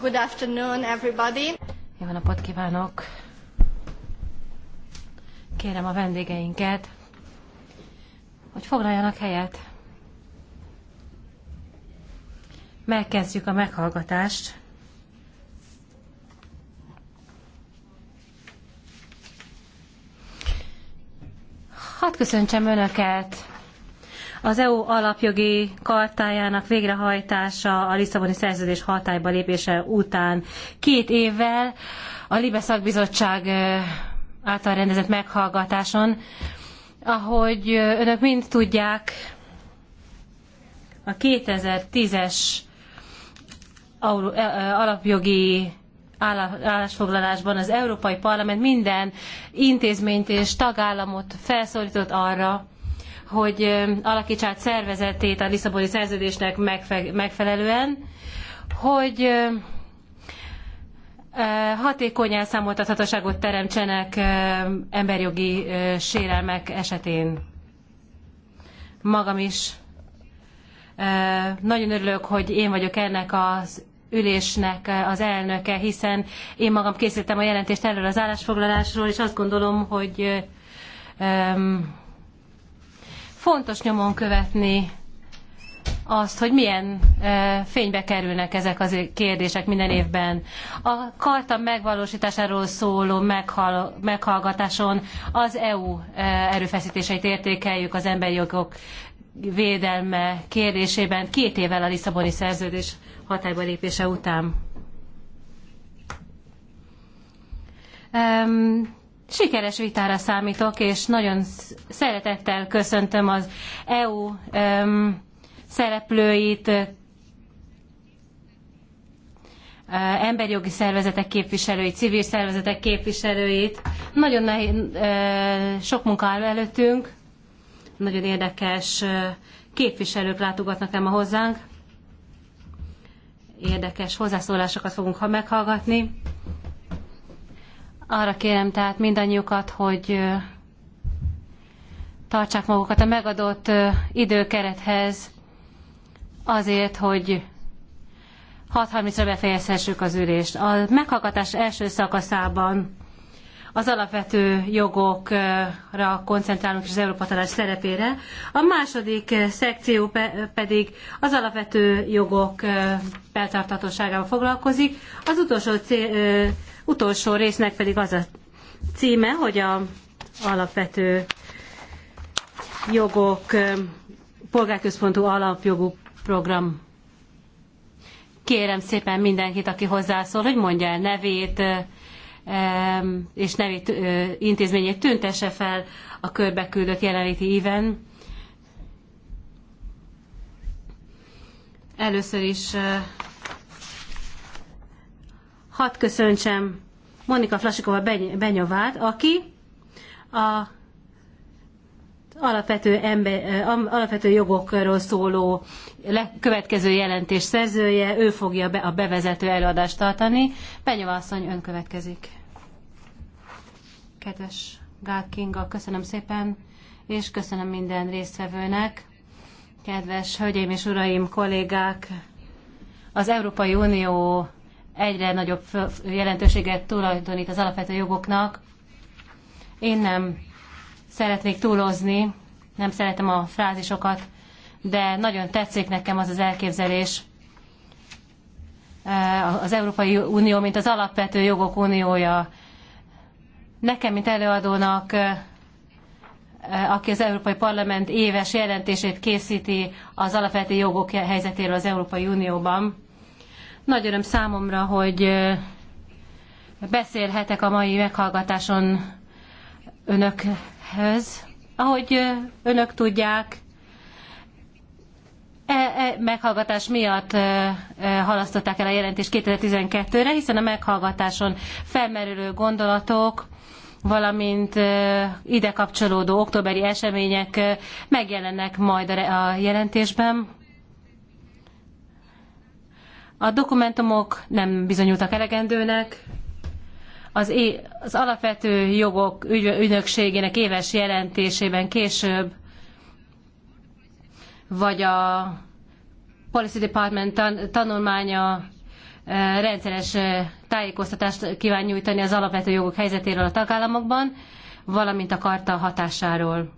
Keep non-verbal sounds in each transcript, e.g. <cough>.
Good afternoon, everybody. Jó napot kívánok! Kérem a vendégeinket, hogy foglaljanak helyet. Megkezdjük a meghallgatást. Hadd köszöntsem Önöket az EU alapjogi kartájának végrehajtása a Lisszaboni szerződés hatályba lépése után két évvel a Libe szakbizottság által rendezett meghallgatáson, ahogy önök mind tudják, a 2010-es alapjogi állásfoglalásban az Európai Parlament minden intézményt és tagállamot felszólított arra, hogy alakítsa át szervezetét a Lisszaboni szerződésnek megfelelően, hogy hatékony elszámoltathatóságot teremtsenek emberjogi sérelmek esetén. Magam is nagyon örülök, hogy én vagyok ennek az ülésnek az elnöke, hiszen én magam készítettem a jelentést erről az állásfoglalásról, és azt gondolom, hogy Fontos nyomon követni azt, hogy milyen e, fénybe kerülnek ezek az kérdések minden évben. A karta megvalósításáról szóló meghal, meghallgatáson az EU e, erőfeszítéseit értékeljük az emberi jogok védelme kérdésében két évvel a Lisszaboni szerződés hatályba lépése után. Sikeres vitára számítok, és nagyon szeretettel köszöntöm az EU szereplőit, emberi jogi szervezetek képviselőit, civil szervezetek képviselőit. Nagyon sok munka áll előttünk, nagyon érdekes képviselők látogatnak el ma hozzánk. Érdekes hozzászólásokat fogunk meghallgatni. Arra kérem tehát mindannyiukat, hogy tartsák magukat a megadott időkerethez azért, hogy 6.30-ra befejezhessük az ülést. A meghallgatás első szakaszában az alapvető jogokra koncentrálunk és az Európa Tanács szerepére. A második szekció pedig az alapvető jogok beltartatóságával foglalkozik. Az utolsó utolsó résznek pedig az a címe, hogy a alapvető jogok, polgárközpontú alapjogú program. Kérem szépen mindenkit, aki hozzászól, hogy mondja el nevét, és nevét intézményét tüntesse fel a körbeküldött jelenléti íven. Először is hat köszöntsem Monika Flasikova Benyovát, aki a alapvető, ember, alapvető jogokról szóló következő jelentés szerzője, ő fogja be, a bevezető előadást tartani. Benyova asszony, ön következik. Kedves Gál Kinga, köszönöm szépen, és köszönöm minden résztvevőnek. Kedves hölgyeim és uraim, kollégák, az Európai Unió egyre nagyobb jelentőséget tulajdonít az alapvető jogoknak. Én nem szeretnék túlozni, nem szeretem a frázisokat, de nagyon tetszik nekem az az elképzelés, eh, az Európai Unió, mint az alapvető jogok uniója. Nekem, mint előadónak, eh, aki az Európai Parlament éves jelentését készíti az alapvető jogok helyzetéről az Európai Unióban, nagy öröm számomra, hogy beszélhetek a mai meghallgatáson önökhöz. Ahogy önök tudják, E, e, meghallgatás miatt e, e, halasztották el a jelentést 2012-re, hiszen a meghallgatáson felmerülő gondolatok, valamint e, ide kapcsolódó októberi események e, megjelennek majd a, a jelentésben. A dokumentumok nem bizonyultak elegendőnek, az, é, az alapvető jogok ügy, ügynökségének éves jelentésében később, vagy a Policy Department tan, tanulmánya eh, rendszeres eh, tájékoztatást kíván nyújtani az alapvető jogok helyzetéről a tagállamokban, valamint a karta hatásáról.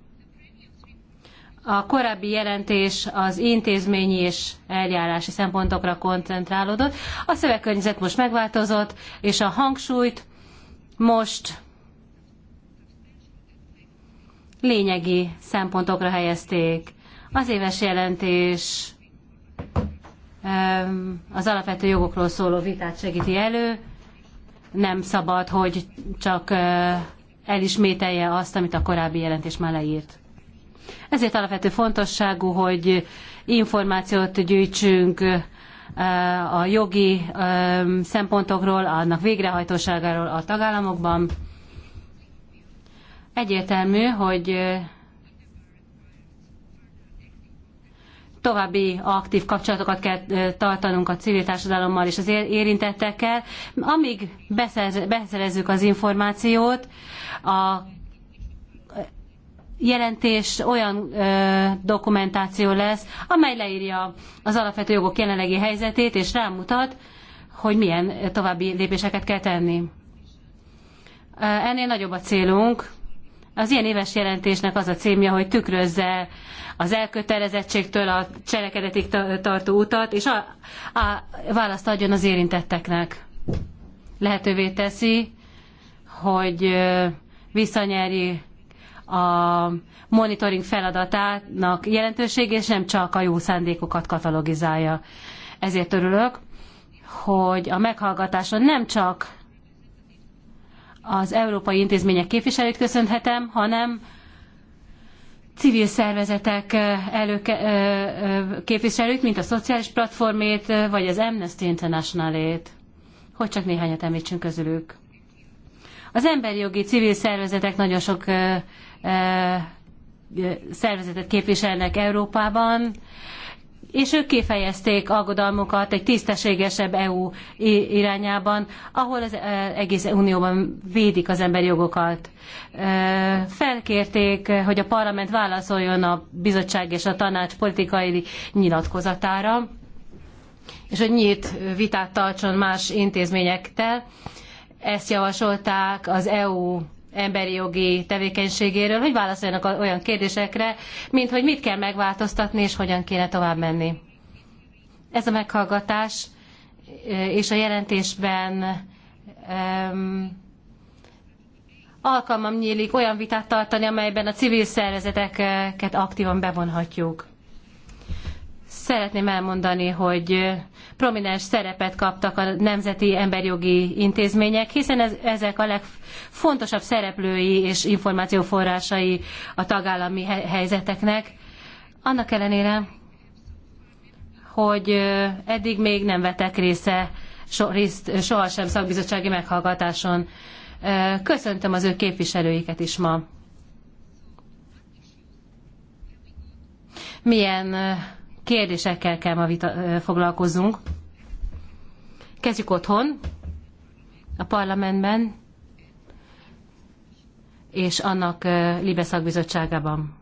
A korábbi jelentés az intézményi és eljárási szempontokra koncentrálódott. A szövegkörnyezet most megváltozott, és a hangsúlyt most lényegi szempontokra helyezték. Az éves jelentés az alapvető jogokról szóló vitát segíti elő. Nem szabad, hogy csak eh, elismételje azt, amit a korábbi jelentés már leírt. Ezért alapvető fontosságú, hogy információt gyűjtsünk a jogi szempontokról, annak végrehajtóságáról a tagállamokban. Egyértelmű, hogy további aktív kapcsolatokat kell tartanunk a civil társadalommal és az érintettekkel. Amíg beszerezzük az információt, a jelentés olyan ö, dokumentáció lesz, amely leírja az alapvető jogok jelenlegi helyzetét, és rámutat, hogy milyen további lépéseket kell tenni. Ennél nagyobb a célunk. Az ilyen éves jelentésnek az a címje, hogy tükrözze az elkötelezettségtől a cselekedetig tartó utat, és a, a választ adjon az érintetteknek. Lehetővé teszi, hogy visszanyerjék a monitoring feladatának jelentőség, és nem csak a jó szándékokat katalogizálja. Ezért örülök, hogy a meghallgatáson nem csak az európai intézmények képviselőit köszönhetem, hanem civil szervezetek előke, képviselőt, mint a Szociális Platformét, vagy az Amnesty Internationalét, hogy csak néhányat említsünk közülük. Az emberi jogi civil szervezetek nagyon sok szervezetet képviselnek Európában, és ők kifejezték aggodalmukat egy tisztességesebb EU irányában, ahol az egész Unióban védik az emberi jogokat. Felkérték, hogy a parlament válaszoljon a bizottság és a tanács politikai nyilatkozatára, és hogy nyílt vitát tartson más intézményekkel. Ezt javasolták az EU emberi jogi tevékenységéről, hogy válaszoljanak olyan kérdésekre, mint hogy mit kell megváltoztatni, és hogyan kéne tovább menni. Ez a meghallgatás és a jelentésben um, alkalmam nyílik olyan vitát tartani, amelyben a civil szervezeteket aktívan bevonhatjuk. Szeretném elmondani, hogy prominens szerepet kaptak a nemzeti emberjogi intézmények, hiszen ez, ezek a legfontosabb szereplői és információforrásai a tagállami helyzeteknek. Annak ellenére, hogy eddig még nem vettek része so, részt sohasem szakbizottsági meghallgatáson. Köszöntöm az ő képviselőiket is ma. Milyen kérdésekkel kell ma vita, foglalkozzunk. Kezdjük otthon, a parlamentben, és annak Libe szakbizottságában.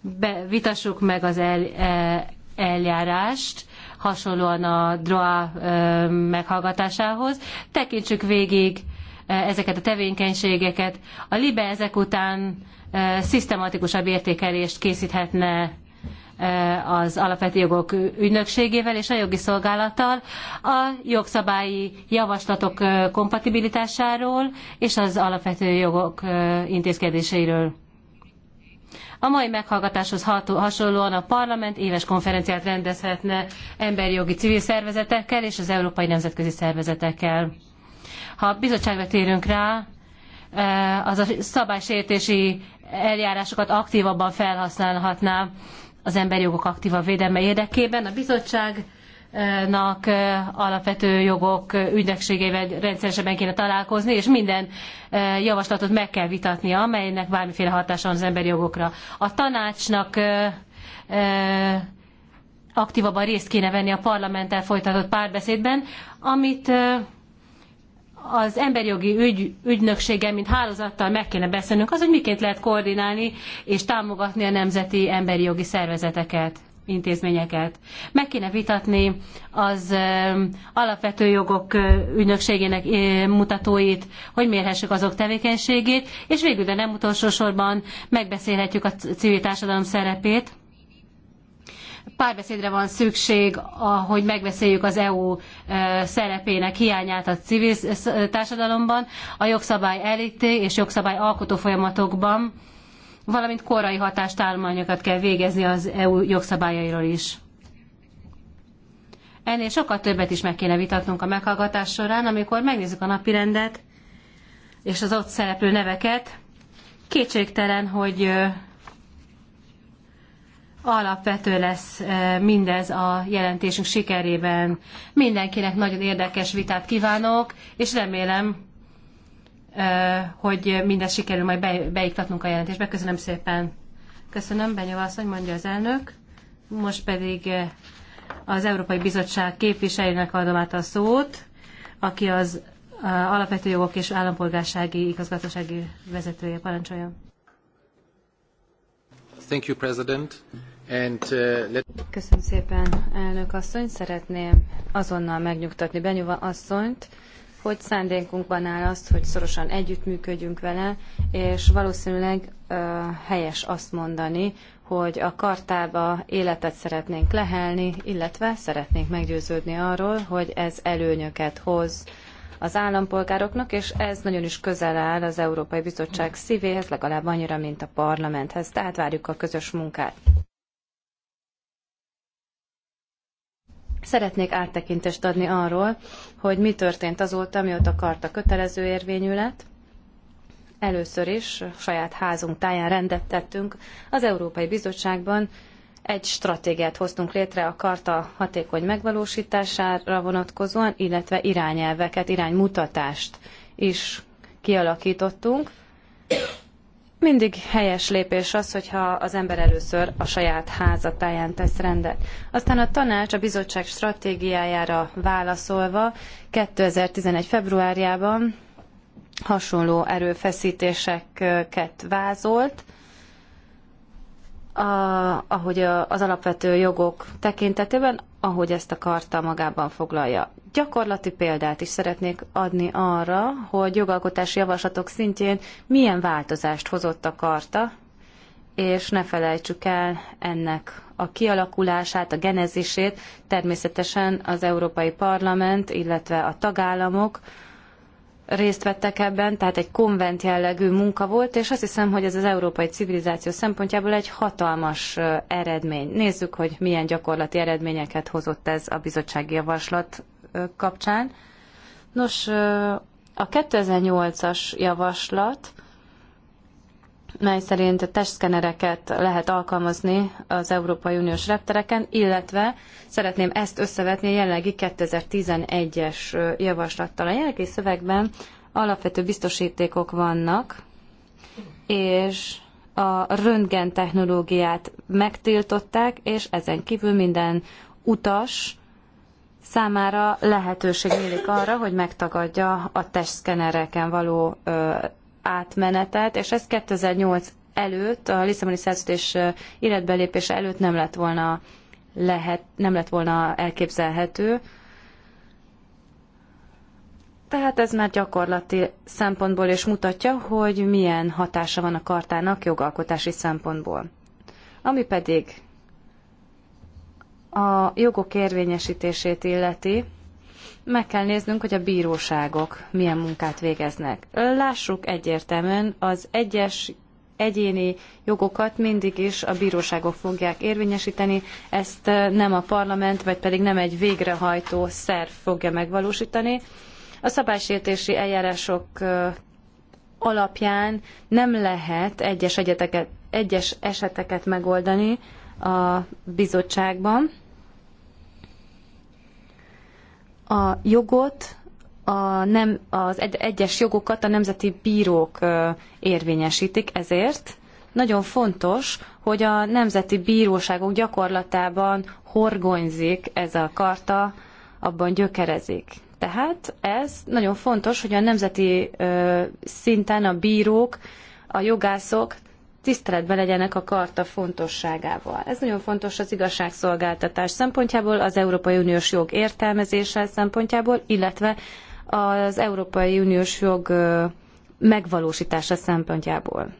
Be, vitassuk meg az el, e, eljárást, hasonlóan a DROA meghallgatásához. Tekintsük végig e, ezeket a tevékenységeket. A LIBE ezek után e, szisztematikusabb értékelést készíthetne Eh, az alapvető jogok ügynökségével és a jogi szolgálattal a jogszabályi javaslatok eh, kompatibilitásáról és az alapvető jogok eh, intézkedéseiről. A mai meghallgatáshoz hasonlóan a parlament éves konferenciát rendezhetne emberi jogi civil szervezetekkel és az európai nemzetközi szervezetekkel. Ha a bizottságra térünk rá, az a szabálysértési eljárásokat aktívabban felhasználhatná az emberi jogok aktíva védelme érdekében. A bizottságnak alapvető jogok ügynökségével rendszeresebben kéne találkozni, és minden javaslatot meg kell vitatnia, amelynek bármiféle hatása van az emberi jogokra. A tanácsnak aktívabban részt kéne venni a parlamenttel folytatott párbeszédben, amit az emberjogi ügy, ügynökséggel, mint hálózattal meg kéne beszélnünk az, hogy miként lehet koordinálni és támogatni a nemzeti emberi jogi szervezeteket intézményeket. Meg kéne vitatni az alapvető jogok ügynökségének mutatóit, hogy mérhessük azok tevékenységét, és végül, de nem utolsó sorban megbeszélhetjük a civil társadalom szerepét, párbeszédre van szükség, hogy megbeszéljük az EU e, szerepének hiányát a civil társadalomban, a jogszabály elíté és jogszabály alkotó folyamatokban, valamint korai hatástálmányokat kell végezni az EU jogszabályairól is. Ennél sokkal többet is meg kéne vitatnunk a meghallgatás során, amikor megnézzük a napirendet és az ott szereplő neveket. Kétségtelen, hogy alapvető lesz mindez a jelentésünk sikerében. Mindenkinek nagyon érdekes vitát kívánok, és remélem, hogy mindez sikerül majd beiktatnunk a jelentésbe. Köszönöm szépen. Köszönöm, Benyó asszony, mondja az elnök. Most pedig az Európai Bizottság képviselőnek adom át a szót, aki az alapvető jogok és állampolgársági igazgatósági vezetője Parancsoljon. Thank you, President. Uh, Köszönöm szépen, elnök asszony. Szeretném azonnal megnyugtatni Benyova asszonyt, hogy szándékunkban áll azt, hogy szorosan együttműködjünk vele, és valószínűleg helyes azt mondani, hogy a kartába életet szeretnénk lehelni, illetve szeretnénk meggyőződni arról, hogy ez előnyöket hoz az állampolgároknak, és ez nagyon is közel áll az Európai Bizottság szívéhez, legalább annyira, mint a parlamenthez. Tehát várjuk a közös munkát. Szeretnék áttekintést adni arról, hogy mi történt azóta, mióta a karta kötelező érvényű lett. Először is saját házunk táján rendet tettünk. Az Európai Bizottságban egy stratégiát hoztunk létre a karta hatékony megvalósítására vonatkozóan, illetve irányelveket, iránymutatást is kialakítottunk mindig helyes lépés az, hogyha az ember először a saját házatáján tesz rendet. Aztán a tanács a bizottság stratégiájára válaszolva 2011. februárjában hasonló erőfeszítéseket vázolt, a, ahogy az alapvető jogok tekintetében, ahogy ezt a karta magában foglalja. Gyakorlati példát is szeretnék adni arra, hogy jogalkotási javaslatok szintjén milyen változást hozott a karta, és ne felejtsük el ennek a kialakulását, a genezisét, természetesen az Európai Parlament, illetve a tagállamok, részt vettek ebben, tehát egy konvent jellegű munka volt, és azt hiszem, hogy ez az európai civilizáció szempontjából egy hatalmas eredmény. Nézzük, hogy milyen gyakorlati eredményeket hozott ez a bizottsági javaslat kapcsán. Nos, a 2008-as javaslat mely szerint testszkenereket lehet alkalmazni az Európai Uniós reptereken, illetve szeretném ezt összevetni a jelenlegi 2011-es javaslattal. A jelenlegi szövegben alapvető biztosítékok vannak, és a röntgen technológiát megtiltották, és ezen kívül minden utas számára lehetőség nyílik arra, hogy megtagadja a testszkenereken való átmenetet, és ez 2008 előtt, a Lisszaboni szerződés életbelépése előtt nem lett volna lehet, nem lett volna elképzelhető. Tehát ez már gyakorlati szempontból is mutatja, hogy milyen hatása van a kartának jogalkotási szempontból. Ami pedig a jogok érvényesítését illeti, meg kell néznünk, hogy a bíróságok milyen munkát végeznek. Lássuk egyértelműen, az egyes egyéni jogokat mindig is a bíróságok fogják érvényesíteni, ezt eh, nem a parlament, vagy pedig nem egy végrehajtó szerv fogja megvalósítani. A szabálysértési eljárások eh, alapján nem lehet egyes, egyeteket, egyes eseteket megoldani a bizottságban. a jogot, a nem, az egy, egyes jogokat a nemzeti bírók érvényesítik, ezért nagyon fontos, hogy a nemzeti bíróságok gyakorlatában horgonyzik ez a karta, abban gyökerezik. Tehát ez nagyon fontos, hogy a nemzeti szinten a bírók, a jogászok tiszteletben legyenek a karta fontosságával. Ez nagyon fontos az igazságszolgáltatás szempontjából, az Európai Uniós jog értelmezése szempontjából, illetve az Európai Uniós jog megvalósítása szempontjából.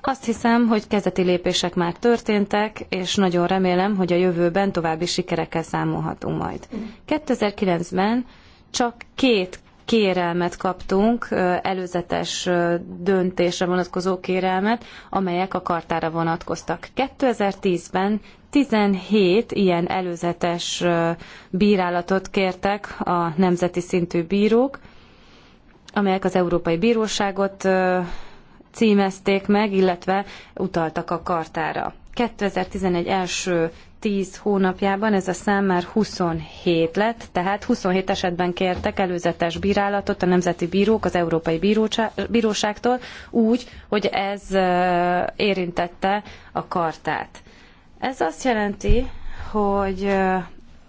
Azt hiszem, hogy kezdeti lépések már történtek, és nagyon remélem, hogy a jövőben további sikerekkel számolhatunk majd. 2009-ben csak két kérelmet kaptunk, előzetes döntésre vonatkozó kérelmet, amelyek a kartára vonatkoztak. 2010-ben 17 ilyen előzetes bírálatot kértek a nemzeti szintű bírók, amelyek az Európai Bíróságot címezték meg, illetve utaltak a kartára. 2011 első 10 hónapjában ez a szám már 27 lett, tehát 27 esetben kértek előzetes bírálatot a nemzeti bírók az Európai Bíróságtól úgy, hogy ez érintette a kartát. Ez azt jelenti, hogy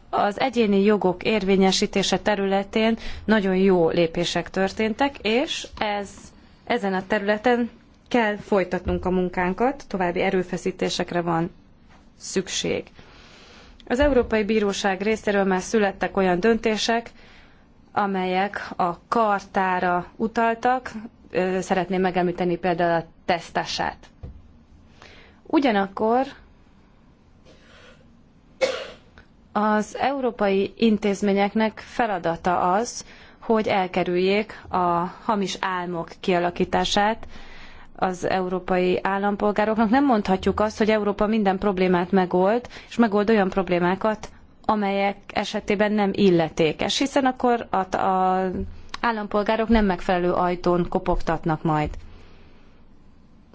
az egyéni jogok érvényesítése területén nagyon jó lépések történtek, és ez, ezen a területen kell folytatnunk a munkánkat, további erőfeszítésekre van szükség. Az Európai Bíróság részéről már születtek olyan döntések, amelyek a kartára utaltak, szeretném megemlíteni például a tesztását. Ugyanakkor az európai intézményeknek feladata az, hogy elkerüljék a hamis álmok kialakítását, az európai állampolgároknak. Nem mondhatjuk azt, hogy Európa minden problémát megold, és megold olyan problémákat, amelyek esetében nem illetékes, hiszen akkor a, a állampolgárok nem megfelelő ajtón kopogtatnak majd.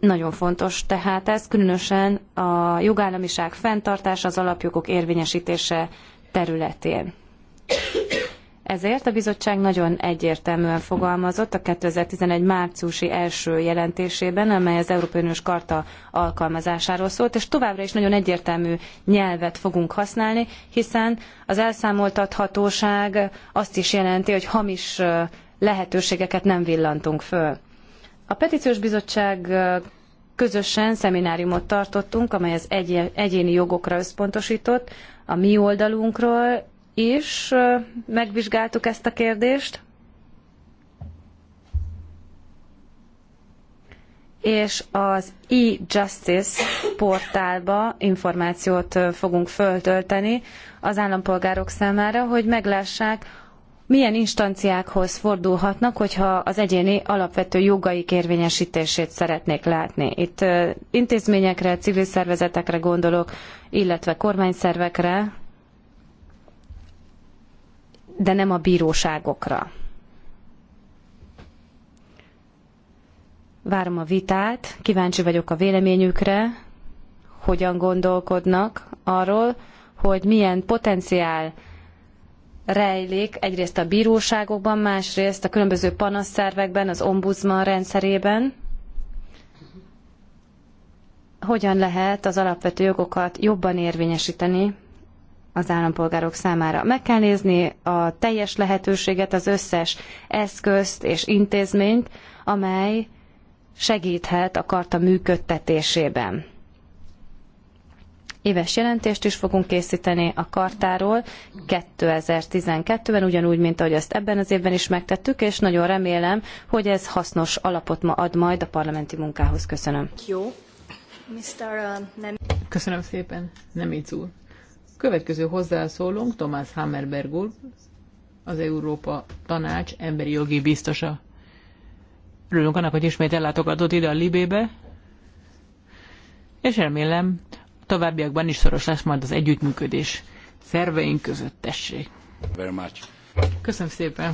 Nagyon fontos tehát ez, különösen a jogállamiság fenntartása, az alapjogok érvényesítése területén. Ezért a bizottság nagyon egyértelműen fogalmazott a 2011 márciusi első jelentésében, amely az Európai Uniós Karta alkalmazásáról szólt, és továbbra is nagyon egyértelmű nyelvet fogunk használni, hiszen az elszámoltathatóság azt is jelenti, hogy hamis lehetőségeket nem villantunk föl. A petíciós bizottság közösen szemináriumot tartottunk, amely az egyéni jogokra összpontosított, a mi oldalunkról is megvizsgáltuk ezt a kérdést, és az e-justice portálba információt fogunk föltölteni az állampolgárok számára, hogy meglássák, milyen instanciákhoz fordulhatnak, hogyha az egyéni alapvető jogaik érvényesítését szeretnék látni. Itt intézményekre, civil szervezetekre gondolok, illetve kormányszervekre, de nem a bíróságokra. Várom a vitát, kíváncsi vagyok a véleményükre, hogyan gondolkodnak arról, hogy milyen potenciál rejlik egyrészt a bíróságokban, másrészt a különböző panaszszervekben, az ombudsman rendszerében. Hogyan lehet az alapvető jogokat jobban érvényesíteni az állampolgárok számára. Meg kell nézni a teljes lehetőséget, az összes eszközt és intézményt, amely segíthet a karta működtetésében. Éves jelentést is fogunk készíteni a kartáról 2012-ben, ugyanúgy, mint ahogy ezt ebben az évben is megtettük, és nagyon remélem, hogy ez hasznos alapot ma ad majd a parlamenti munkához. Köszönöm. Jó. Mr. Uh, nem... Köszönöm szépen, nem így Következő hozzászólónk Tomás Hammerberg úr, az Európa Tanács emberi jogi biztosa. Örülünk annak, hogy ismét ellátogatott ide a Libébe, és remélem a továbbiakban is szoros lesz majd az együttműködés szerveink között, tessék. Very much. Köszönöm szépen.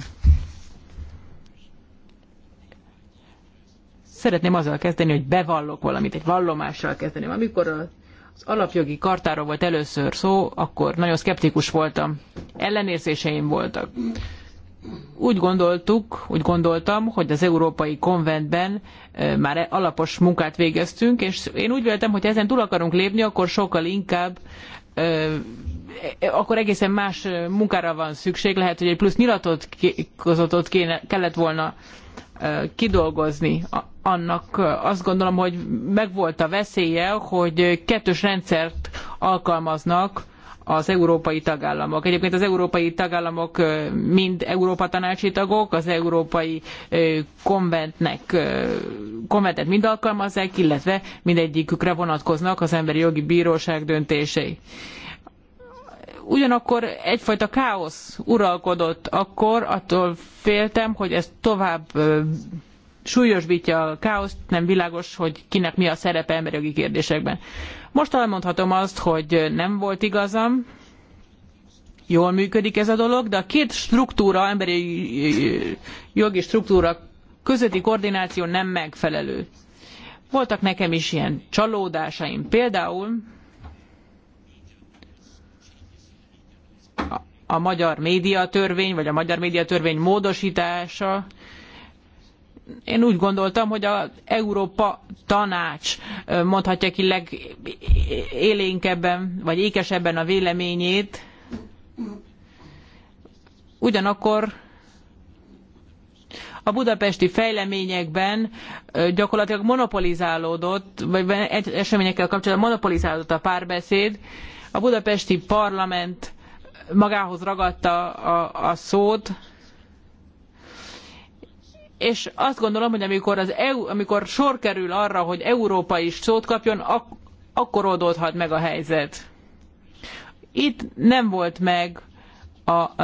Szeretném azzal kezdeni, hogy bevallok valamit, egy vallomással kezdeném. Amikor a az alapjogi kartáról volt először szó, akkor nagyon szkeptikus voltam. Ellenérzéseim voltak. Úgy gondoltuk, úgy gondoltam, hogy az Európai Konventben már alapos munkát végeztünk, és én úgy véltem, hogy ezen túl akarunk lépni, akkor sokkal inkább e, akkor egészen más munkára van szükség, lehet, hogy egy plusz nyilatot kéne, kellett volna kidolgozni annak azt gondolom, hogy megvolt a veszélye, hogy kettős rendszert alkalmaznak az európai tagállamok. Egyébként az európai tagállamok mind Európa tanácsi tagok, az európai konventnek, konventet mind alkalmazzák, illetve mindegyikükre vonatkoznak az emberi jogi bíróság döntései. Ugyanakkor egyfajta káosz uralkodott akkor, attól féltem, hogy ez tovább súlyosbítja a káoszt, nem világos, hogy kinek mi a szerepe emberjogi kérdésekben. Most elmondhatom azt, hogy nem volt igazam, jól működik ez a dolog, de a két struktúra, emberi jogi struktúra közötti koordináció nem megfelelő. Voltak nekem is ilyen csalódásaim. Például a magyar médiatörvény, vagy a magyar médiatörvény módosítása, én úgy gondoltam, hogy az Európa tanács mondhatja ki legélénkebben, vagy ékesebben a véleményét. Ugyanakkor a budapesti fejleményekben gyakorlatilag monopolizálódott, vagy eseményekkel kapcsolatban monopolizálódott a párbeszéd. A budapesti parlament magához ragadta a, a szót, és azt gondolom, hogy amikor, az EU, amikor sor kerül arra, hogy Európa is szót kapjon, ak akkor oldódhat meg a helyzet. Itt nem volt meg a, a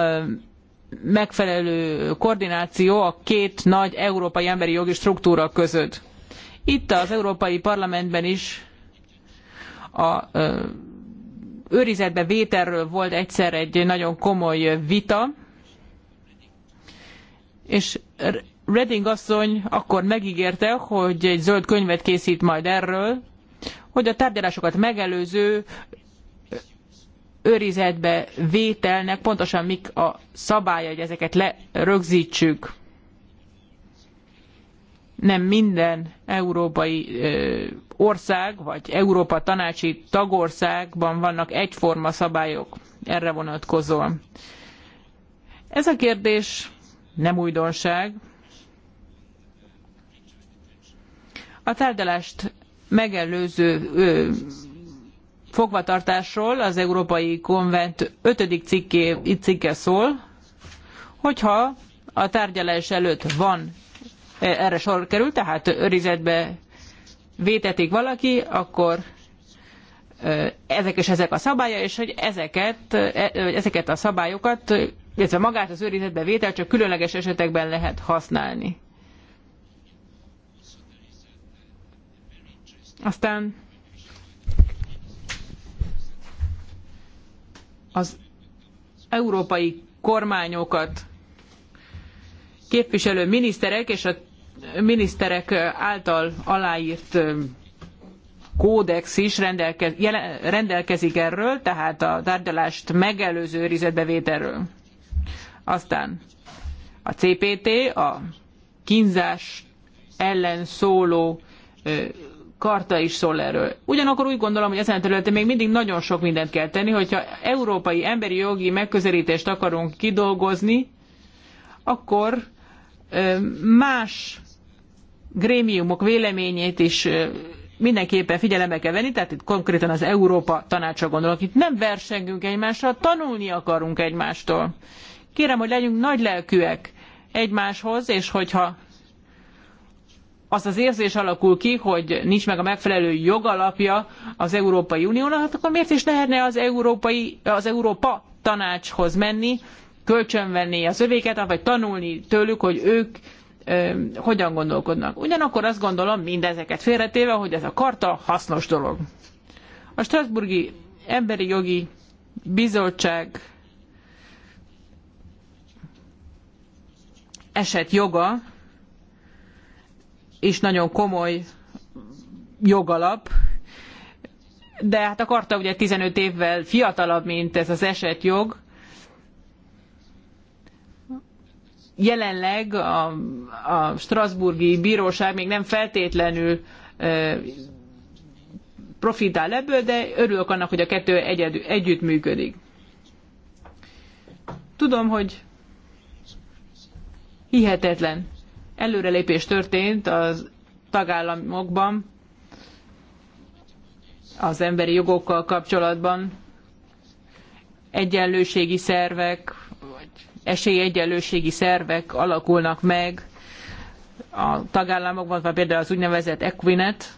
megfelelő koordináció a két nagy európai emberi jogi struktúra között. Itt az Európai Parlamentben is a ö, őrizetbe vételről volt egyszer egy nagyon komoly vita, és Reding asszony akkor megígérte, hogy egy zöld könyvet készít majd erről, hogy a tárgyalásokat megelőző őrizetbe vételnek pontosan mik a szabálya, hogy ezeket lerögzítsük. Nem minden európai ország vagy Európa tanácsi tagországban vannak egyforma szabályok erre vonatkozóan. Ez a kérdés nem újdonság, A tárgyalást megelőző ö, fogvatartásról az Európai Konvent 5. cikke itt cikke szól, hogyha a tárgyalás előtt van, erre sor kerül, tehát őrizetbe vétetik valaki, akkor ezek és ezek a szabálya, és hogy ezeket, e, ezeket a szabályokat, illetve magát az őrizetbe vétel csak különleges esetekben lehet használni. Aztán az európai kormányokat képviselő miniszterek és a miniszterek által aláírt kódex is rendelkezik erről, tehát a tárgyalást megelőző őrizetbevételről. Aztán a CPT, a kínzás ellen szóló karta is szól erről. Ugyanakkor úgy gondolom, hogy ezen a területen még mindig nagyon sok mindent kell tenni, hogyha európai emberi jogi megközelítést akarunk kidolgozni, akkor más grémiumok véleményét is mindenképpen figyelembe kell venni, tehát itt konkrétan az Európa tanácsa gondolok. Itt nem versengünk egymással, tanulni akarunk egymástól. Kérem, hogy legyünk nagylelkűek egymáshoz, és hogyha az az érzés alakul ki, hogy nincs meg a megfelelő jogalapja az Európai Uniónak, hát akkor miért is lehetne az, Európai, az Európa tanácshoz menni, kölcsönvenni az övéket, vagy tanulni tőlük, hogy ők ö, hogyan gondolkodnak. Ugyanakkor azt gondolom, mindezeket félretéve, hogy ez a karta hasznos dolog. A Strasburgi Emberi Jogi Bizottság eset joga is nagyon komoly jogalap, de hát a karta ugye 15 évvel fiatalabb, mint ez az esetjog. Jelenleg a, a Strasburgi Bíróság még nem feltétlenül e, profitál ebből, de örülök annak, hogy a kettő egyed, együtt működik. Tudom, hogy hihetetlen előrelépés történt az tagállamokban az emberi jogokkal kapcsolatban. Egyenlőségi szervek, vagy esélyegyenlőségi szervek alakulnak meg a tagállamokban, vagy például az úgynevezett Equinet.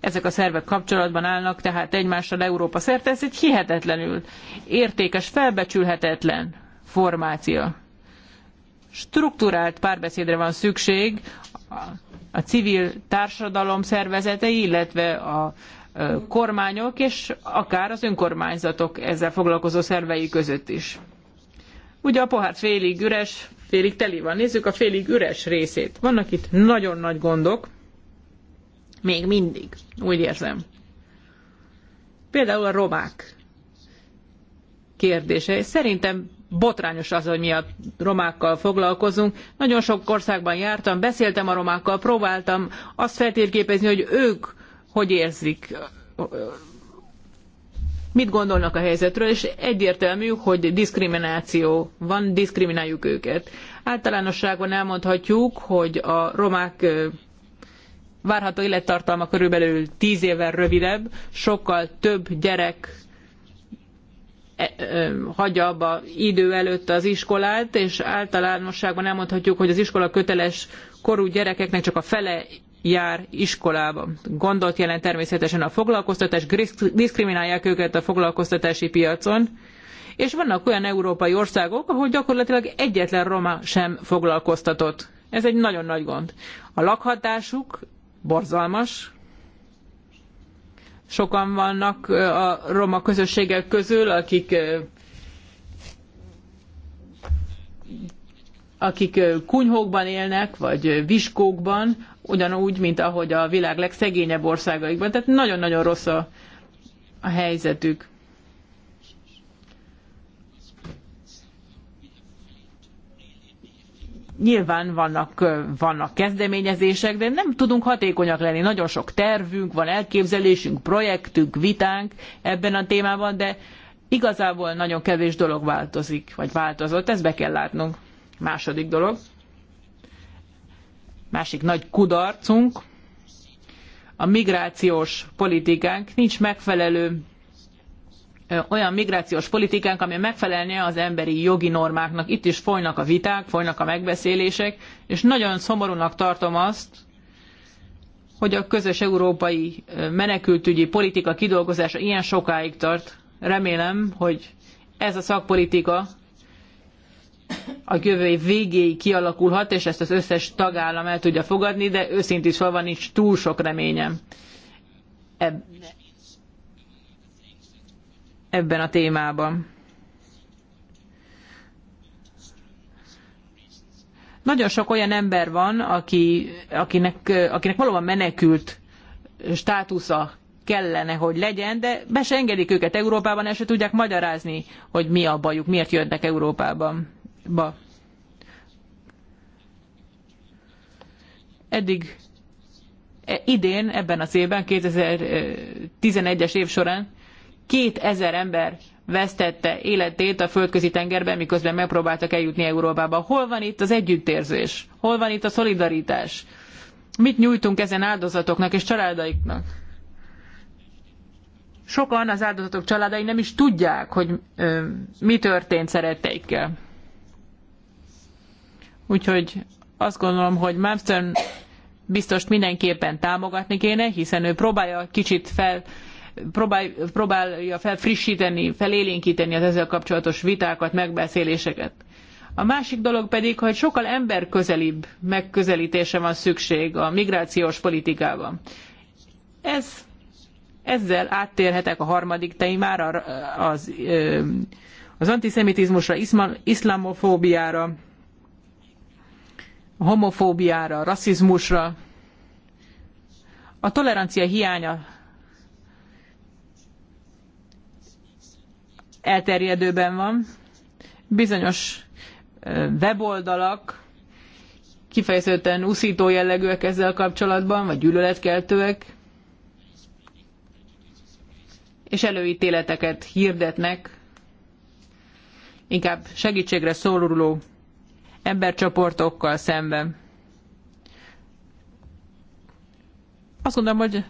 Ezek a szervek kapcsolatban állnak, tehát egymással Európa szerte, ez egy hihetetlenül értékes, felbecsülhetetlen formáció strukturált párbeszédre van szükség a civil társadalom szervezetei, illetve a kormányok és akár az önkormányzatok ezzel foglalkozó szervei között is. Ugye a pohár félig üres, félig teli van. Nézzük a félig üres részét. Vannak itt nagyon nagy gondok, még mindig, úgy érzem. Például a romák kérdése. Szerintem botrányos az, hogy mi a romákkal foglalkozunk. Nagyon sok országban jártam, beszéltem a romákkal, próbáltam azt feltérképezni, hogy ők hogy érzik, mit gondolnak a helyzetről, és egyértelmű, hogy diszkrimináció van, diszkrimináljuk őket. Általánosságban elmondhatjuk, hogy a romák várható élettartalma körülbelül 10 évvel rövidebb, sokkal több gyerek E, e, hagyja abba idő előtt az iskolát, és általánosságban elmondhatjuk, hogy az iskola köteles korú gyerekeknek csak a fele jár iskolába. Gondot jelent természetesen a foglalkoztatás, diszkriminálják őket a foglalkoztatási piacon, és vannak olyan európai országok, ahol gyakorlatilag egyetlen roma sem foglalkoztatott. Ez egy nagyon nagy gond. A lakhatásuk borzalmas, sokan vannak a roma közösségek közül, akik akik kunyhókban élnek, vagy viskókban, ugyanúgy, mint ahogy a világ legszegényebb országaikban. Tehát nagyon-nagyon rossz a, a helyzetük. Nyilván vannak, vannak kezdeményezések, de nem tudunk hatékonyak lenni. Nagyon sok tervünk, van elképzelésünk, projektünk, vitánk ebben a témában, de igazából nagyon kevés dolog változik, vagy változott. Ezt be kell látnunk. Második dolog. Másik nagy kudarcunk. A migrációs politikánk nincs megfelelő olyan migrációs politikánk, ami megfelelne az emberi jogi normáknak. Itt is folynak a viták, folynak a megbeszélések, és nagyon szomorúnak tartom azt, hogy a közös európai menekültügyi politika kidolgozása ilyen sokáig tart. Remélem, hogy ez a szakpolitika a jövő év végéig kialakulhat, és ezt az összes tagállam el tudja fogadni, de őszintén szólva nincs túl sok reményem ebben a témában. Nagyon sok olyan ember van, aki, akinek, akinek valóban menekült státusza kellene, hogy legyen, de be se engedik őket Európában, és se tudják magyarázni, hogy mi a bajuk, miért jönnek Európában. Ba. Eddig, e, idén, ebben az évben, 2011-es év során 2000 ember vesztette életét a földközi tengerben, miközben megpróbáltak eljutni Európába. Hol van itt az együttérzés? Hol van itt a szolidaritás? Mit nyújtunk ezen áldozatoknak és családaiknak? Sokan az áldozatok családai nem is tudják, hogy ö, mi történt szeretteikkel. Úgyhogy azt gondolom, hogy Malmström biztos mindenképpen támogatni kéne, hiszen ő próbálja kicsit fel próbál, próbálja felfrissíteni, felélénkíteni az ezzel kapcsolatos vitákat, megbeszéléseket. A másik dolog pedig, hogy sokkal emberközelibb megközelítése van szükség a migrációs politikában. Ez, ezzel áttérhetek a harmadik témára, az, az antiszemitizmusra, iszlamofóbiára, homofóbiára, rasszizmusra. A tolerancia hiánya elterjedőben van. Bizonyos weboldalak kifejezetten uszító jellegűek ezzel kapcsolatban, vagy gyűlöletkeltőek, és előítéleteket hirdetnek inkább segítségre szoruló embercsoportokkal szemben. Azt gondolom, hogy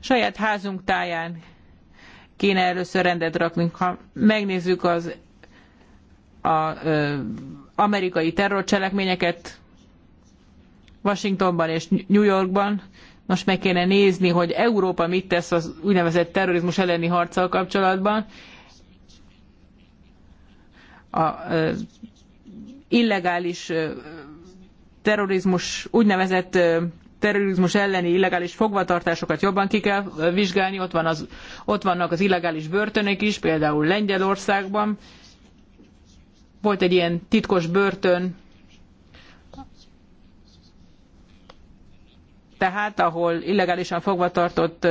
saját házunk táján kéne először rendet raknunk. Ha megnézzük az a, ö, amerikai terrorcselekményeket Washingtonban és New Yorkban, most meg kéne nézni, hogy Európa mit tesz az úgynevezett terrorizmus elleni harccal kapcsolatban. A ö, illegális ö, terrorizmus úgynevezett terrorizmus elleni illegális fogvatartásokat jobban ki kell vizsgálni, ott, van az, ott vannak az illegális börtönök is, például Lengyelországban. Volt egy ilyen titkos börtön, tehát ahol illegálisan fogvatartott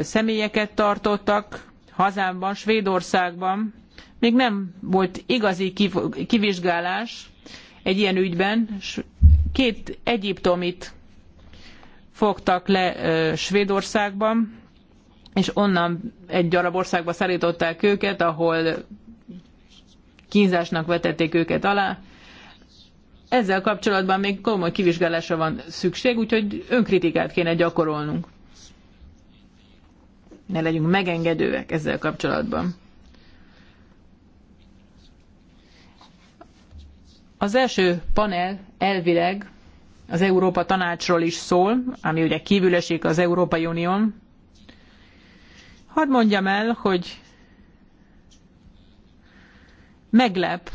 személyeket tartottak, hazámban, Svédországban még nem volt igazi kivizsgálás egy ilyen ügyben, Két egyiptomit fogtak le Svédországban, és onnan egy arab országba szállították őket, ahol kínzásnak vetették őket alá. Ezzel kapcsolatban még komoly kivizsgálásra van szükség, úgyhogy önkritikát kéne gyakorolnunk. Ne legyünk megengedőek ezzel kapcsolatban. Az első panel elvileg az Európa Tanácsról is szól, ami ugye kívül esik az Európai Unión. Hadd mondjam el, hogy meglep,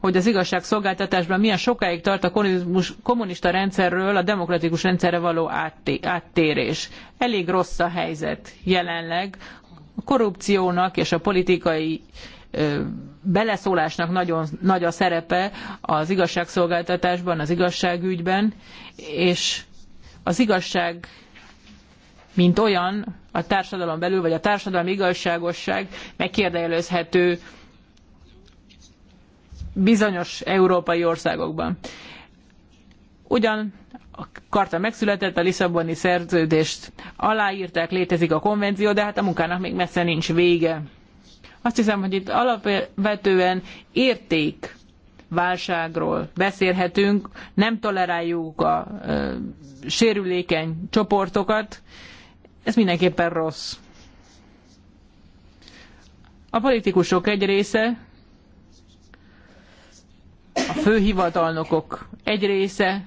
hogy az igazságszolgáltatásban milyen sokáig tart a kommunista rendszerről a demokratikus rendszerre való áttérés. Elég rossz a helyzet jelenleg. A korrupciónak és a politikai beleszólásnak nagyon nagy a szerepe az igazságszolgáltatásban, az igazságügyben, és az igazság mint olyan a társadalom belül, vagy a társadalmi igazságosság megkérdejelezhető bizonyos európai országokban. Ugyan a karta megszületett, a Lisszaboni szerződést aláírták, létezik a konvenció, de hát a munkának még messze nincs vége. Azt hiszem, hogy itt alapvetően érték válságról beszélhetünk, nem toleráljuk a ö, sérülékeny csoportokat, ez mindenképpen rossz. A politikusok egy része, a főhivatalnokok egy része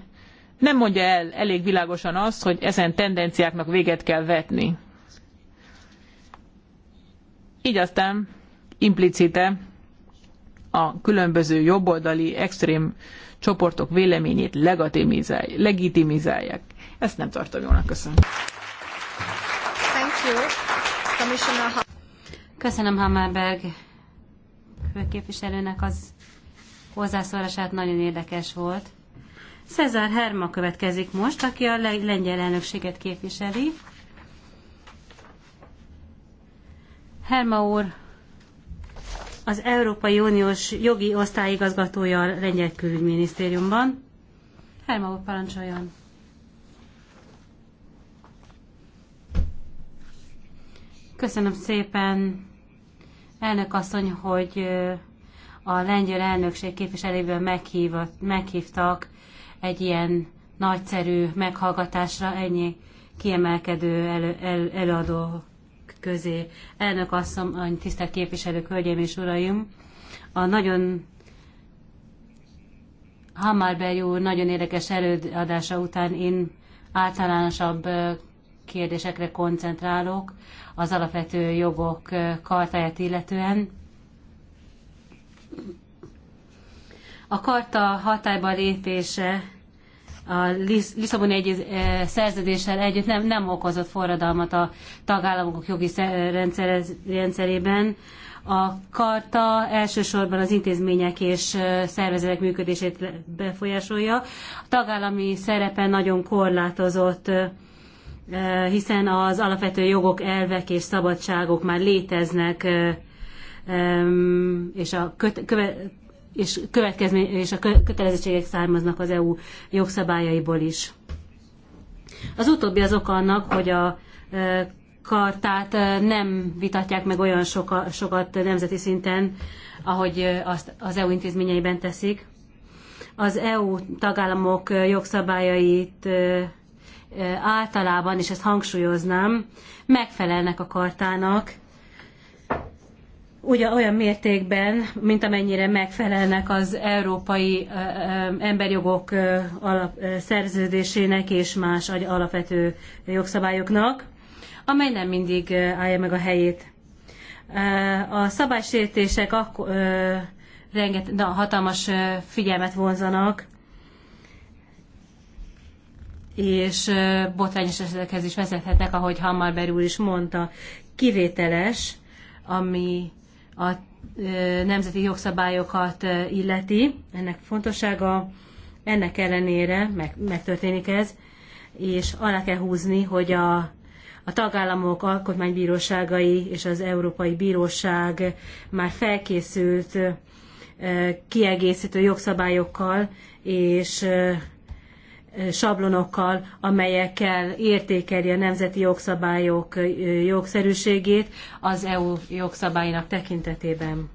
nem mondja el elég világosan azt, hogy ezen tendenciáknak véget kell vetni. Így aztán implicite a különböző jobboldali extrém csoportok véleményét legitimizálják. Ezt nem tartom jónak. Köszönöm. Köszönöm Hammerberg főképviselőnek az hozzászólását, nagyon érdekes volt. Cezár Herma következik most, aki a lengyel elnökséget képviseli. Herma úr, az Európai Uniós jogi osztályigazgatója a lengyel külügyminisztériumban. Herma parancsoljon! Köszönöm szépen, elnök asszony, hogy a lengyel elnökség képviseléből meghívott, meghívtak egy ilyen nagyszerű meghallgatásra ennyi kiemelkedő elő, el, előadó közé. Elnök asszony, tisztelt képviselők, hölgyeim és uraim! A nagyon hamar úr nagyon érdekes előadása után én általánosabb kérdésekre koncentrálok az alapvető jogok kartáját illetően. A karta hatályba lépése a Lisszaboni eh, szerződéssel együtt nem, nem okozott forradalmat a tagállamok jogi rendszerében. A karta elsősorban az intézmények és eh, szervezetek működését befolyásolja. A tagállami szerepe nagyon korlátozott, eh, hiszen az alapvető jogok, elvek és szabadságok már léteznek, és a köve és, és a kötelezettségek származnak az EU jogszabályaiból is. Az utóbbi az oka annak, hogy a kartát nem vitatják meg olyan soka, sokat nemzeti szinten, ahogy azt az EU intézményeiben teszik. Az EU tagállamok jogszabályait általában, és ezt hangsúlyoznám, megfelelnek a kartának, ugye olyan mértékben, mint amennyire megfelelnek az európai emberjogok alap, szerződésének és más alapvető jogszabályoknak, amely nem mindig állja meg a helyét. A szabálysértések akkor renget, na, hatalmas figyelmet vonzanak, és botrányos esetekhez is vezethetnek, ahogy Hammarberg úr is mondta, kivételes, ami a nemzeti jogszabályokat illeti, ennek fontossága, ennek ellenére meg, megtörténik ez, és alá kell húzni, hogy a, a tagállamok alkotmánybíróságai és az Európai Bíróság már felkészült kiegészítő jogszabályokkal, és sablonokkal, amelyekkel értékeli a nemzeti jogszabályok jogszerűségét az EU jogszabálynak tekintetében.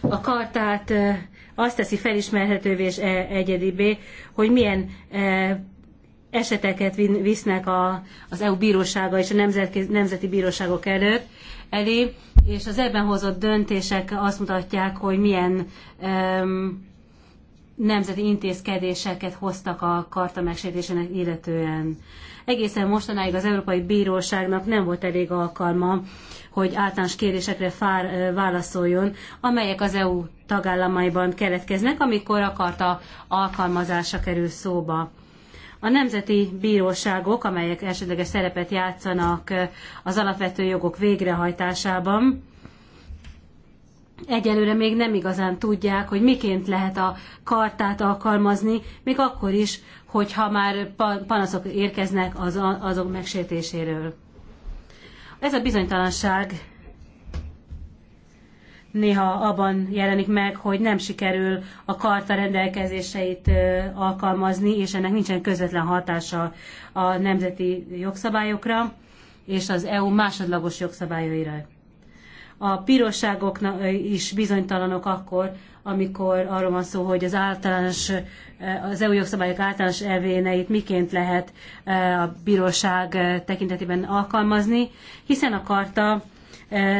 A kartát azt teszi felismerhetővé és e- egyedibé, hogy milyen eseteket visznek a, az EU bírósága és a nemzeti, nemzeti bíróságok előtt elé, és az ebben hozott döntések azt mutatják, hogy milyen um, nemzeti intézkedéseket hoztak a karta megsértésének illetően. Egészen mostanáig az Európai Bíróságnak nem volt elég alkalma, hogy általános kérdésekre fár, válaszoljon, amelyek az EU tagállamaiban keletkeznek, amikor a karta alkalmazása kerül szóba. A nemzeti bíróságok, amelyek elsődleges szerepet játszanak az alapvető jogok végrehajtásában, egyelőre még nem igazán tudják, hogy miként lehet a kartát alkalmazni, még akkor is, hogyha már panaszok érkeznek az, azok megsértéséről. Ez a bizonytalanság néha abban jelenik meg, hogy nem sikerül a karta rendelkezéseit alkalmazni, és ennek nincsen közvetlen hatása a nemzeti jogszabályokra és az EU másodlagos jogszabályaira a bíróságok is bizonytalanok akkor, amikor arról van szó, hogy az általános, az EU jogszabályok általános elvéneit miként lehet a bíróság tekintetében alkalmazni, hiszen a karta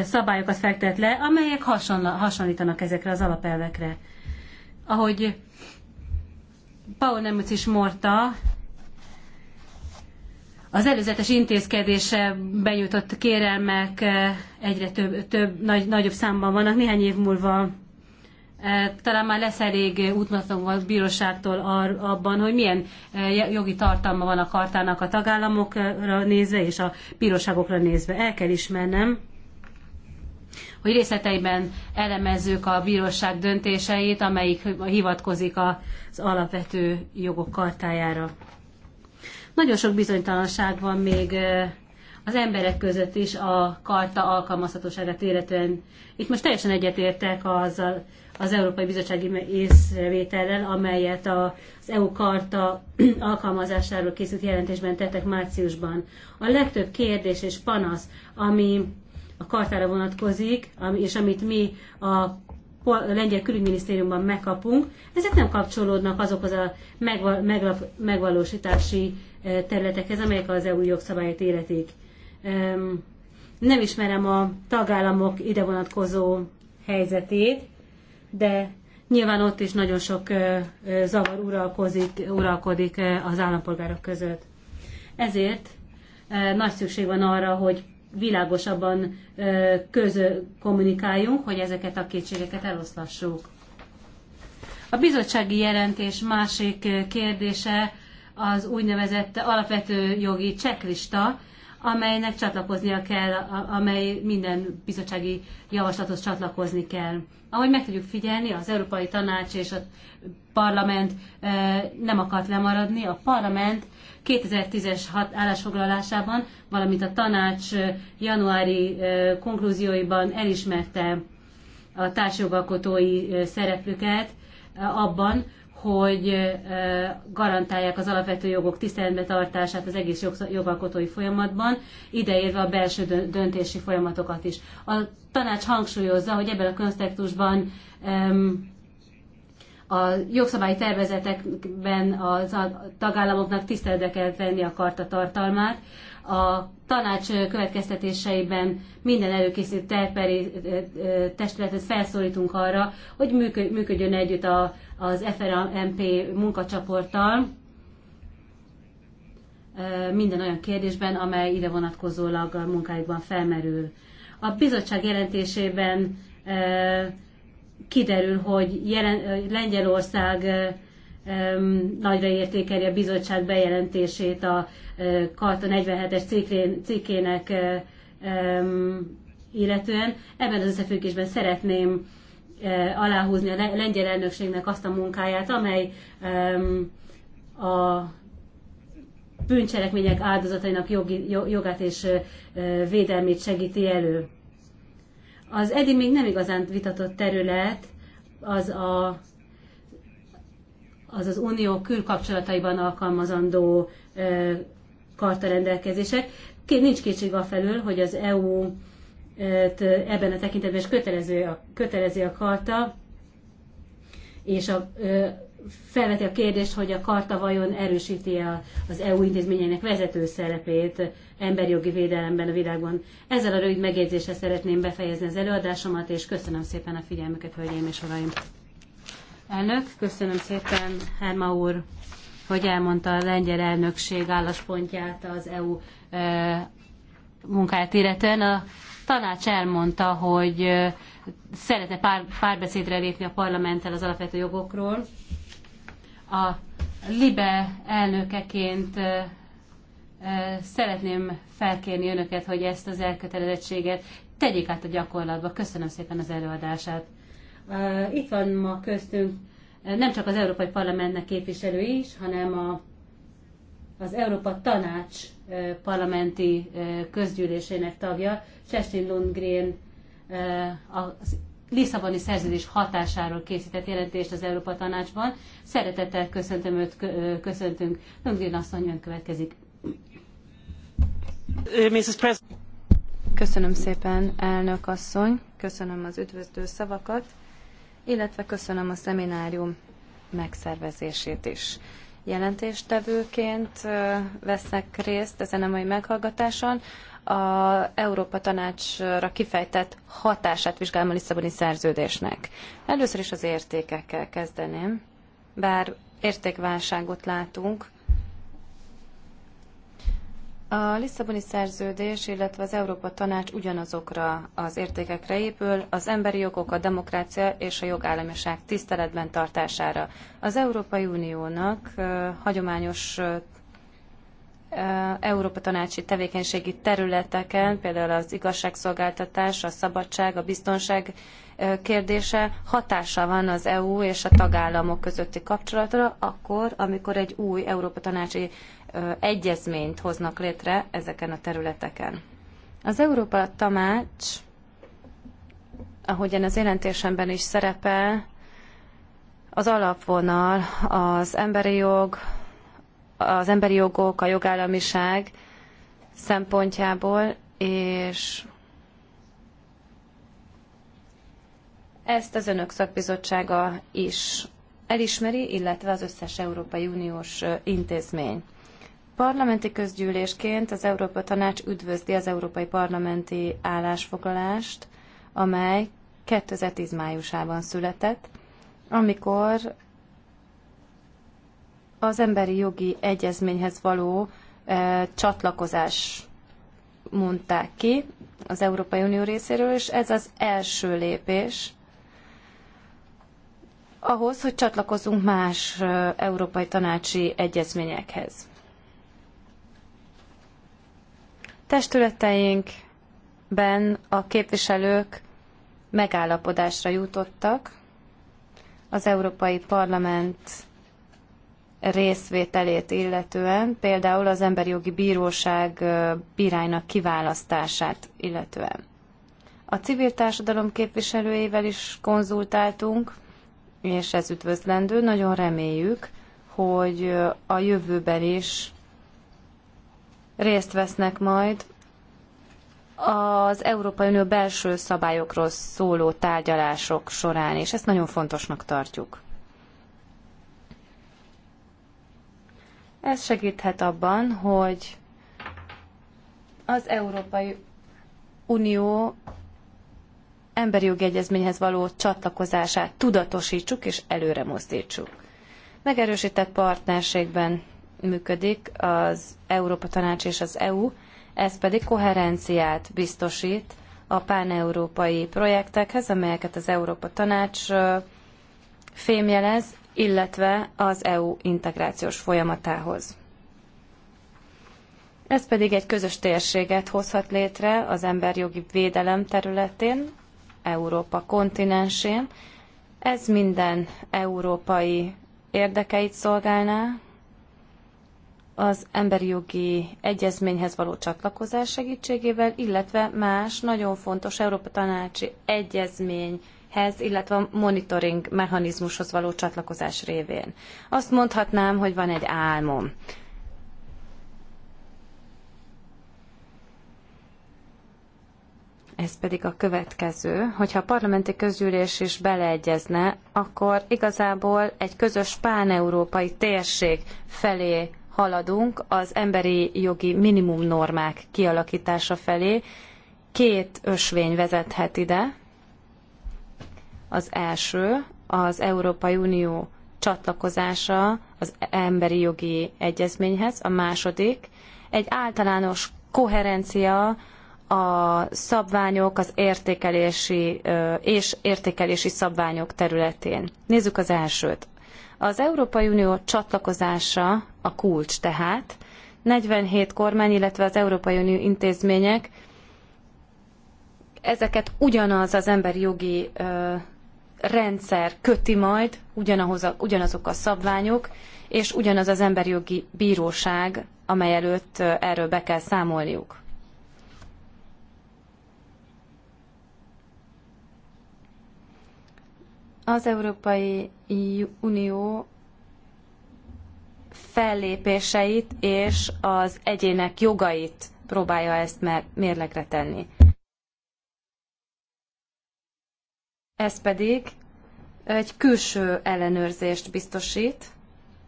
szabályokat fektet le, amelyek hasonlítanak ezekre az alapelvekre. Ahogy Paul Nemitz is mondta, az előzetes intézkedése benyújtott kérelmek eh, egyre több, több nagy, nagyobb számban vannak, néhány év múlva eh, talán már lesz elég útmatom a bíróságtól abban, hogy milyen eh, jogi tartalma van a kartának a tagállamokra nézve és a bíróságokra nézve. El kell ismernem, hogy részleteiben elemezzük a bíróság döntéseit, amelyik hivatkozik az alapvető jogok kartájára. Nagyon sok bizonytalanság van még az emberek között is a karta alkalmazhatóságát illetően. Itt most teljesen egyetértek azzal az Európai Bizottsági észrevétellel, amelyet az EU karta <clears throat> alkalmazásáról készült jelentésben tettek márciusban. A legtöbb kérdés és panasz, ami a kartára vonatkozik, és amit mi a lengyel külügyminisztériumban megkapunk, ezek nem kapcsolódnak azokhoz a megvalósítási eh, területekhez, amelyek az EU jogszabályt életik. Nem ismerem a tagállamok ide vonatkozó helyzetét, de nyilván ott is nagyon sok eh, eh, zavar uralkozik, uralkodik az állampolgárok között. Ezért nagy szükség van arra, hogy világosabban közkommunikáljunk, hogy ezeket a kétségeket eloszlassuk. A bizottsági jelentés másik kérdése az úgynevezett alapvető jogi cseklista, amelynek csatlakoznia kell, amely minden bizottsági javaslathoz csatlakozni kell. Ahogy meg tudjuk figyelni, az Európai Tanács és a Parlament nem akart lemaradni. A Parlament 2010-es állásfoglalásában, valamint a tanács januári konklúzióiban elismerte a társjogalkotói szereplőket abban, hogy garantálják az alapvető jogok tiszteletbe tartását az egész jogalkotói folyamatban, ideérve a belső döntési folyamatokat is. A tanács hangsúlyozza, hogy ebben a kontextusban a jogszabályi tervezetekben a tagállamoknak tiszteletbe kell venni a karta tartalmát. A tanács következtetéseiben minden előkészítő terperi testületet felszólítunk arra, hogy működjön együtt az FRMP munkacsoporttal minden olyan kérdésben, amely ide vonatkozólag a munkájukban felmerül. A bizottság jelentésében kiderül, hogy jelen, Lengyelország nagyra értékeli a bizottság bejelentését a Karta 47-es cikkének illetően. Ebben az összefüggésben szeretném aláhúzni a lengyel elnökségnek azt a munkáját, amely a bűncselekmények áldozatainak jogi, jogát és védelmét segíti elő. Az eddig még nem igazán vitatott terület az a, az, az unió külkapcsolataiban alkalmazandó ö, karta rendelkezések. Nincs kétség a felül, hogy az EU ebben a tekintetben is kötelező a, kötelező a karta, és a, felveti a kérdést, hogy a karta vajon erősíti az EU intézményeinek vezető szerepét emberi jogi védelemben a világon. Ezzel a rövid megjegyzéssel szeretném befejezni az előadásomat, és köszönöm szépen a figyelmüket, hölgyeim és uraim. Elnök, köszönöm szépen, Herma úr, hogy elmondta a lengyel elnökség álláspontját az EU e, munkáját illetően. A tanács elmondta, hogy e, szeretne pár, párbeszédre lépni a parlamenttel az alapvető jogokról. A LIBE elnökeként szeretném felkérni önöket, hogy ezt az elkötelezettséget tegyék át a gyakorlatba. Köszönöm szépen az előadását. Itt van ma köztünk nem csak az Európai Parlamentnek képviselő is, hanem a, az Európa Tanács parlamenti közgyűlésének tagja, Sestin Lundgren, az Lisszaboni szerződés hatásáról készített jelentést az Európa Tanácsban. Szeretettel köszöntöm őt, köszöntünk. Lundgren asszony, ön következik. Köszönöm szépen, elnök asszony, köszönöm az üdvözlő szavakat, illetve köszönöm a szeminárium megszervezését is. Jelentéstevőként veszek részt ezen a mai meghallgatáson a Európa Tanácsra kifejtett hatását vizsgálom a Lisszaboni szerződésnek. Először is az értékekkel kezdeném, bár értékválságot látunk. A Lisszaboni szerződés, illetve az Európa Tanács ugyanazokra az értékekre épül, az emberi jogok, a demokrácia és a jogállamiság tiszteletben tartására. Az Európai Uniónak hagyományos Európa tanácsi tevékenységi területeken, például az igazságszolgáltatás, a szabadság, a biztonság kérdése hatása van az EU és a tagállamok közötti kapcsolatra, akkor, amikor egy új Európa tanácsi egyezményt hoznak létre ezeken a területeken. Az Európa Tanács, ahogyan az jelentésemben is szerepel, az alapvonal az emberi jog, az emberi jogok, a jogállamiság szempontjából, és ezt az önök szakbizottsága is elismeri, illetve az összes Európai Uniós intézmény. Parlamenti közgyűlésként az Európa Tanács üdvözli az Európai Parlamenti állásfoglalást, amely 2010 májusában született, amikor az emberi jogi egyezményhez való e, csatlakozás mondták ki az Európai Unió részéről, és ez az első lépés ahhoz, hogy csatlakozunk más e, európai tanácsi egyezményekhez. Testületeinkben a képviselők megállapodásra jutottak az Európai Parlament részvételét illetően, például az Emberi Jogi Bíróság bíráinak kiválasztását illetően. A civil társadalom képviselőivel is konzultáltunk, és ez üdvözlendő. Nagyon reméljük, hogy a jövőben is részt vesznek majd az Európai Unió belső szabályokról szóló tárgyalások során, és ezt nagyon fontosnak tartjuk. Ez segíthet abban, hogy az Európai Unió emberi jogi egyezményhez való csatlakozását tudatosítsuk és előre mozdítsuk. Megerősített partnerségben működik az Európa Tanács és az EU, ez pedig koherenciát biztosít a páneurópai projektekhez, amelyeket az Európa Tanács fémjelez, illetve az EU integrációs folyamatához. Ez pedig egy közös térséget hozhat létre az emberjogi védelem területén, Európa kontinensén. Ez minden európai érdekeit szolgálná, az emberi jogi egyezményhez való csatlakozás segítségével, illetve más nagyon fontos Európa Tanácsi Egyezmény hez, illetve a monitoring mechanizmushoz való csatlakozás révén. Azt mondhatnám, hogy van egy álmom. ez pedig a következő, hogyha a parlamenti közgyűlés is beleegyezne, akkor igazából egy közös páneurópai térség felé haladunk az emberi jogi minimum normák kialakítása felé. Két ösvény vezethet ide, az első az Európai Unió csatlakozása az emberi jogi egyezményhez, a második egy általános koherencia a szabványok, az értékelési és értékelési szabványok területén. Nézzük az elsőt. Az Európai Unió csatlakozása a kulcs tehát. 47 kormány, illetve az Európai Unió intézmények ezeket ugyanaz az emberi jogi rendszer köti majd ugyanahoz a, ugyanazok a szabványok, és ugyanaz az emberi jogi bíróság, amely előtt erről be kell számolniuk. Az Európai Unió fellépéseit és az egyének jogait próbálja ezt mérlegre tenni. Ez pedig egy külső ellenőrzést biztosít,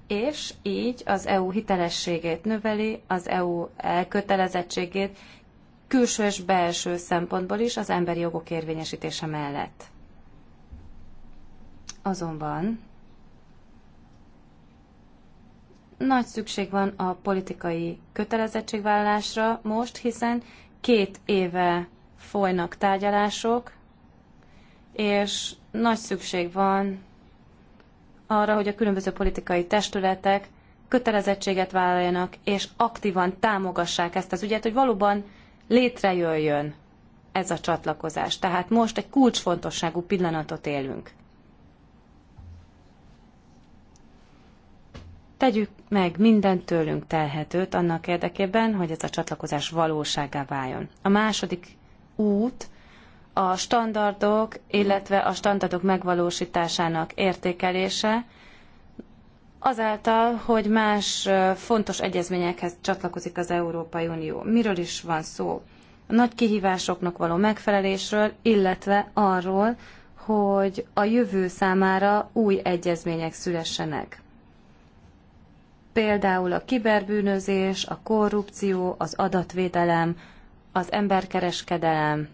és így az EU hitelességét növeli, az EU elkötelezettségét külső és belső szempontból is az emberi jogok érvényesítése mellett. Azonban nagy szükség van a politikai kötelezettségvállalásra most, hiszen két éve folynak tárgyalások és nagy szükség van arra, hogy a különböző politikai testületek kötelezettséget vállaljanak, és aktívan támogassák ezt az ügyet, hogy valóban létrejöjjön ez a csatlakozás. Tehát most egy kulcsfontosságú pillanatot élünk. Tegyük meg minden tőlünk telhetőt annak érdekében, hogy ez a csatlakozás valóságá váljon. A második út a standardok, illetve a standardok megvalósításának értékelése, azáltal, hogy más fontos egyezményekhez csatlakozik az Európai Unió. Miről is van szó? A nagy kihívásoknak való megfelelésről, illetve arról, hogy a jövő számára új egyezmények szülessenek. Például a kiberbűnözés, a korrupció, az adatvédelem, az emberkereskedelem,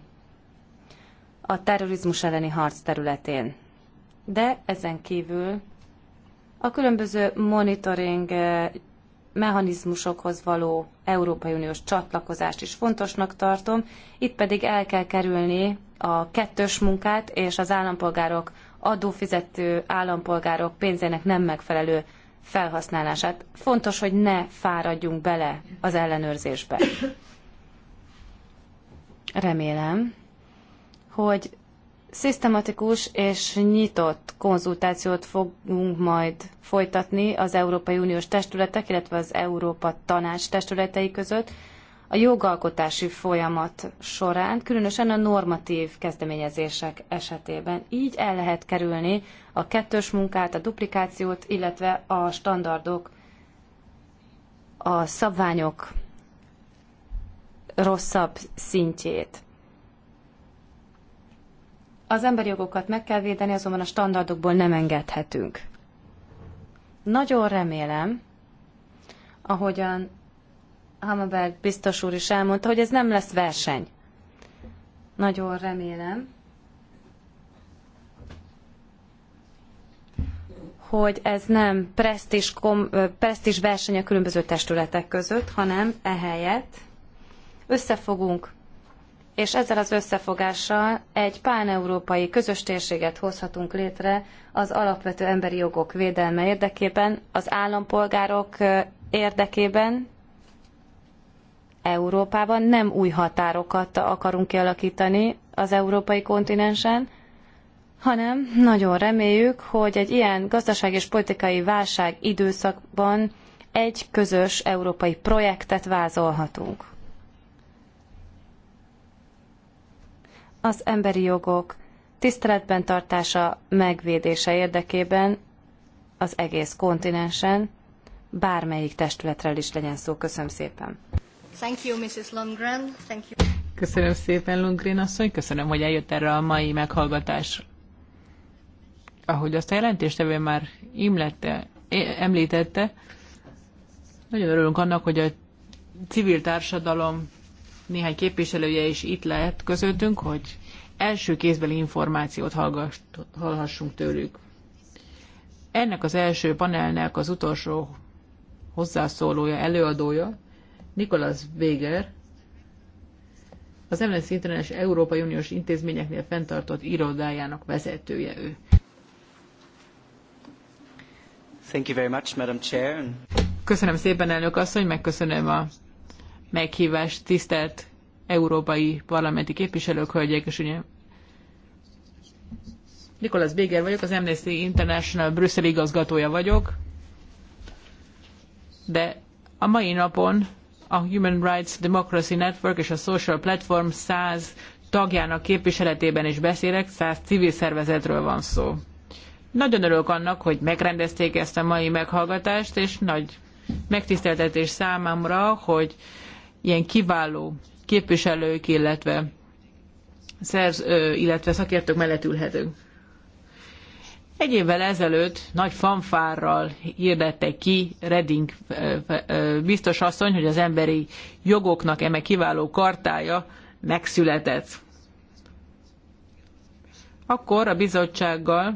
a terrorizmus elleni harc területén. De ezen kívül a különböző monitoring eh, mechanizmusokhoz való Európai Uniós csatlakozást is fontosnak tartom. Itt pedig el kell kerülni a kettős munkát és az állampolgárok adófizető állampolgárok pénzének nem megfelelő felhasználását. Fontos, hogy ne fáradjunk bele az ellenőrzésbe. Remélem, hogy szisztematikus és nyitott konzultációt fogunk majd folytatni az Európai Uniós testületek, illetve az Európa Tanács testületei között a jogalkotási folyamat során, különösen a normatív kezdeményezések esetében. Így el lehet kerülni a kettős munkát, a duplikációt, illetve a standardok, a szabványok rosszabb szintjét. Az emberi jogokat meg kell védeni, azonban a standardokból nem engedhetünk. Nagyon remélem, ahogyan Hammerberg biztos úr is elmondta, hogy ez nem lesz verseny. Nagyon remélem, hogy ez nem presztis, kom, presztis verseny a különböző testületek között, hanem ehelyett összefogunk, és ezzel az összefogással egy páneurópai közös térséget hozhatunk létre az alapvető emberi jogok védelme érdekében, az állampolgárok érdekében, Európában nem új határokat akarunk kialakítani az európai kontinensen, hanem nagyon reméljük, hogy egy ilyen gazdaság és politikai válság időszakban egy közös európai projektet vázolhatunk. az emberi jogok tiszteletben tartása, megvédése érdekében az egész kontinensen, bármelyik testületről is legyen szó. Köszönöm szépen. Thank you, Mrs. Lundgren. Thank you. Köszönöm szépen, Lundgren asszony. Köszönöm, hogy eljött erre a mai meghallgatás. Ahogy azt a jelentéstevő már imlette, említette, nagyon örülünk annak, hogy a civil társadalom néhány képviselője is itt lehet közöttünk, hogy első kézbeli információt hallhassunk tőlük. Ennek az első panelnek az utolsó hozzászólója, előadója, Nikolas Weger, az Amnesty International Európai Uniós intézményeknél fenntartott irodájának vezetője ő. Thank you very much, Madam Chair. Köszönöm szépen, elnök asszony, megköszönöm a meghívást, tisztelt európai parlamenti képviselők, hölgyek és ugye. Nikolas Béger vagyok, az Amnesty International brüsszeli igazgatója vagyok, de a mai napon a Human Rights Democracy Network és a Social Platform 100 tagjának képviseletében is beszélek, 100 civil szervezetről van szó. Nagyon örülök annak, hogy megrendezték ezt a mai meghallgatást, és nagy megtiszteltetés számomra, hogy ilyen kiváló képviselők, illetve, szerz, illetve szakértők mellett ülhetünk. Egy évvel ezelőtt nagy fanfárral hirdette ki Reding biztos asszony, hogy az emberi jogoknak eme kiváló kartája megszületett. Akkor a bizottsággal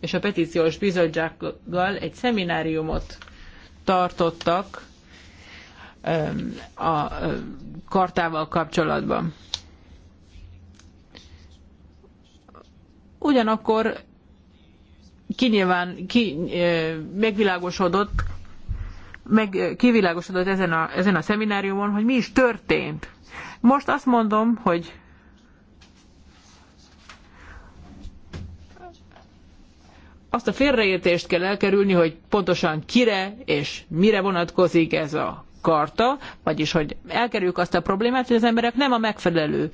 és a petíciós bizottsággal egy szemináriumot tartottak a kartával kapcsolatban. Ugyanakkor kinyilván ki, megvilágosodott, meg, kivilágosodott ezen a, ezen a szemináriumon, hogy mi is történt. Most azt mondom, hogy azt a félreértést kell elkerülni, hogy pontosan kire és mire vonatkozik ez a karta, vagyis hogy elkerüljük azt a problémát, hogy az emberek nem a megfelelő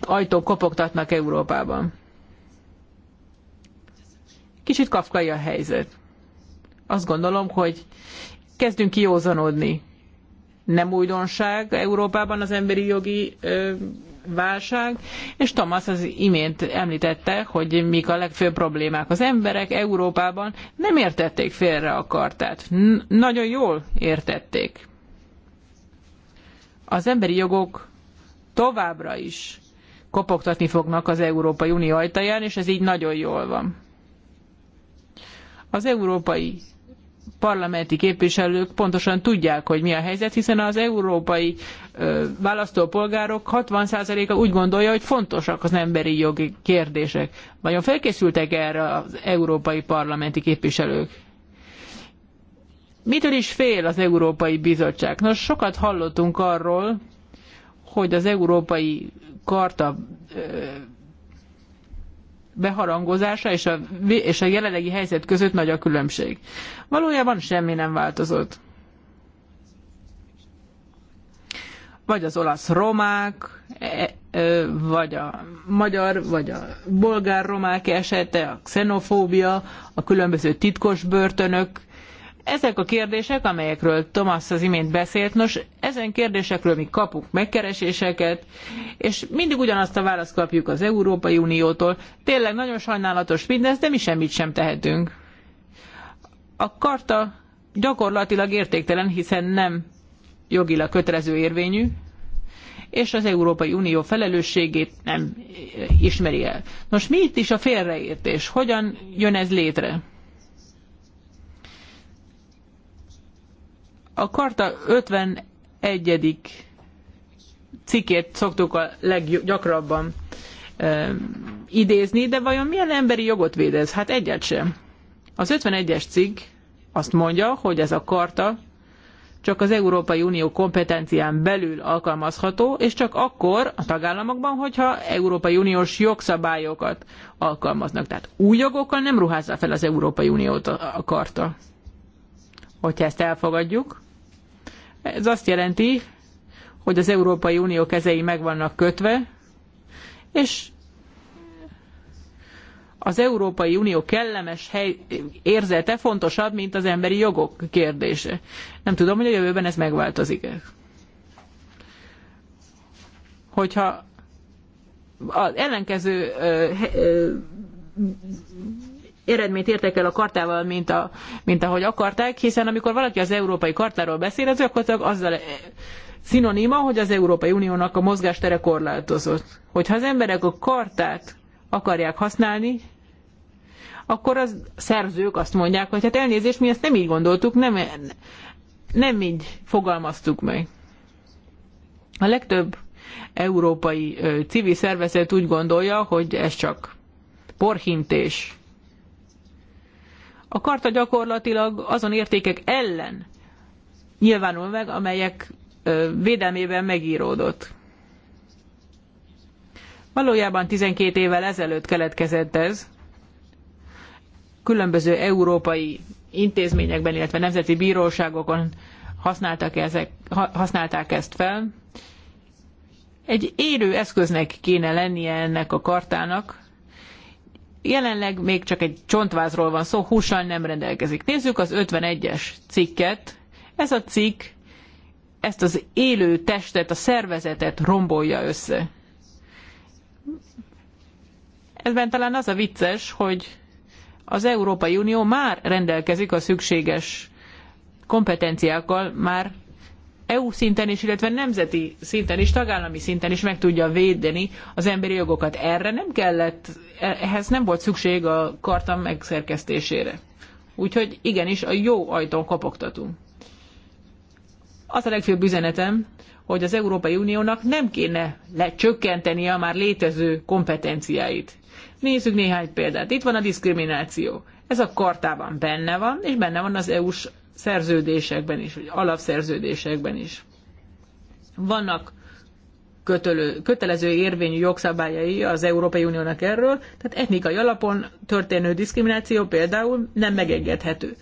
ajtók kopogtatnak Európában. Kicsit kafkai a helyzet. Azt gondolom, hogy kezdünk kiózanodni. Nem újdonság Európában az emberi jogi válság, és Thomas az imént említette, hogy mik a legfőbb problémák. Az emberek Európában nem értették félre a kartát. N nagyon jól értették. Az emberi jogok továbbra is kopogtatni fognak az Európai Unió ajtaján, és ez így nagyon jól van. Az Európai parlamenti képviselők pontosan tudják, hogy mi a helyzet, hiszen az európai választópolgárok 60%-a úgy gondolja, hogy fontosak az emberi jogi kérdések. Vajon felkészültek -e erre az európai parlamenti képviselők? Mitől is fél az Európai Bizottság? Nos, sokat hallottunk arról, hogy az Európai Karta beharangozása és a, és a jelenlegi helyzet között nagy a különbség. Valójában semmi nem változott. Vagy az olasz romák, e, e, vagy a magyar, vagy a bolgár romák esete, a xenofóbia, a különböző titkos börtönök, ezek a kérdések, amelyekről Thomas az imént beszélt, nos, ezen kérdésekről mi kapunk megkereséseket, és mindig ugyanazt a választ kapjuk az Európai Uniótól. Tényleg nagyon sajnálatos mindez, de mi semmit sem tehetünk. A karta gyakorlatilag értéktelen, hiszen nem jogilag kötelező érvényű, és az Európai Unió felelősségét nem ismeri el. Nos, mi itt is a félreértés? Hogyan jön ez létre? A karta 51. cikkét szoktuk a leggyakrabban idézni, de vajon milyen emberi jogot védez? Hát egyet sem. Az 51-es cikk azt mondja, hogy ez a karta csak az Európai Unió kompetencián belül alkalmazható, és csak akkor a tagállamokban, hogyha Európai Uniós jogszabályokat alkalmaznak. Tehát új jogokkal nem ruházza fel az Európai Uniót a karta. Hogyha ezt elfogadjuk, ez azt jelenti, hogy az Európai Unió kezei meg vannak kötve, és az Európai Unió kellemes hely, érzete fontosabb, mint az emberi jogok kérdése. Nem tudom, hogy a jövőben ez megváltozik-e. Hogyha az ellenkező eredményt értek el a kartával, mint, a, mint ahogy akarták, hiszen amikor valaki az európai kartáról beszél, az gyakorlatilag azzal szinoníma, hogy az Európai Uniónak a mozgástere korlátozott. Hogyha az emberek a kartát akarják használni, akkor az szerzők azt mondják, hogy hát elnézést, mi ezt nem így gondoltuk, nem, nem így fogalmaztuk meg. A legtöbb európai civil szervezet úgy gondolja, hogy ez csak porhintés, a karta gyakorlatilag azon értékek ellen nyilvánul meg, amelyek védelmében megíródott. Valójában 12 évvel ezelőtt keletkezett ez. Különböző európai intézményekben, illetve nemzeti bíróságokon használtak ezek, használták ezt fel. Egy érő eszköznek kéne lennie ennek a kartának, jelenleg még csak egy csontvázról van szó, hússal nem rendelkezik. Nézzük az 51-es cikket. Ez a cikk ezt az élő testet, a szervezetet rombolja össze. Ebben talán az a vicces, hogy az Európai Unió már rendelkezik a szükséges kompetenciákkal, már EU szinten is, illetve nemzeti szinten is, tagállami szinten is meg tudja védeni az emberi jogokat. Erre nem kellett, ehhez nem volt szükség a karta megszerkesztésére. Úgyhogy igenis, a jó ajtón kopogtatunk. Az a legfőbb üzenetem, hogy az Európai Uniónak nem kéne lecsökkenteni a már létező kompetenciáit. Nézzük néhány példát. Itt van a diszkrimináció. Ez a kartában benne van, és benne van az EU-s szerződésekben is, vagy alapszerződésekben is. Vannak kötölő, kötelező érvényű jogszabályai az Európai Uniónak erről, tehát etnikai alapon történő diszkrimináció például nem megengedhető.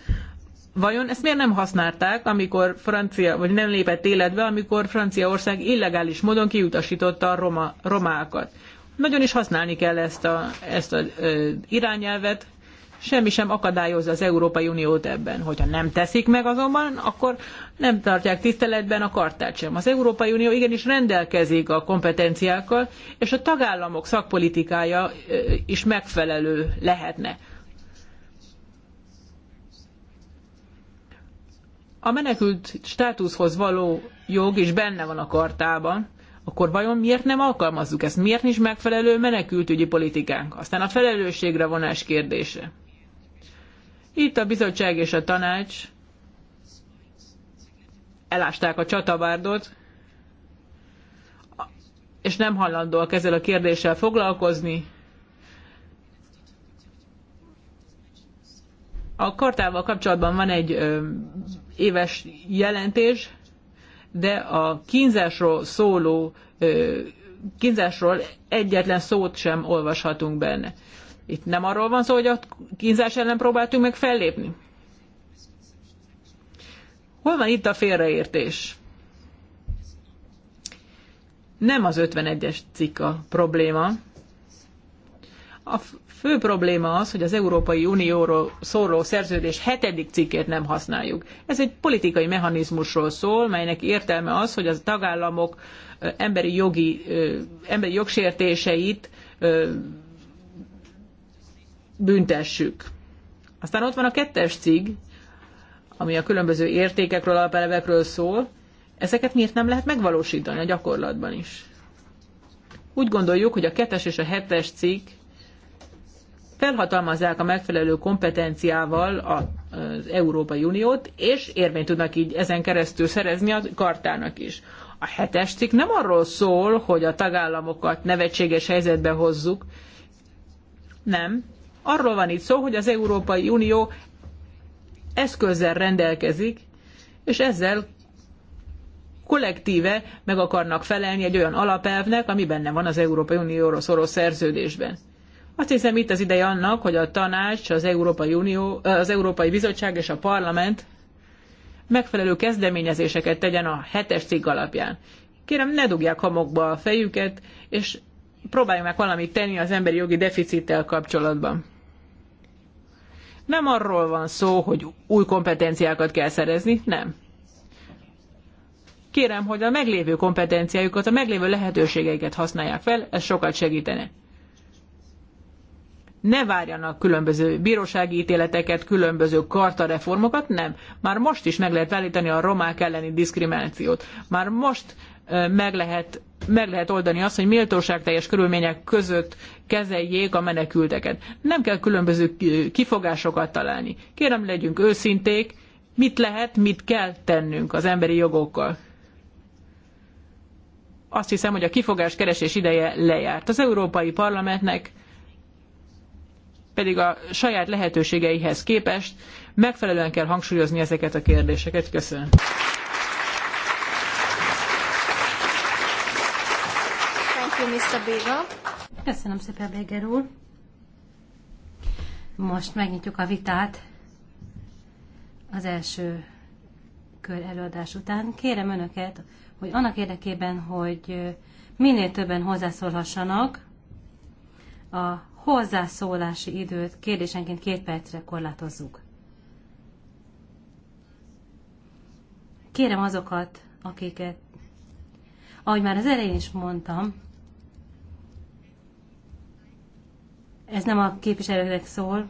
Vajon ezt miért nem használták, amikor Francia, vagy nem lépett életbe, amikor Franciaország illegális módon kiutasította a roma, romákat? Nagyon is használni kell ezt a, ezt a e, irányelvet, semmi sem akadályozza az Európai Uniót ebben. Hogyha nem teszik meg azonban, akkor nem tartják tiszteletben a kartát sem. Az Európai Unió igenis rendelkezik a kompetenciákkal, és a tagállamok szakpolitikája is megfelelő lehetne. A menekült státuszhoz való jog is benne van a kartában, akkor vajon miért nem alkalmazzuk ezt? Miért nincs megfelelő menekültügyi politikánk? Aztán a felelősségre vonás kérdése. Itt a bizottság és a tanács elásták a csatabárdot, és nem hallandóak ezzel a kérdéssel foglalkozni. A kartával kapcsolatban van egy ö, éves jelentés, de a kínzásról szóló ö, kínzásról egyetlen szót sem olvashatunk benne. Itt nem arról van szó, hogy a kínzás ellen próbáltunk meg fellépni. Hol van itt a félreértés? Nem az 51-es cikk a probléma. A fő probléma az, hogy az Európai Unióról szóló szerződés hetedik cikkét nem használjuk. Ez egy politikai mechanizmusról szól, melynek értelme az, hogy a tagállamok emberi, jogi, emberi jogsértéseit büntessük. Aztán ott van a kettes cig, ami a különböző értékekről, alapelevekről szól. Ezeket miért nem lehet megvalósítani a gyakorlatban is? Úgy gondoljuk, hogy a kettes és a hetes cikk felhatalmazzák a megfelelő kompetenciával az Európai Uniót, és érvényt tudnak így ezen keresztül szerezni a kartának is. A hetes cikk nem arról szól, hogy a tagállamokat nevetséges helyzetbe hozzuk, nem. Arról van itt szó, hogy az Európai Unió eszközzel rendelkezik, és ezzel kollektíve meg akarnak felelni egy olyan alapelvnek, ami benne van az Európai Unióról szóló szerződésben. Azt hiszem itt az ideje annak, hogy a tanács, az Európai, Unió, az Európai Bizottság és a parlament megfelelő kezdeményezéseket tegyen a hetes cikk alapján. Kérem, ne dugják homokba a fejüket, és próbáljunk meg valamit tenni az emberi jogi deficittel kapcsolatban. Nem arról van szó, hogy új kompetenciákat kell szerezni, nem. Kérem, hogy a meglévő kompetenciájukat, a meglévő lehetőségeiket használják fel, ez sokat segítene. Ne várjanak különböző bírósági ítéleteket, különböző kartareformokat, nem. Már most is meg lehet állítani a romák elleni diszkriminációt. Már most meg lehet meg lehet oldani azt, hogy méltóságteljes körülmények között kezeljék a menekülteket. Nem kell különböző kifogásokat találni. Kérem, legyünk őszinték, mit lehet, mit kell tennünk az emberi jogokkal. Azt hiszem, hogy a kifogás keresés ideje lejárt. Az Európai Parlamentnek pedig a saját lehetőségeihez képest megfelelően kell hangsúlyozni ezeket a kérdéseket. Köszönöm. Mr. Béga. Köszönöm szépen, Béger úr. Most megnyitjuk a vitát az első kör előadás után. Kérem Önöket, hogy annak érdekében, hogy minél többen hozzászólhassanak, a hozzászólási időt kérdésenként két percre korlátozzuk. Kérem azokat, akiket, ahogy már az elején is mondtam, Ez nem a képviselőknek szól.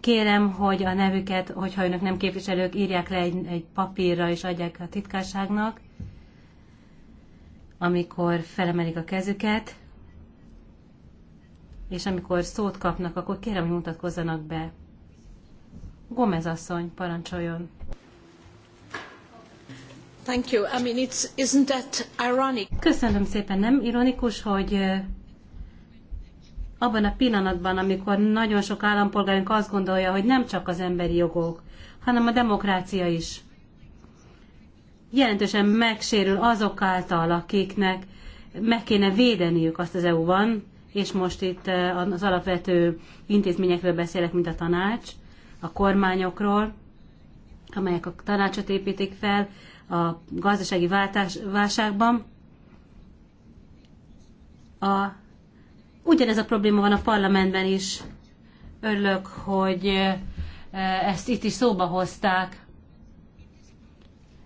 Kérem, hogy a nevüket, hogyha önök nem képviselők, írják le egy, egy papírra és adják a titkárságnak, amikor felemelik a kezüket, és amikor szót kapnak, akkor kérem, hogy mutatkozzanak be. Gomez asszony, parancsoljon! Thank you. I mean, it's, isn't that ironic? Köszönöm szépen, nem ironikus, hogy abban a pillanatban, amikor nagyon sok állampolgárunk azt gondolja, hogy nem csak az emberi jogok, hanem a demokrácia is jelentősen megsérül azok által, akiknek meg kéne védeniük azt az EU-ban, és most itt az alapvető intézményekről beszélek, mint a tanács, a kormányokról, amelyek a tanácsot építik fel, a gazdasági váltás, válságban. A, ugyanez a probléma van a parlamentben is. Örülök, hogy ezt itt is szóba hozták.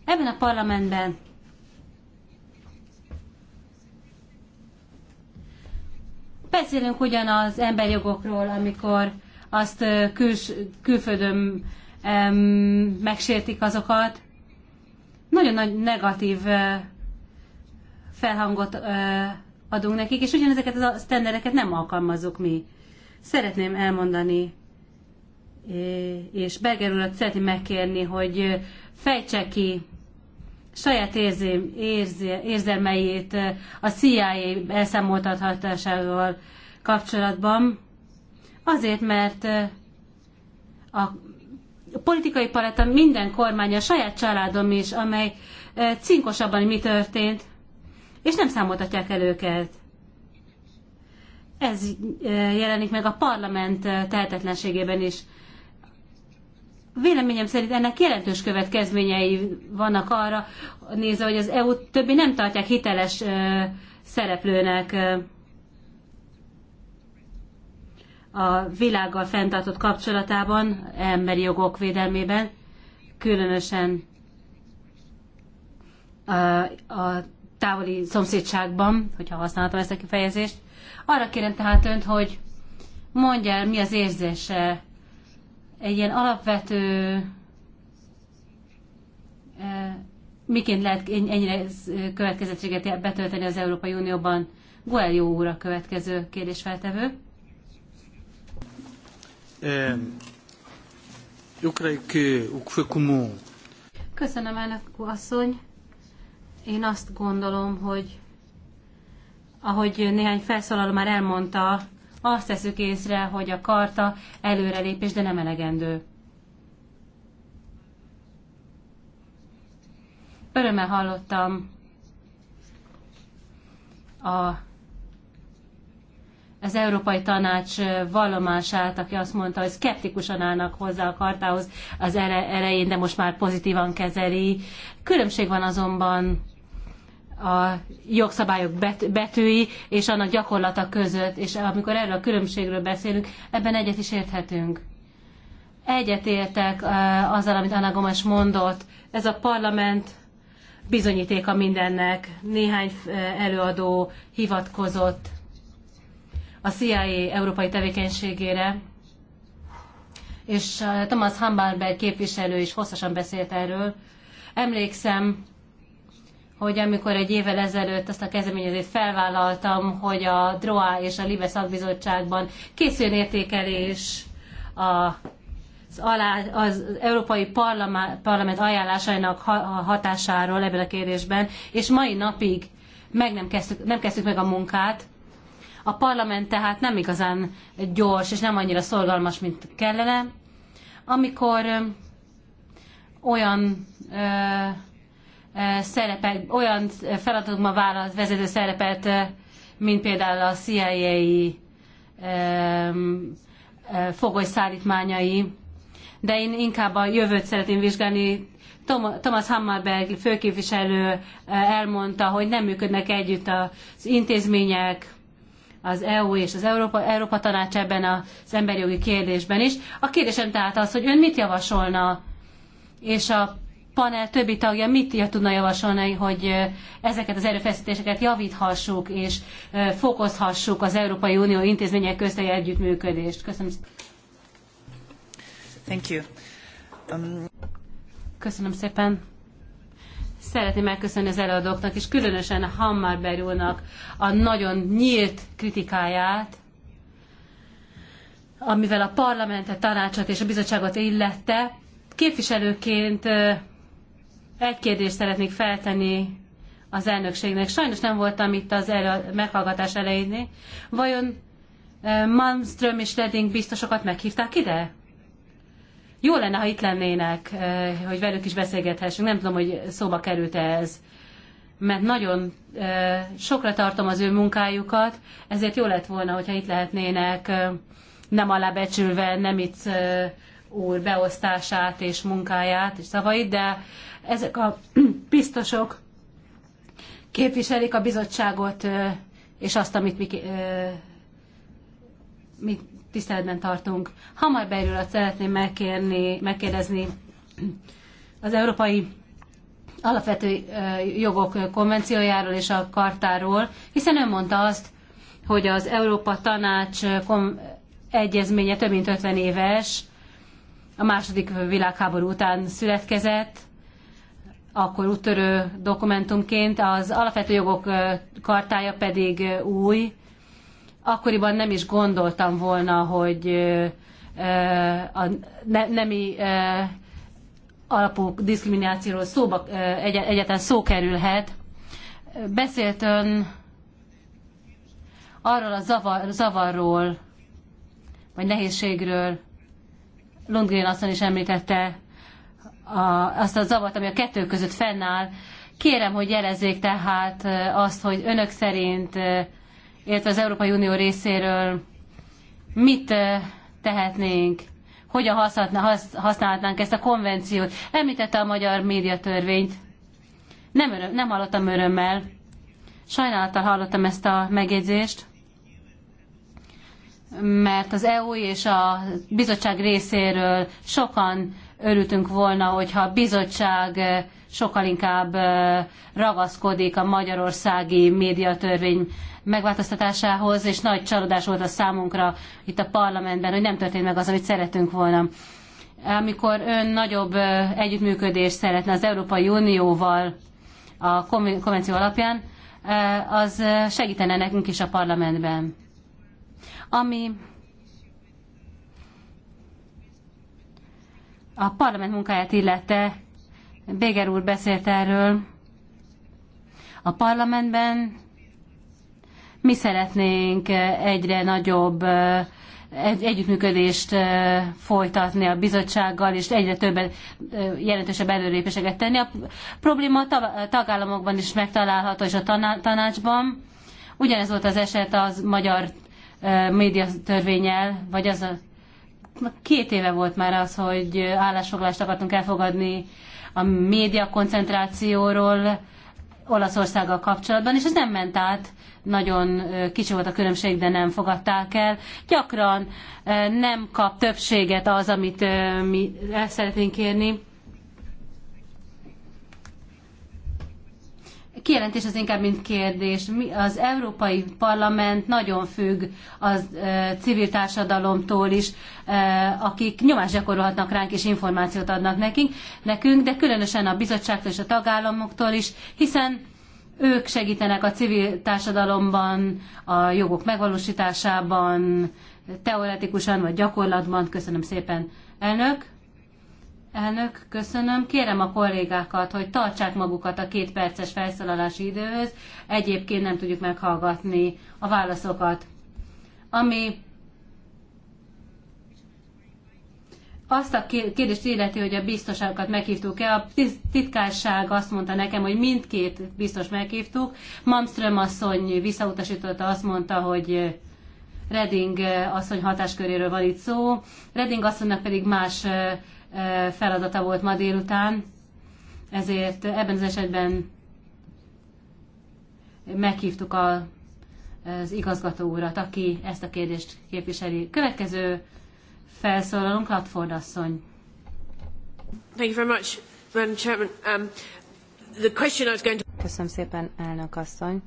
Ebben a parlamentben beszélünk ugyanaz emberjogokról, amikor azt külföldön megsértik azokat, nagyon nagy negatív felhangot adunk nekik, és ugyanezeket a sztendereket nem alkalmazzuk mi. Szeretném elmondani, és Berger urat szeretném megkérni, hogy fejtse ki saját érzém, érze, érzelmeit a CIA elszámoltathatásával kapcsolatban, azért, mert a politikai paletta minden kormány, a saját családom is, amely eh, cinkosabban, mi történt, és nem számoltatják el őket. Ez eh, jelenik meg a parlament eh, tehetetlenségében is. Véleményem szerint ennek jelentős következményei vannak arra, nézve, hogy az EU többi nem tartják hiteles szereplőnek a világgal fenntartott kapcsolatában, emberi jogok védelmében, különösen a távoli szomszédságban, hogyha használhatom ezt a kifejezést. Arra kérem tehát önt, hogy mondja el, mi az érzése egy ilyen alapvető e, miként lehet ennyire e, következettséget betölteni az Európai Unióban. Guelio úr a következő kérdésfeltevő. Eu eh, creio que o que foi comum. Köszönöm, elnök asszony. Én azt gondolom, hogy ahogy néhány felszólaló már elmondta, azt teszük észre, hogy a karta előrelépés, de nem elegendő. Örömmel hallottam a az Európai Tanács vallomását, aki azt mondta, hogy szkeptikusan állnak hozzá a kartához az elején, de most már pozitívan kezeli. Különbség van azonban a jogszabályok betűi és annak gyakorlata között, és amikor erről a különbségről beszélünk, ebben egyet is érthetünk. Egyet Egyetértek azzal, amit Anna Gomes mondott. Ez a parlament bizonyítéka mindennek. Néhány előadó hivatkozott a CIA európai tevékenységére, és uh, Thomas Hambarberg képviselő is hosszasan beszélt erről. Emlékszem, hogy amikor egy évvel ezelőtt azt a kezdeményezést felvállaltam, hogy a DROA és a LIBE szakbizottságban készüljön értékelés a, az, alá, az Európai Parlament, Parlament ajánlásainak hatásáról ebben a kérdésben, és mai napig meg nem kezdtük, nem kezdtük meg a munkát, a parlament tehát nem igazán gyors és nem annyira szorgalmas, mint kellene. Amikor olyan ö, ö, szerepet, olyan feladatokban vállalt vezető szerepet, mint például a CIA fogoly szállítmányai, de én inkább a jövőt szeretném vizsgálni. Thomas Hammarberg főképviselő elmondta, hogy nem működnek együtt az intézmények, az EU és az Európa, Európa Tanács ebben az emberi jogi kérdésben is. A kérdésem tehát az, hogy ön mit javasolna, és a panel többi tagja mit tudna javasolni, hogy ezeket az erőfeszítéseket javíthassuk és fokozhassuk az Európai Unió intézmények közti együttműködést. Köszönöm. Thank you. Um... Köszönöm szépen. Szeretném megköszönni az előadóknak, és különösen a Berúnak a nagyon nyílt kritikáját, amivel a parlamentet, tanácsot és a bizottságot illette. Képviselőként egy kérdést szeretnék feltenni az elnökségnek. Sajnos nem voltam itt az elő, meghallgatás elején. Vajon Malmström és Redding biztosokat meghívták ide? Jó lenne, ha itt lennének, eh, hogy velük is beszélgethessünk. Nem tudom, hogy szóba került -e ez, mert nagyon eh, sokra tartom az ő munkájukat, ezért jó lett volna, hogyha itt lehetnének, eh, nem alábecsülve, nem itt úr beosztását és munkáját és szavait, de ezek a <clears throat> biztosok képviselik a bizottságot és azt, amit mi, mit tiszteletben tartunk. Hamar belül azt szeretném megkérni, megkérdezni az Európai Alapvető Jogok Konvenciójáról és a Kartáról, hiszen ön mondta azt, hogy az Európa Tanács egyezménye több mint 50 éves, a második világháború után születkezett, akkor úttörő dokumentumként, az alapvető jogok kartája pedig új, akkoriban nem is gondoltam volna, hogy a nemi alapú diszkriminációról szóba, egyetlen szó kerülhet. Beszélt ön arról a zavar, zavarról, vagy nehézségről, Lundgren asszony is említette a, azt a zavart, ami a kettő között fennáll. Kérem, hogy jelezzék tehát azt, hogy önök szerint illetve az Európai Unió részéről mit tehetnénk, hogyan használhatnánk ezt a konvenciót. Említette a magyar médiatörvényt. Nem, öröm, nem hallottam örömmel. Sajnálattal hallottam ezt a megjegyzést, mert az EU és a bizottság részéről sokan örültünk volna, hogyha a bizottság sokkal inkább ragaszkodik a magyarországi médiatörvény megváltoztatásához, és nagy csalódás volt a számunkra itt a parlamentben, hogy nem történt meg az, amit szeretünk volna. Amikor ön nagyobb együttműködést szeretne az Európai Unióval a konvenció alapján, az segítene nekünk is a parlamentben. Ami a parlament munkáját illette, Béger úr beszélt erről, a parlamentben mi szeretnénk egyre nagyobb együttműködést folytatni a bizottsággal, és egyre több jelentősebb előrépéseket tenni. A probléma a tagállamokban is megtalálható, és a tanácsban. Ugyanez volt az eset az magyar médiatörvényel, vagy az a két éve volt már az, hogy állásfoglalást akartunk elfogadni a média koncentrációról, Olaszországgal kapcsolatban, és ez nem ment át, nagyon kicsi volt a különbség, de nem fogadták el. Gyakran nem kap többséget az, amit mi el szeretnénk kérni. kijelentés az inkább, mint kérdés. Mi, az Európai Parlament nagyon függ az e, civil társadalomtól is, e, akik nyomást gyakorolhatnak ránk és információt adnak nekünk, nekünk, de különösen a bizottságtól és a tagállamoktól is, hiszen ők segítenek a civil társadalomban, a jogok megvalósításában, teoretikusan vagy gyakorlatban. Köszönöm szépen, elnök! Elnök, köszönöm. Kérem a kollégákat, hogy tartsák magukat a két perces felszólalási időhöz, egyébként nem tudjuk meghallgatni a válaszokat. Ami azt a kérdést illeti, hogy a biztoságokat meghívtuk-e, a titkárság azt mondta nekem, hogy mindkét biztos meghívtuk. Malmström asszony visszautasította, azt mondta, hogy Reding asszony hatásköréről van itt szó. Reding asszonynak pedig más feladata volt ma délután, ezért ebben az esetben meghívtuk a, az igazgató urat, aki ezt a kérdést képviseli. Következő felszólalunk, Latford asszony. Thank you very much, Madam Chairman. Um, the question I was going to... Köszönöm szépen, elnök asszony.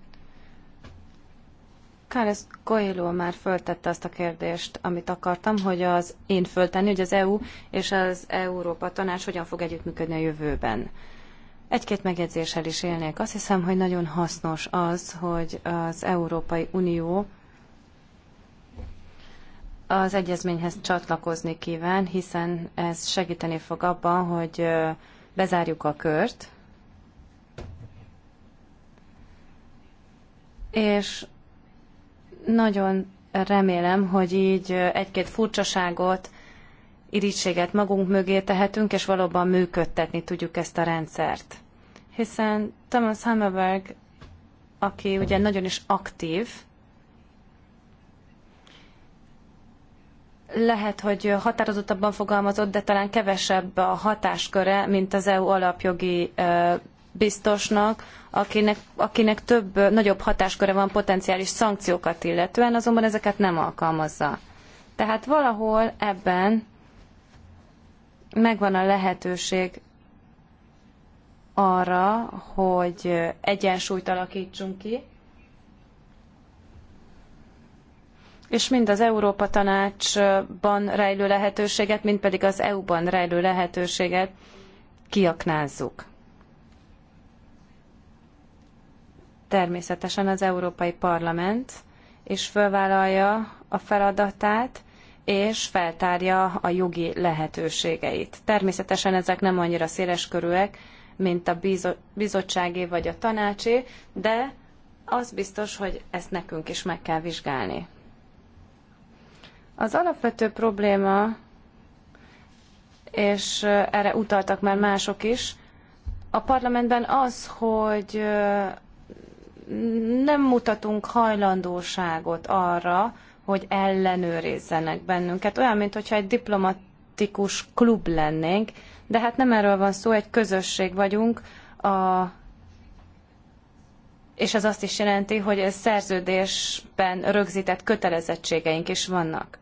Carles Coelho már föltette azt a kérdést, amit akartam, hogy az én föltenni, hogy az EU és az Európa Tanács hogyan fog együttműködni a jövőben. Egy-két megjegyzéssel is élnék. Azt hiszem, hogy nagyon hasznos az, hogy az Európai Unió az egyezményhez csatlakozni kíván, hiszen ez segíteni fog abban, hogy bezárjuk a kört, és nagyon remélem, hogy így egy-két furcsaságot, irítséget magunk mögé tehetünk, és valóban működtetni tudjuk ezt a rendszert. Hiszen Thomas Hammerberg, aki ugye nagyon is aktív, lehet, hogy határozottabban fogalmazott, de talán kevesebb a hatásköre, mint az EU alapjogi biztosnak, akinek, akinek több, nagyobb hatásköre van potenciális szankciókat illetően, azonban ezeket nem alkalmazza. Tehát valahol ebben megvan a lehetőség arra, hogy egyensúlyt alakítsunk ki, és mind az Európa Tanácsban rejlő lehetőséget, mind pedig az EU-ban rejlő lehetőséget kiaknázzuk. természetesen az Európai Parlament is fölvállalja a feladatát, és feltárja a jogi lehetőségeit. Természetesen ezek nem annyira széleskörűek, mint a bizottságé vagy a tanácsé, de az biztos, hogy ezt nekünk is meg kell vizsgálni. Az alapvető probléma, és eh, erre utaltak már mások is, a parlamentben az, hogy eh, nem mutatunk hajlandóságot arra, hogy ellenőrizzenek bennünket. Olyan, mintha egy diplomatikus klub lennénk, de hát nem erről van szó, egy közösség vagyunk, a, és ez azt is jelenti, hogy szerződésben rögzített kötelezettségeink is vannak.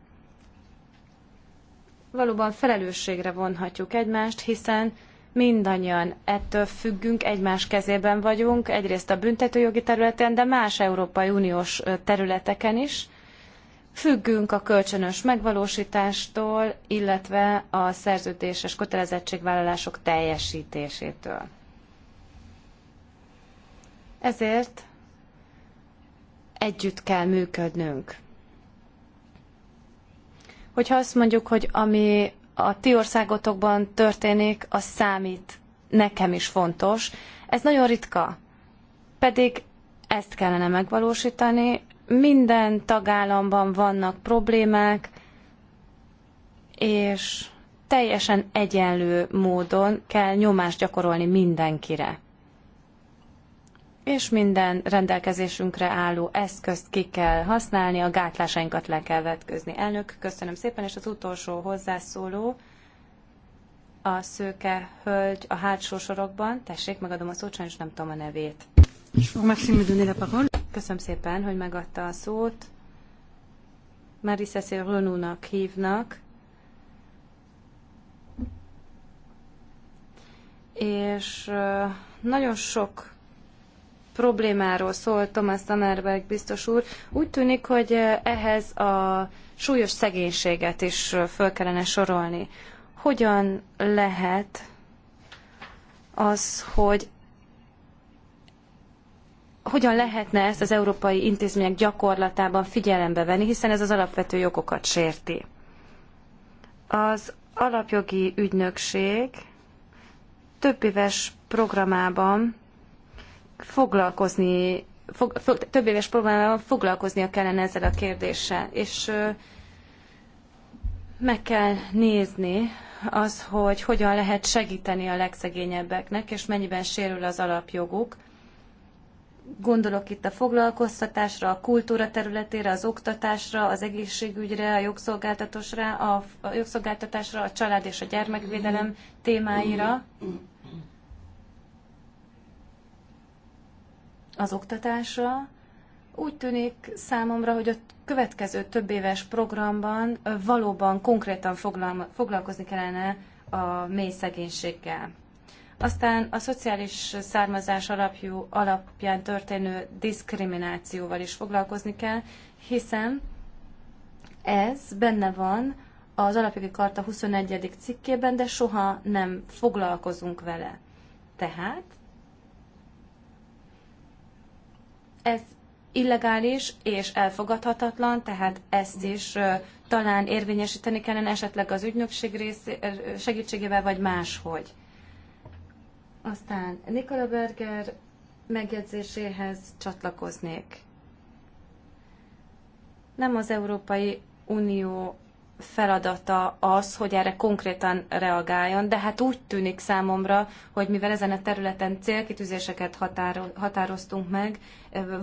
Valóban felelősségre vonhatjuk egymást, hiszen mindannyian ettől függünk, egymás kezében vagyunk, egyrészt a büntetőjogi területen, de más Európai Uniós területeken is. Függünk a kölcsönös megvalósítástól, illetve a szerződéses kötelezettségvállalások teljesítésétől. Ezért együtt kell működnünk. Hogyha azt mondjuk, hogy ami a ti országotokban történik, az számít. Nekem is fontos. Ez nagyon ritka. Pedig ezt kellene megvalósítani. Minden tagállamban vannak problémák, és teljesen egyenlő módon kell nyomást gyakorolni mindenkire és minden rendelkezésünkre álló eszközt ki kell használni, a gátlásainkat le kell vetközni. Elnök, köszönöm szépen, és az utolsó hozzászóló a szőke hölgy a hátsó sorokban. Tessék, megadom a szót, sajnos nem tudom a nevét. Köszönöm szépen, hogy megadta a szót. Marie-Cécile Renounak hívnak, és nagyon sok problémáról szól Thomas Sommerberg biztos úr. Úgy tűnik, hogy ehhez a súlyos szegénységet is föl kellene sorolni. Hogyan lehet az, hogy hogyan lehetne ezt az európai intézmények gyakorlatában figyelembe venni, hiszen ez az alapvető jogokat sérti. Az alapjogi ügynökség több éves programában foglalkozni, fog, fog, több éves programban foglalkoznia kellene ezzel a kérdéssel, és meg kell nézni az, hogy hogyan lehet segíteni a legszegényebbeknek, és mennyiben sérül az alapjoguk. Gondolok itt a foglalkoztatásra, a kultúra területére, az oktatásra, az egészségügyre, a jogszolgáltatásra, a, a jogszolgáltatásra, a család és a gyermekvédelem témáira. Mm. az oktatásra. Úgy tűnik számomra, hogy a következő több éves programban valóban konkrétan foglalkozni kellene a mély szegénységgel. Aztán a szociális származás alapjú alapján történő diszkriminációval is foglalkozni kell, hiszen ez benne van az alapjogi karta 21. cikkében, de soha nem foglalkozunk vele. Tehát Ez illegális és elfogadhatatlan, tehát ezt is talán érvényesíteni kellene esetleg az ügynökség rész, segítségével, vagy máshogy. Aztán Nikola Berger megjegyzéséhez csatlakoznék. Nem az Európai Unió feladata az, hogy erre konkrétan reagáljon, de hát úgy tűnik számomra, hogy mivel ezen a területen célkitűzéseket határo- határoztunk meg,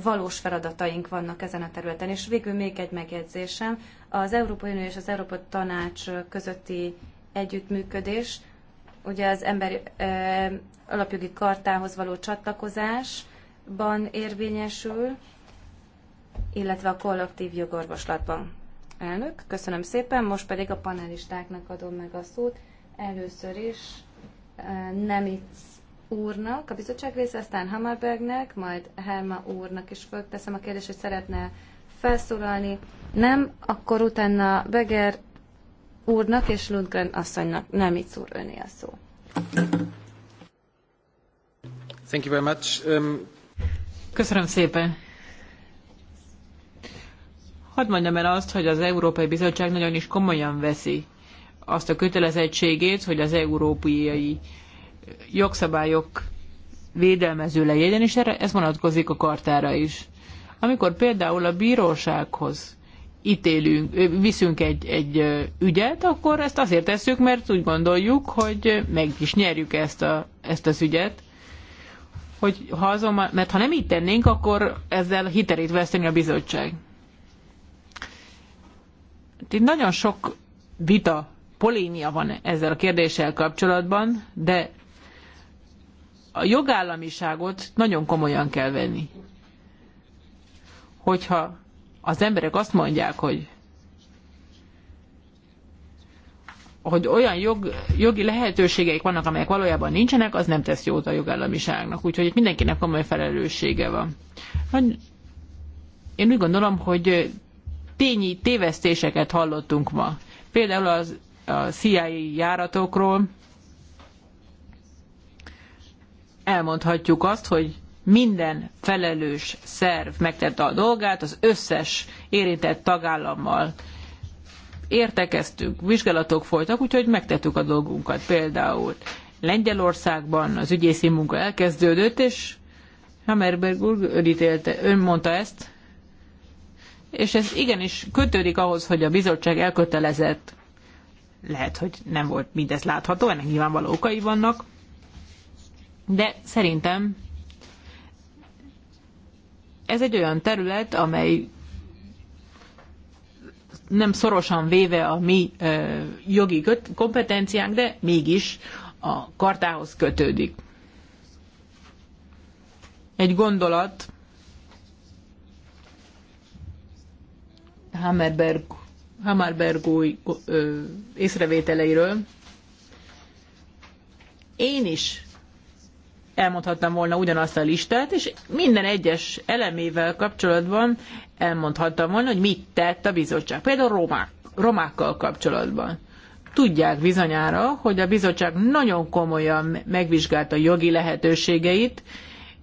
valós feladataink vannak ezen a területen. És végül még egy megjegyzésem. Az Európai Unió és az Európa Tanács közötti együttműködés, ugye az emberi alapjogi kartához való csatlakozásban érvényesül, illetve a kollektív jogorvoslatban. Elnök, köszönöm szépen, most pedig a panelistáknak adom meg a szót. Először is eh, Nemitz úrnak, a bizottság része, aztán Hammerbergnek, majd Helma úrnak is fölteszem a kérdést, hogy szeretne felszólalni. Nem, akkor utána Beger úrnak és Lundgren asszonynak Nemitz úr öné a szó. Thank you very much. Um... Köszönöm szépen. Hadd mondjam el azt, hogy az Európai Bizottság nagyon is komolyan veszi azt a kötelezettségét, hogy az európai jogszabályok védelmező legyen, és erre ez vonatkozik a kartára is. Amikor például a bírósághoz ítélünk, viszünk egy, egy ügyet, akkor ezt azért tesszük, mert úgy gondoljuk, hogy meg is nyerjük ezt, a, ezt az ügyet, hogy ha azonban, mert ha nem így tennénk, akkor ezzel hiterét veszteni a bizottság. Itt nagyon sok vita, polémia van ezzel a kérdéssel kapcsolatban, de a jogállamiságot nagyon komolyan kell venni. Hogyha az emberek azt mondják, hogy hogy olyan jog, jogi lehetőségeik vannak, amelyek valójában nincsenek, az nem tesz jót a jogállamiságnak. Úgyhogy itt mindenkinek komoly felelőssége van. én úgy gondolom, hogy tényi tévesztéseket hallottunk ma. Például az, a CIA járatokról elmondhatjuk azt, hogy minden felelős szerv megtette a dolgát, az összes érintett tagállammal értekeztünk, vizsgálatok folytak, úgyhogy megtettük a dolgunkat. Például Lengyelországban az ügyészi munka elkezdődött, és Hammerberg úr ítélte, ön mondta ezt, és ez igenis kötődik ahhoz, hogy a bizottság elkötelezett. Lehet, hogy nem volt mindez látható, ennek nyilvánvaló okai vannak, de szerintem ez egy olyan terület, amely nem szorosan véve a mi ö, jogi kompetenciánk, de mégis a kartához kötődik. Egy gondolat, Hammerberg, Hammerberg új ö, észrevételeiről. Én is elmondhattam volna ugyanazt a listát, és minden egyes elemével kapcsolatban elmondhattam volna, hogy mit tett a bizottság. Például romák, romákkal kapcsolatban. Tudják bizonyára, hogy a bizottság nagyon komolyan megvizsgálta jogi lehetőségeit,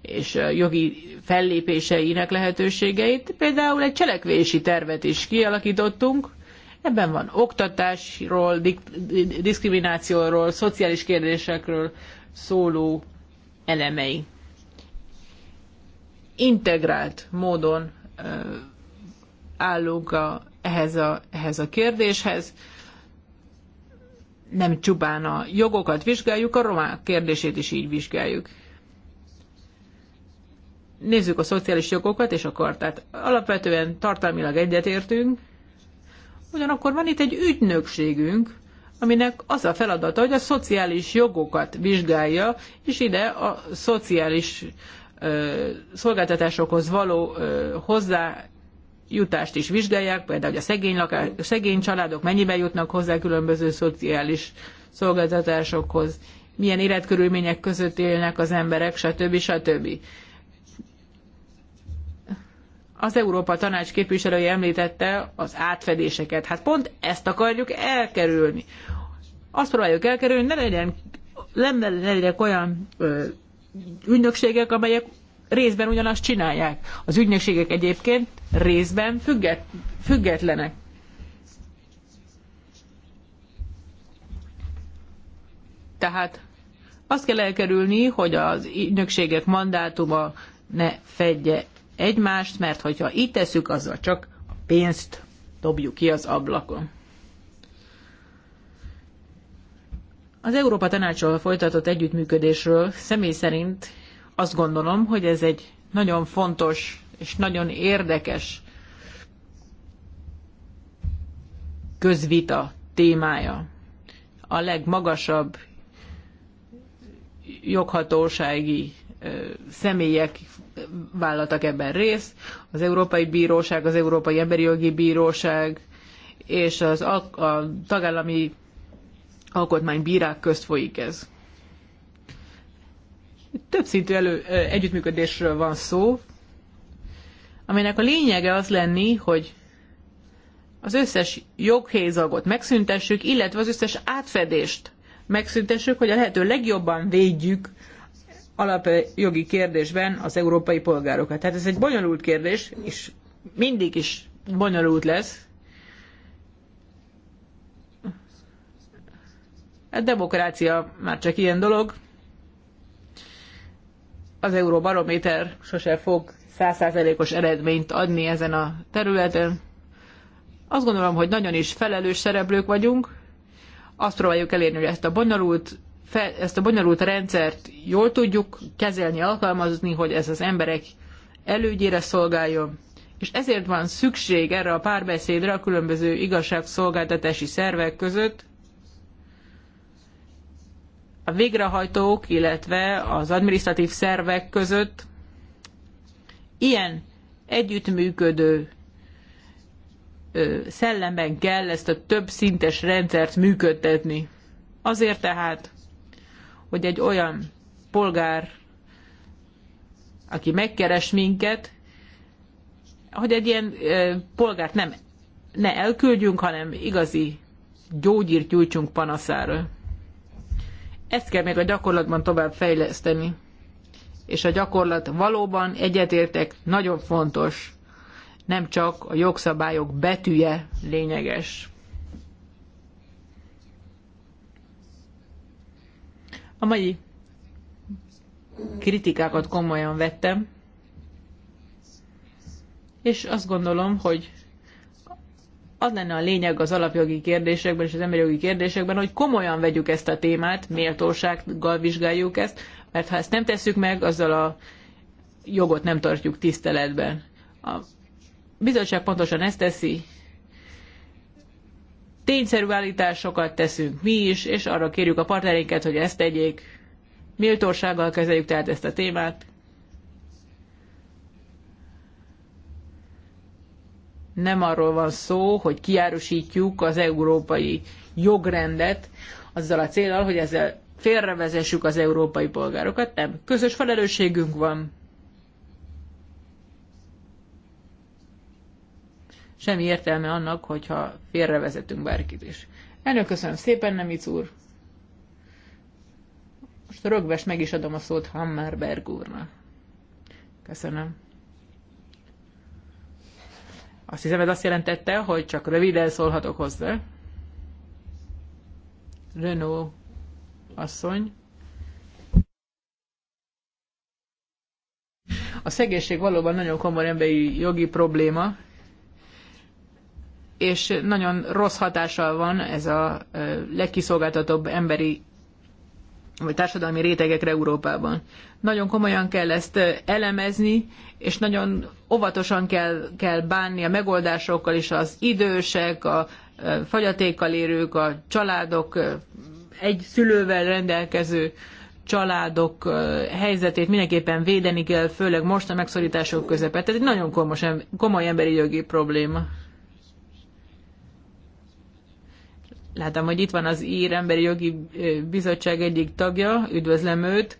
és jogi fellépéseinek lehetőségeit. Például egy cselekvési tervet is kialakítottunk, ebben van oktatásról, diszkriminációról, szociális kérdésekről szóló elemei. Integrált módon állunk a, ehhez, a, ehhez a kérdéshez. Nem csupán a jogokat vizsgáljuk, a romák kérdését is így vizsgáljuk. Nézzük a szociális jogokat és a kartát. Alapvetően tartalmilag egyetértünk, ugyanakkor van itt egy ügynökségünk, aminek az a feladata, hogy a szociális jogokat vizsgálja, és ide a szociális ö, szolgáltatásokhoz való ö, jutást is vizsgálják, például hogy a szegény, lakás, szegény családok mennyiben jutnak hozzá különböző szociális szolgáltatásokhoz, milyen életkörülmények között élnek az emberek, stb. stb. Az Európa Tanács képviselője említette az átfedéseket. Hát pont ezt akarjuk elkerülni. Azt próbáljuk elkerülni, ne legyen, nem legyenek olyan ö, ügynökségek, amelyek részben ugyanazt csinálják. Az ügynökségek egyébként részben függet, függetlenek. Tehát azt kell elkerülni, hogy az ügynökségek mandátuma ne fedje egymást, mert hogyha így tesszük, azzal csak a pénzt dobjuk ki az ablakon. Az Európa Tanácsról folytatott együttműködésről személy szerint azt gondolom, hogy ez egy nagyon fontos és nagyon érdekes közvita témája. A legmagasabb joghatósági személyek vállaltak ebben részt. Az Európai Bíróság, az Európai Emberi Jogi Bíróság és az a tagállami alkotmánybírák közt folyik ez. több szintű elő, együttműködésről van szó, aminek a lényege az lenni, hogy az összes joghézagot megszüntessük, illetve az összes átfedést megszüntessük, hogy a lehető legjobban védjük alapjogi kérdésben az európai polgárokat. Tehát ez egy bonyolult kérdés, és mindig is bonyolult lesz. A demokrácia már csak ilyen dolog. Az Euróbarométer sose fog százszázalékos eredményt adni ezen a területen. Azt gondolom, hogy nagyon is felelős szereplők vagyunk. Azt próbáljuk elérni, hogy ezt a bonyolult fel, ezt a bonyolult rendszert jól tudjuk kezelni, alkalmazni, hogy ez az emberek elődjére szolgáljon. És ezért van szükség erre a párbeszédre a különböző igazságszolgáltatási szervek között, a végrehajtók, illetve az administratív szervek között ilyen együttműködő szellemben kell ezt a több szintes rendszert működtetni. Azért tehát hogy egy olyan polgár, aki megkeres minket, hogy egy ilyen polgárt nem ne elküldjünk, hanem igazi gyógyírt gyújtsunk panaszára. Ezt kell még a gyakorlatban tovább fejleszteni. És a gyakorlat valóban egyetértek, nagyon fontos. Nem csak a jogszabályok betűje lényeges. A mai kritikákat komolyan vettem, és azt gondolom, hogy az lenne a lényeg az alapjogi kérdésekben és az emberi jogi kérdésekben, hogy komolyan vegyük ezt a témát, méltósággal vizsgáljuk ezt, mert ha ezt nem tesszük meg, azzal a jogot nem tartjuk tiszteletben. A bizottság pontosan ezt teszi, tényszerű állításokat teszünk mi is, és arra kérjük a partnereinket, hogy ezt tegyék. Méltósággal kezeljük tehát ezt a témát. Nem arról van szó, hogy kiárusítjuk az európai jogrendet azzal a célral, hogy ezzel félrevezessük az európai polgárokat. Nem. Közös felelősségünk van semmi értelme annak, hogyha félrevezetünk bárkit is. Elnök, köszönöm szépen, Nemic úr. Most a rögves meg is adom a szót Hammerberg úrnak. Köszönöm. Azt hiszem, ez azt jelentette, hogy csak röviden szólhatok hozzá. Renault asszony. A szegénység valóban nagyon komoly emberi jogi probléma, és nagyon rossz hatással van ez a legkiszolgáltatóbb emberi vagy társadalmi rétegekre Európában. Nagyon komolyan kell ezt elemezni, és nagyon óvatosan kell, kell bánni a megoldásokkal is, az idősek, a fogyatékkal érők, a családok, egy szülővel rendelkező családok helyzetét mindenképpen védeni kell, főleg most a megszorítások közepette. Ez egy nagyon komos, komoly emberi jogi probléma. Látom, hogy itt van az Ír Emberi Jogi Bizottság egyik tagja, üdvözlöm őt.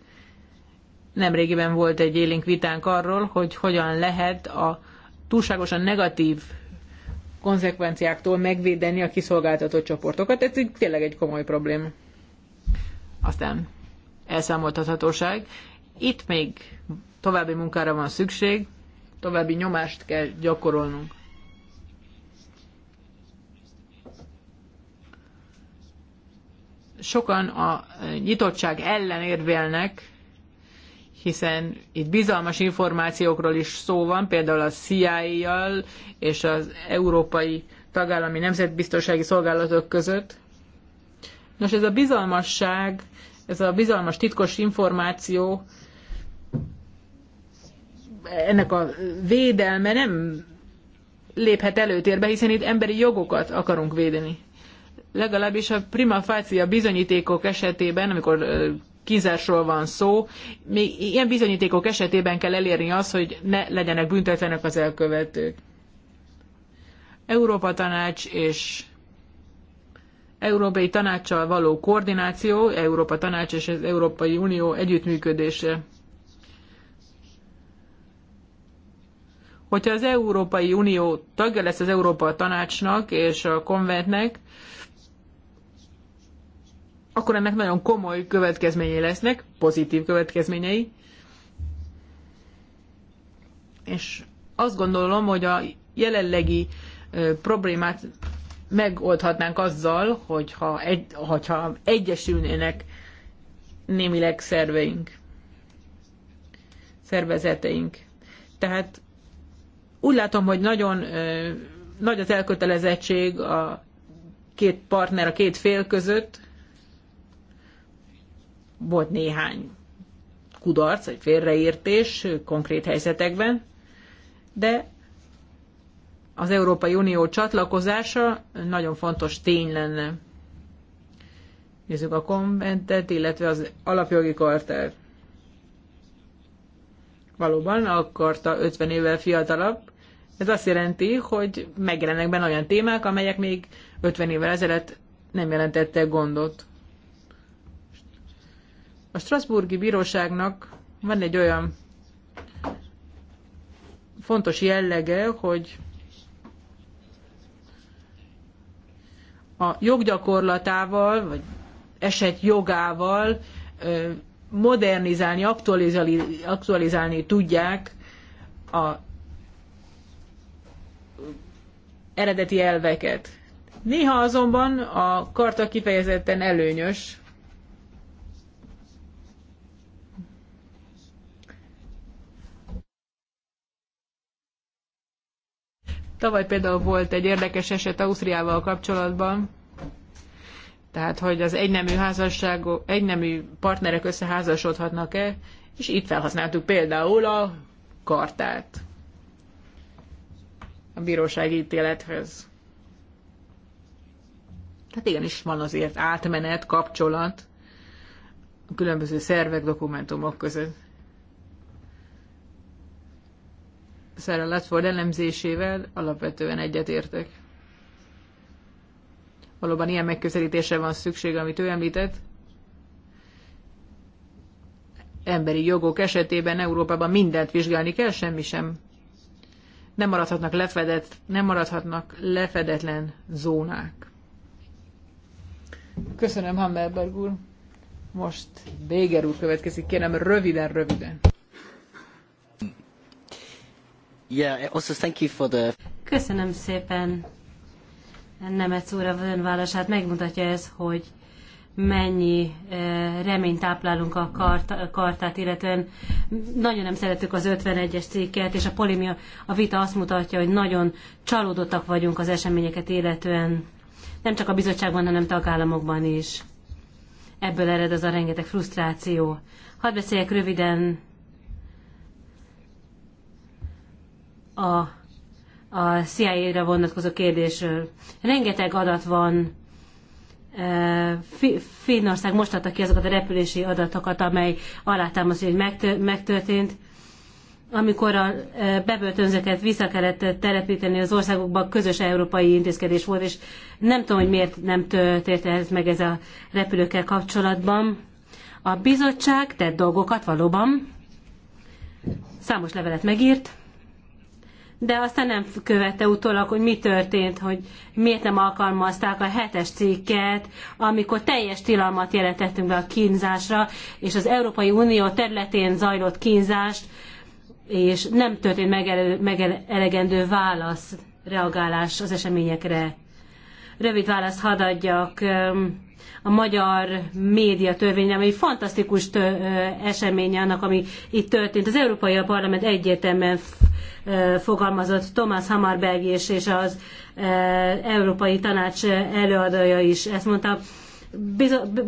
Nemrégiben volt egy élénk vitánk arról, hogy hogyan lehet a túlságosan negatív konzekvenciáktól megvédeni a kiszolgáltatott csoportokat. Ez így tényleg egy komoly probléma. Aztán elszámoltathatóság. Itt még további munkára van szükség, további nyomást kell gyakorolnunk. sokan a eh, nyitottság ellen érvélnek, hiszen itt bizalmas információkról is szó van, például a CIA-jal és az európai tagállami nemzetbiztonsági szolgálatok között. Nos, ez a bizalmasság, ez a bizalmas titkos információ, ennek a védelme nem léphet előtérbe, hiszen itt emberi jogokat akarunk védeni legalábbis a prima facie bizonyítékok esetében, amikor kínzásról van szó, még ilyen bizonyítékok esetében kell elérni azt, hogy ne legyenek büntetlenek az elkövetők. Európa Tanács és Európai Tanácssal való koordináció, Európa Tanács és az Európai Unió együttműködése. Hogyha az Európai Unió tagja lesz az Európa Tanácsnak és a konventnek, akkor ennek nagyon komoly következményei lesznek, pozitív következményei. És azt gondolom, hogy a jelenlegi problémát megoldhatnánk azzal, hogyha, egy, hogyha egyesülnének némileg szerveink, szervezeteink. Tehát úgy látom, hogy nagyon ö, nagy az elkötelezettség a két partner, a két fél között, volt néhány kudarc vagy félreértés konkrét helyzetekben, de az Európai Unió csatlakozása nagyon fontos tény lenne. Nézzük a kommentet, illetve az alapjogi kartát. Valóban a karta 50 évvel fiatalabb. Ez azt jelenti, hogy megjelennek benne olyan témák, amelyek még 50 évvel ezelőtt nem jelentettek gondot. A Strasburgi Bíróságnak van egy olyan fontos jellege, hogy a joggyakorlatával, vagy eset jogával modernizálni, aktualizálni, aktualizálni tudják a eredeti elveket. Néha azonban a karta kifejezetten előnyös, Tavaly például volt egy érdekes eset Ausztriával kapcsolatban, tehát hogy az egynemű, házasságok, egynemű partnerek összeházasodhatnak-e, és itt felhasználtuk például a kartát a bírósági ítélethez. Tehát igenis van azért átmenet, kapcsolat a különböző szervek, dokumentumok között. Sarah Latford elemzésével alapvetően egyetértek. Valóban ilyen megközelítésre van szükség, amit ő említett. Emberi jogok esetében Európában mindent vizsgálni kell, semmi sem. Nem maradhatnak, lefedett, nem maradhatnak lefedetlen zónák. Köszönöm, Hammerberg úr. Most Béger úr következik, kérem röviden, röviden. Yeah, also thank you for the... Köszönöm szépen Nemetsz úr a válaszát. Megmutatja ez, hogy mennyi eh, reményt táplálunk a kart, kartát, illetően nagyon nem szeretük az 51-es cikket, és a polimia, a vita azt mutatja, hogy nagyon csalódottak vagyunk az eseményeket illetően, nem csak a bizottságban, hanem tagállamokban is. Ebből ered az a rengeteg frusztráció. Hadd beszéljek röviden a, a CIA-ra vonatkozó kérdésről. Rengeteg adat van. Finnország most adta ki azokat a repülési adatokat, amely alátámasztja, hogy megtörtént. Amikor a bebörtönzőket vissza kellett telepíteni az országokba, közös európai intézkedés volt, és nem tudom, hogy miért nem történt ez meg ez a repülőkkel kapcsolatban. A bizottság tett dolgokat valóban, számos levelet megírt, de aztán nem követte utólag, hogy mi történt, hogy miért nem alkalmazták a hetes cikket, amikor teljes tilalmat jelentettünk be a kínzásra, és az Európai Unió területén zajlott kínzást, és nem történt megele, megelegendő válasz, reagálás az eseményekre. Rövid választ hadd adjak a magyar média törvény, ami egy fantasztikus tő, esemény annak, ami itt történt. Az Európai Parlament egyértelműen fogalmazott Thomas Hammarberg és, és az e, Európai Tanács előadója is ezt mondta.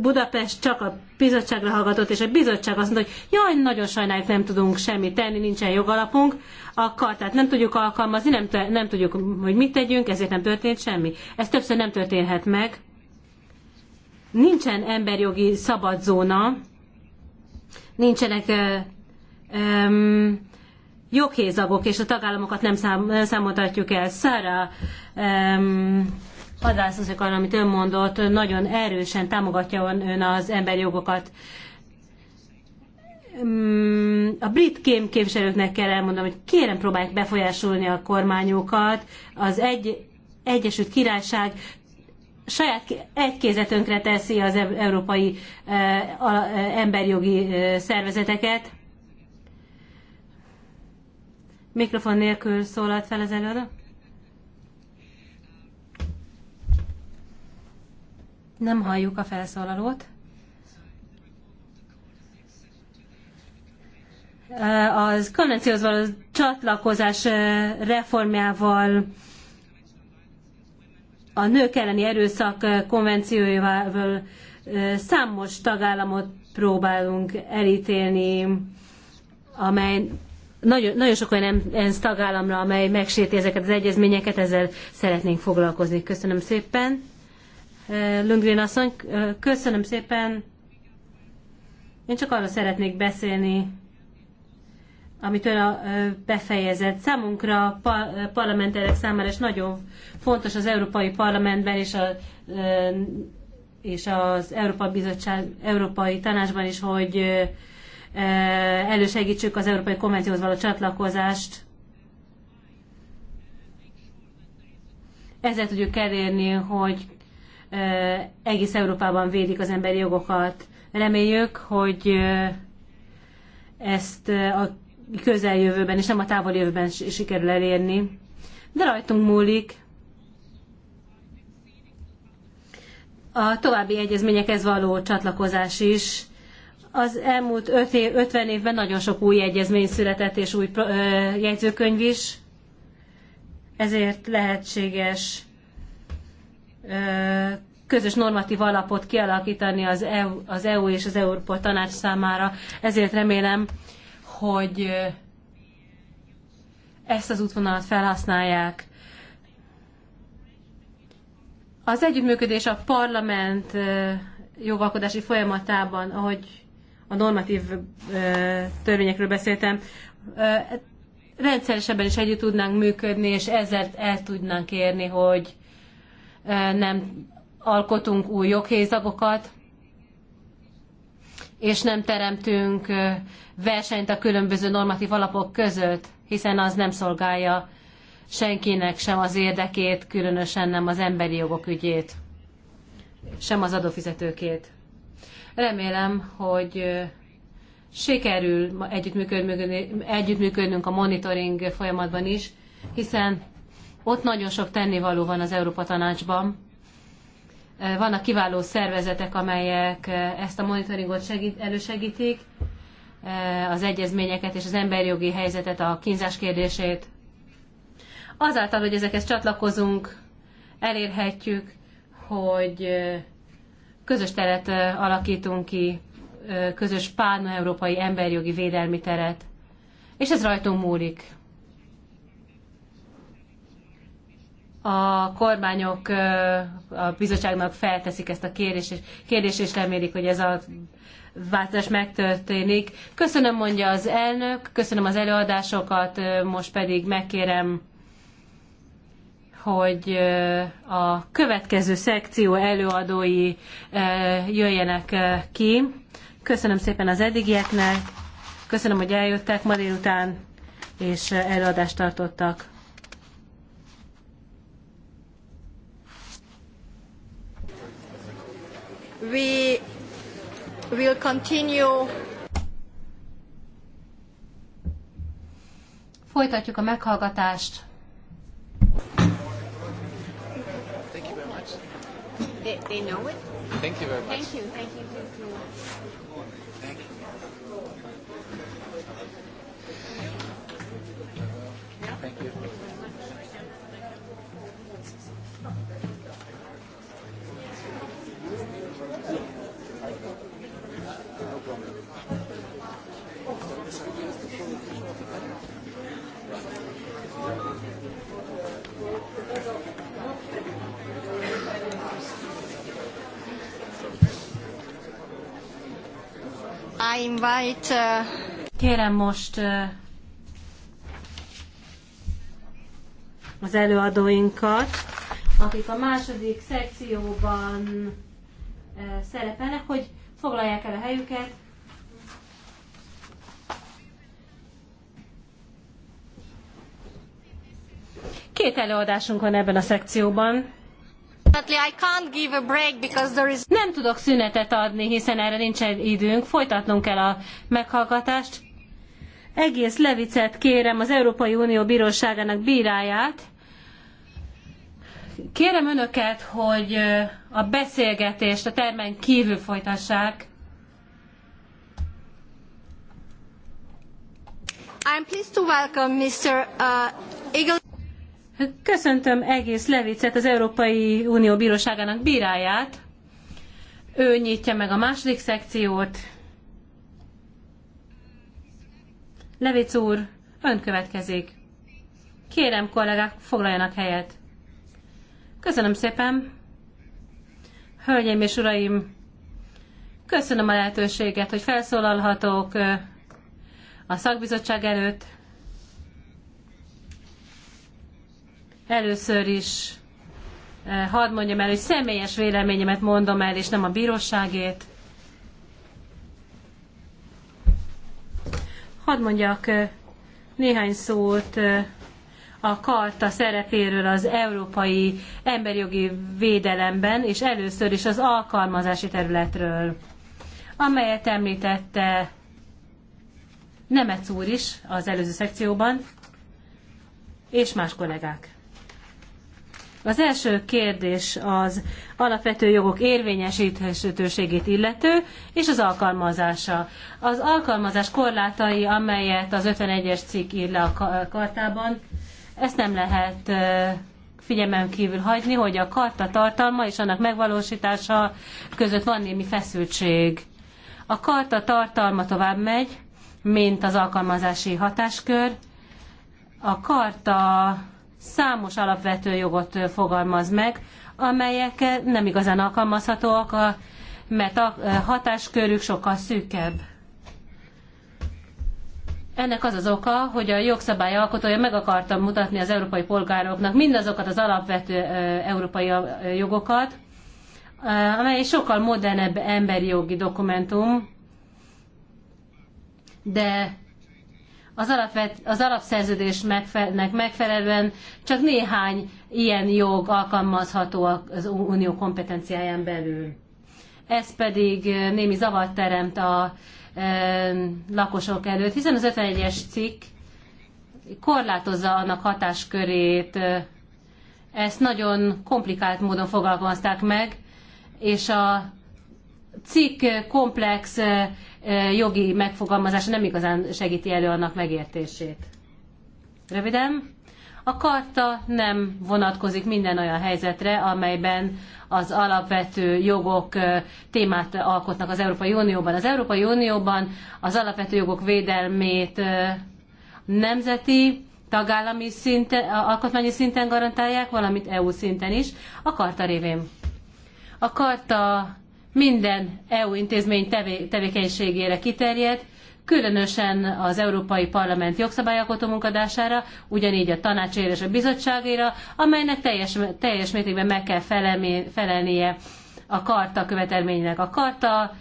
Budapest csak a bizottságra hallgatott, és a bizottság azt mondta, hogy jaj, nagyon sajnáljuk, nem tudunk semmit tenni, nincsen jogalapunk, a kartát nem tudjuk alkalmazni, nem, nem tudjuk, hogy mit tegyünk, ezért nem történt semmi. Ez többször nem történhet meg. Nincsen emberjogi szabad zóna, nincsenek e, joghézagok, és a tagállamokat nem szám, számoltatjuk el. Szára um, hadászosok arra, amit ön mondott, nagyon erősen támogatja ön az emberi jogokat. a brit kém képviselőknek kell elmondom, hogy kérem próbálják befolyásolni a kormányokat. Az egy, Egyesült Királyság saját kézetönkre teszi az e-, európai e, a, e, emberjogi e, szervezeteket Mikrofon nélkül szólalt fel az előadó. Nem halljuk a felszólalót. Az konvencióhoz való csatlakozás reformjával a nők elleni erőszak konvenciójával számos tagállamot próbálunk elítélni, amely nagyon, nagyon sok olyan ENSZ tagállamra, amely megsérti ezeket az egyezményeket, ezzel szeretnénk foglalkozni. Köszönöm szépen. Lundgren asszony, köszönöm szépen. Én csak arra szeretnék beszélni, amit ön befejezett. Számunkra, parlamenterek számára is nagyon fontos az Európai Parlamentben és, a, és az Európa Bizottság, Európai Tanácsban is, hogy Eh, elősegítsük az Európai Konvencióhoz való csatlakozást. Ezzel tudjuk elérni, hogy eh, egész Európában védik az emberi jogokat. Reméljük, hogy eh, ezt a közeljövőben és nem a távoli jövőben sikerül elérni. De rajtunk múlik. A további egyezményekhez való csatlakozás is az elmúlt 5 év, 50 évben nagyon sok új egyezmény született, és új ö, jegyzőkönyv is, ezért lehetséges ö, közös normatív alapot kialakítani az EU, az EU és az Európol tanács számára. Ezért remélem, hogy ezt az útvonalat felhasználják. Az együttműködés a parlament jóvalkodási folyamatában, ahogy a normatív törvényekről beszéltem, rendszeresebben is együtt tudnánk működni, és ezzel el tudnánk érni, hogy nem alkotunk új joghézagokat, és nem teremtünk versenyt a különböző normatív alapok között, hiszen az nem szolgálja senkinek sem az érdekét, különösen nem az emberi jogok ügyét, sem az adófizetőkét. Remélem, hogy sikerül együttműködnünk a monitoring folyamatban is, hiszen ott nagyon sok tennivaló van az Európa Tanácsban. Vannak kiváló szervezetek, amelyek ezt a monitoringot segít, elősegítik, az egyezményeket és az emberi jogi helyzetet, a kínzás kérdését. Azáltal, hogy ezekhez csatlakozunk, elérhetjük, hogy közös teret alakítunk ki, közös pán-európai emberjogi védelmi teret, és ez rajtunk múlik. a kormányok a bizottságnak felteszik ezt a kérdést, és, kérdés és remélik, hogy ez a változás megtörténik. Köszönöm, mondja az elnök, köszönöm az előadásokat, most pedig megkérem hogy a következő szekció előadói jöjjenek ki. Köszönöm szépen az eddigieknek, köszönöm, hogy eljöttek ma délután, és előadást tartottak. We will continue. Folytatjuk a meghallgatást They, they know it? Thank you very much. Thank you. Thank you. I invite, uh... Kérem most uh, az előadóinkat, akik a második szekcióban uh, szerepelnek, hogy foglalják el a helyüket. Két előadásunk van ebben a szekcióban. Nem tudok szünetet adni, hiszen erre nincsen időnk. Folytatnunk kell a meghallgatást. Egész Levicet kérem az Európai Unió Bíróságának bíráját. Kérem önöket, hogy a beszélgetést a termen kívül folytassák. I'm pleased to welcome Mr. Uh, Eagle. Köszöntöm egész Levicet, az Európai Unió Bíróságának bíráját. Ő nyitja meg a második szekciót. Levic úr, ön következik. Kérem, kollégák, foglaljanak helyet. Köszönöm szépen. Hölgyeim és uraim, köszönöm a lehetőséget, hogy felszólalhatok a szakbizottság előtt. Először is eh, hadd mondjam el, hogy személyes véleményemet mondom el, és nem a bíróságét. Hadd mondjak eh, néhány szót eh, a karta szerepéről az európai emberi jogi védelemben, és először is az alkalmazási területről, amelyet említette Nemec úr is az előző szekcióban, és más kollégák. Az első kérdés az alapvető jogok érvényesíthetőségét illető, és az alkalmazása. Az alkalmazás korlátai, amelyet az 51-es cikk ír le a kartában, ezt nem lehet figyelmen kívül hagyni, hogy a karta tartalma és annak megvalósítása között van némi feszültség. A karta tartalma tovább megy, mint az alkalmazási hatáskör. A karta számos alapvető jogot fogalmaz meg, amelyek nem igazán alkalmazhatóak, mert a hatáskörük sokkal szűkebb. Ennek az az oka, hogy a jogszabály alkotója meg akarta mutatni az európai polgároknak mindazokat az alapvető európai jogokat, amely sokkal modernebb emberi jogi dokumentum, de az, alapvet, az alapszerződésnek megfelelően csak néhány ilyen jog alkalmazható az unió kompetenciáján belül. Ez pedig némi zavart teremt a e, lakosok előtt, hiszen az 51-es cikk korlátozza annak hatáskörét. Ezt nagyon komplikált módon fogalmazták meg, és a cikk komplex jogi megfogalmazása nem igazán segíti elő annak megértését. Röviden, a karta nem vonatkozik minden olyan helyzetre, amelyben az alapvető jogok témát alkotnak az Európai Unióban. Az Európai Unióban az alapvető jogok védelmét nemzeti, tagállami szinten, alkotmányi szinten garantálják, valamint EU szinten is, a karta révén. A karta minden EU intézmény tevé, tevékenységére kiterjed, különösen az Európai Parlament jogszabályalkotó munkadására, ugyanígy a tanácsére és a bizottságira, amelynek teljes, teljes mértékben meg kell felelnie a karta követelménynek. A karta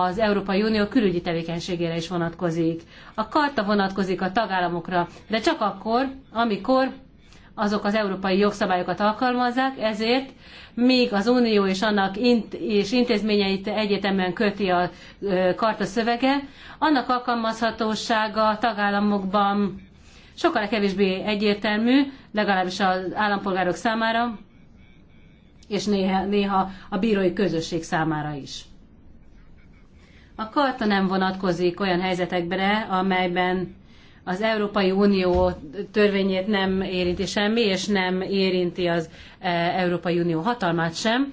az Európai Unió külügyi tevékenységére is vonatkozik. A karta vonatkozik a tagállamokra, de csak akkor, amikor azok az európai jogszabályokat alkalmazzák, ezért míg az Unió és annak int- és intézményeit egyetemen köti a ö, karta szövege, annak alkalmazhatósága a tagállamokban sokkal kevésbé egyértelmű, legalábbis az állampolgárok számára, és néha, néha a bírói közösség számára is. A karta nem vonatkozik olyan helyzetekre, amelyben az Európai Unió törvényét nem érinti semmi, és nem érinti az e, Európai Unió hatalmát sem,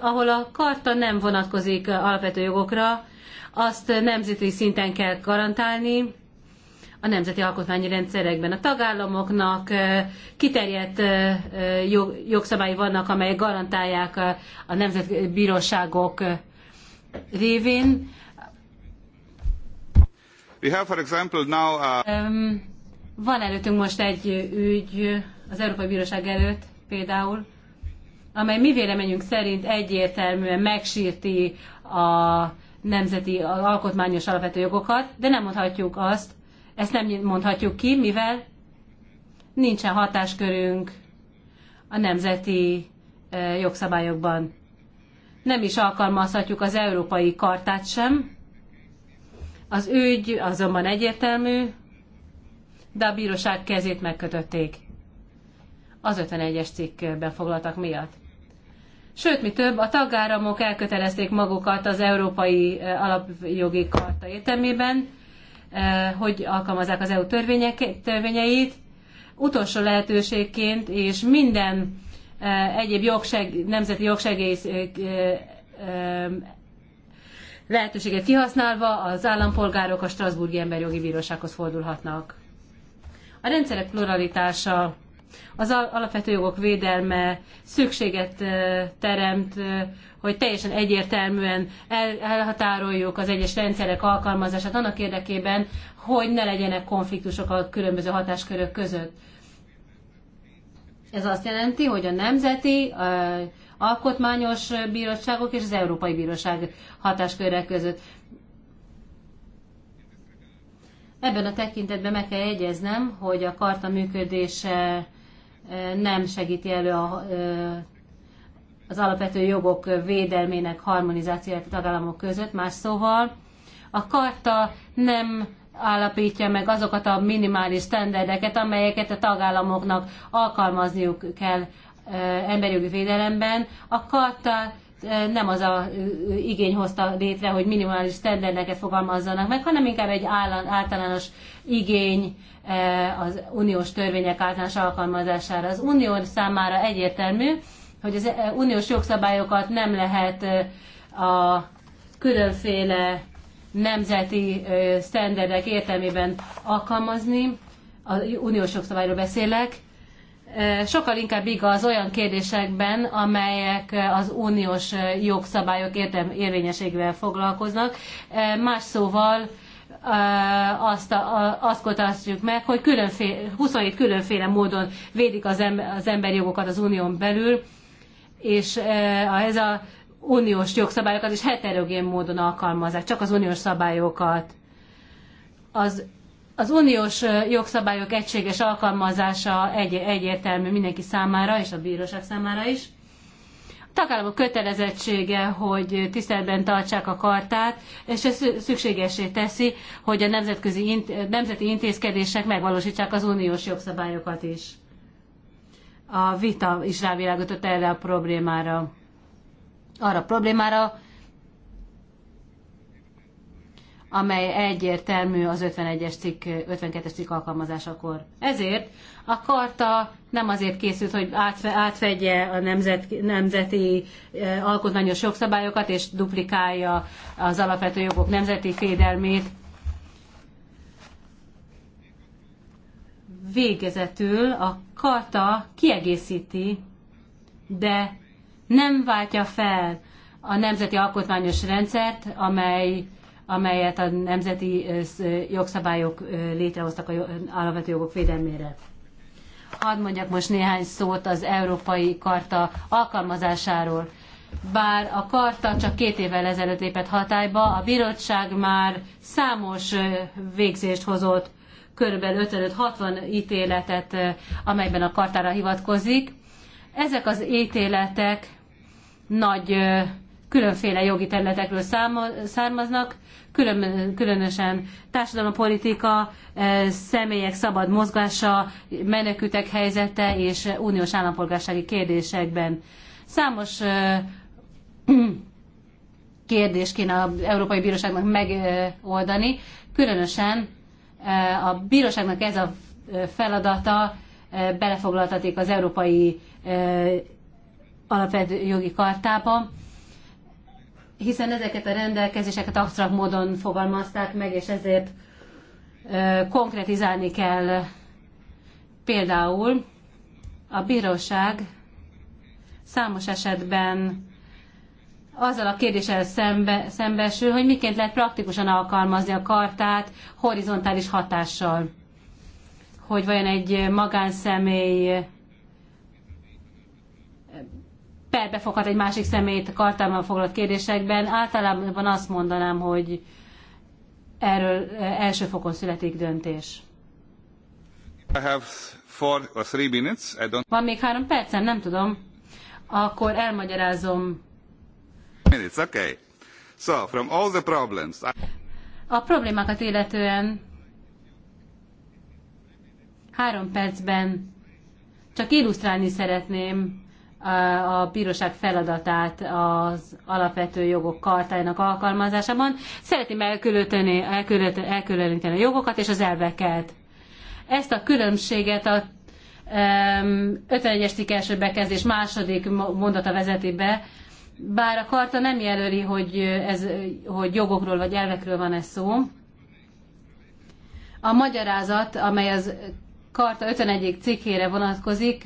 ahol a karta nem vonatkozik e, alapvető jogokra, azt nemzeti szinten kell garantálni a nemzeti alkotmányi rendszerekben. A tagállamoknak e, kiterjedt jogszabályi vannak, amelyek garantálják a nemzetbíróságok révén We have, for example, now um, van előttünk most egy ügy az Európai Bíróság előtt például, amely mi véleményünk szerint egyértelműen megsírti a nemzeti alkotmányos alapvető jogokat, de nem mondhatjuk azt, ezt nem mondhatjuk ki, mivel nincsen hatáskörünk a nemzeti jogszabályokban. Nem is alkalmazhatjuk az európai kartát sem, az ügy azonban egyértelmű, de a bíróság kezét megkötötték. Az 51-es cikkben foglaltak miatt. Sőt, mi több, a tagállamok elkötelezték magukat az Európai eh, Alapjogi Karta értelmében, eh, hogy alkalmazzák az EU törvényeit, utolsó lehetőségként, és minden eh, egyéb jogseg, nemzeti jogsegély lehetőséget kihasználva az állampolgárok a Strasburgi Emberjogi Bírósághoz fordulhatnak. A rendszerek pluralitása, az alapvető jogok védelme szükséget teremt, hogy teljesen egyértelműen elhatároljuk az egyes rendszerek alkalmazását annak érdekében, hogy ne legyenek konfliktusok a különböző hatáskörök között. Ez azt jelenti, hogy a nemzeti, alkotmányos bíróságok és az Európai Bíróság hatásköre között. Ebben a tekintetben meg kell jegyeznem, hogy a karta működése eh, nem segíti elő a, eh, az alapvető jogok védelmének harmonizációját a tagállamok között. Más szóval a karta nem állapítja meg azokat a minimális standardeket, amelyeket a tagállamoknak alkalmazniuk kell Eh, emberjogi védelemben, a karta eh, nem az a eh, igény hozta létre, hogy minimális standardeket fogalmazzanak meg, hanem inkább egy általános igény az uniós törvények általános alkalmazására. Az unió számára egyértelmű, hogy az uniós jogszabályokat nem lehet a különféle nemzeti sztenderdek értelmében alkalmazni, a uniós jogszabályról beszélek, sokkal inkább igaz olyan kérdésekben, amelyek az uniós jogszabályok érvényességével foglalkoznak. Más szóval azt, azt kotatjuk meg, hogy különféle, 27 különféle módon védik az, ember, az emberi jogokat az unión belül, és ez a uniós jogszabályokat is heterogén módon alkalmazzák, csak az uniós szabályokat. Az az uniós jogszabályok egységes alkalmazása egy, egyértelmű mindenki számára, és a bíróság számára is. A tagállamok kötelezettsége, hogy tiszteletben tartsák a kartát, és ez szükségesé teszi, hogy a nemzetközi, nemzeti intézkedések megvalósítsák az uniós jogszabályokat is. A vita is rávilágított erre a problémára. Arra a problémára, amely egyértelmű az 51-es cikk, 52-es cikk alkalmazásakor. Ezért a karta nem azért készült, hogy átfedje a nemzet, nemzeti alkotmányos jogszabályokat és duplikálja az alapvető jogok nemzeti fédelmét. Végezetül a karta kiegészíti, de nem váltja fel a nemzeti alkotmányos rendszert, amely amelyet a nemzeti jogszabályok létrehoztak a alapvető jogok védelmére. Hadd mondjak most néhány szót az Európai Karta alkalmazásáról. Bár a karta csak két évvel ezelőtt lépett hatályba, a bizottság már számos végzést hozott, körülbelül 55-60 ítéletet, amelyben a kartára hivatkozik. Ezek az ítéletek nagy különféle jogi területekről származnak, különösen különösen társadalompolitika, személyek szabad mozgása, menekültek helyzete és uniós állampolgársági kérdésekben. Számos <clears throat> kérdést kéne az Európai Bíróságnak megoldani, különösen a bíróságnak ez a feladata belefoglaltatik az Európai Alapvető Jogi Kartába, hiszen ezeket a rendelkezéseket absztrakt módon fogalmazták meg, és ezért konkretizálni kell például a bíróság számos esetben azzal a kérdéssel szembe, szembesül, hogy miként lehet praktikusan alkalmazni a kartát horizontális hatással. Hogy vajon egy magánszemély perbe foghat egy másik szemét kartalman foglalt kérdésekben. Általában azt mondanám, hogy erről eh, első fokon születik döntés. I have four or three minutes. I don't... Van még három percem, nem tudom. Akkor elmagyarázom. Minutes, okay. So, from all the problems... I... A problémákat illetően három percben csak illusztrálni szeretném a bíróság feladatát az alapvető jogok kartájának alkalmazásában. Szeretném elkülöníteni, elkülöníteni a jogokat és az elveket. Ezt a különbséget a 51-es cikk első bekezdés második mondata vezeti be, bár a karta nem jelöli, hogy, ez, hogy jogokról vagy elvekről van ez szó. A magyarázat, amely az karta 51. cikkére vonatkozik,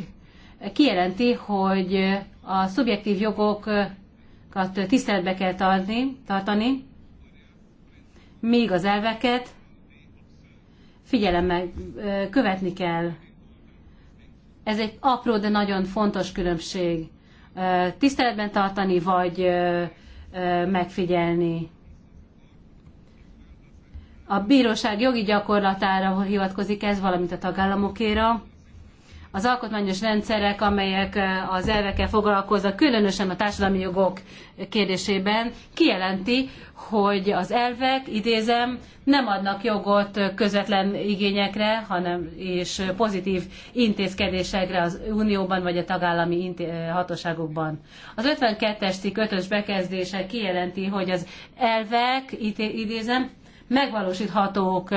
kijelenti, hogy a szubjektív jogokat tiszteletbe kell tartani, tartani még az elveket figyelemmel követni kell. Ez egy apró, de nagyon fontos különbség. Tiszteletben tartani, vagy megfigyelni. A bíróság jogi gyakorlatára hivatkozik ez, valamint a tagállamokéra az alkotmányos rendszerek, amelyek eh, az elvekkel foglalkoznak, különösen a társadalmi jogok kérdésében, kijelenti, hogy az elvek, idézem, nem adnak jogot eh, közvetlen igényekre, hanem és pozitív intézkedésekre az unióban vagy a tagállami eh, hatóságokban. Az 52-es cikk 5 bekezdése kijelenti, hogy az elvek, idézem, megvalósíthatók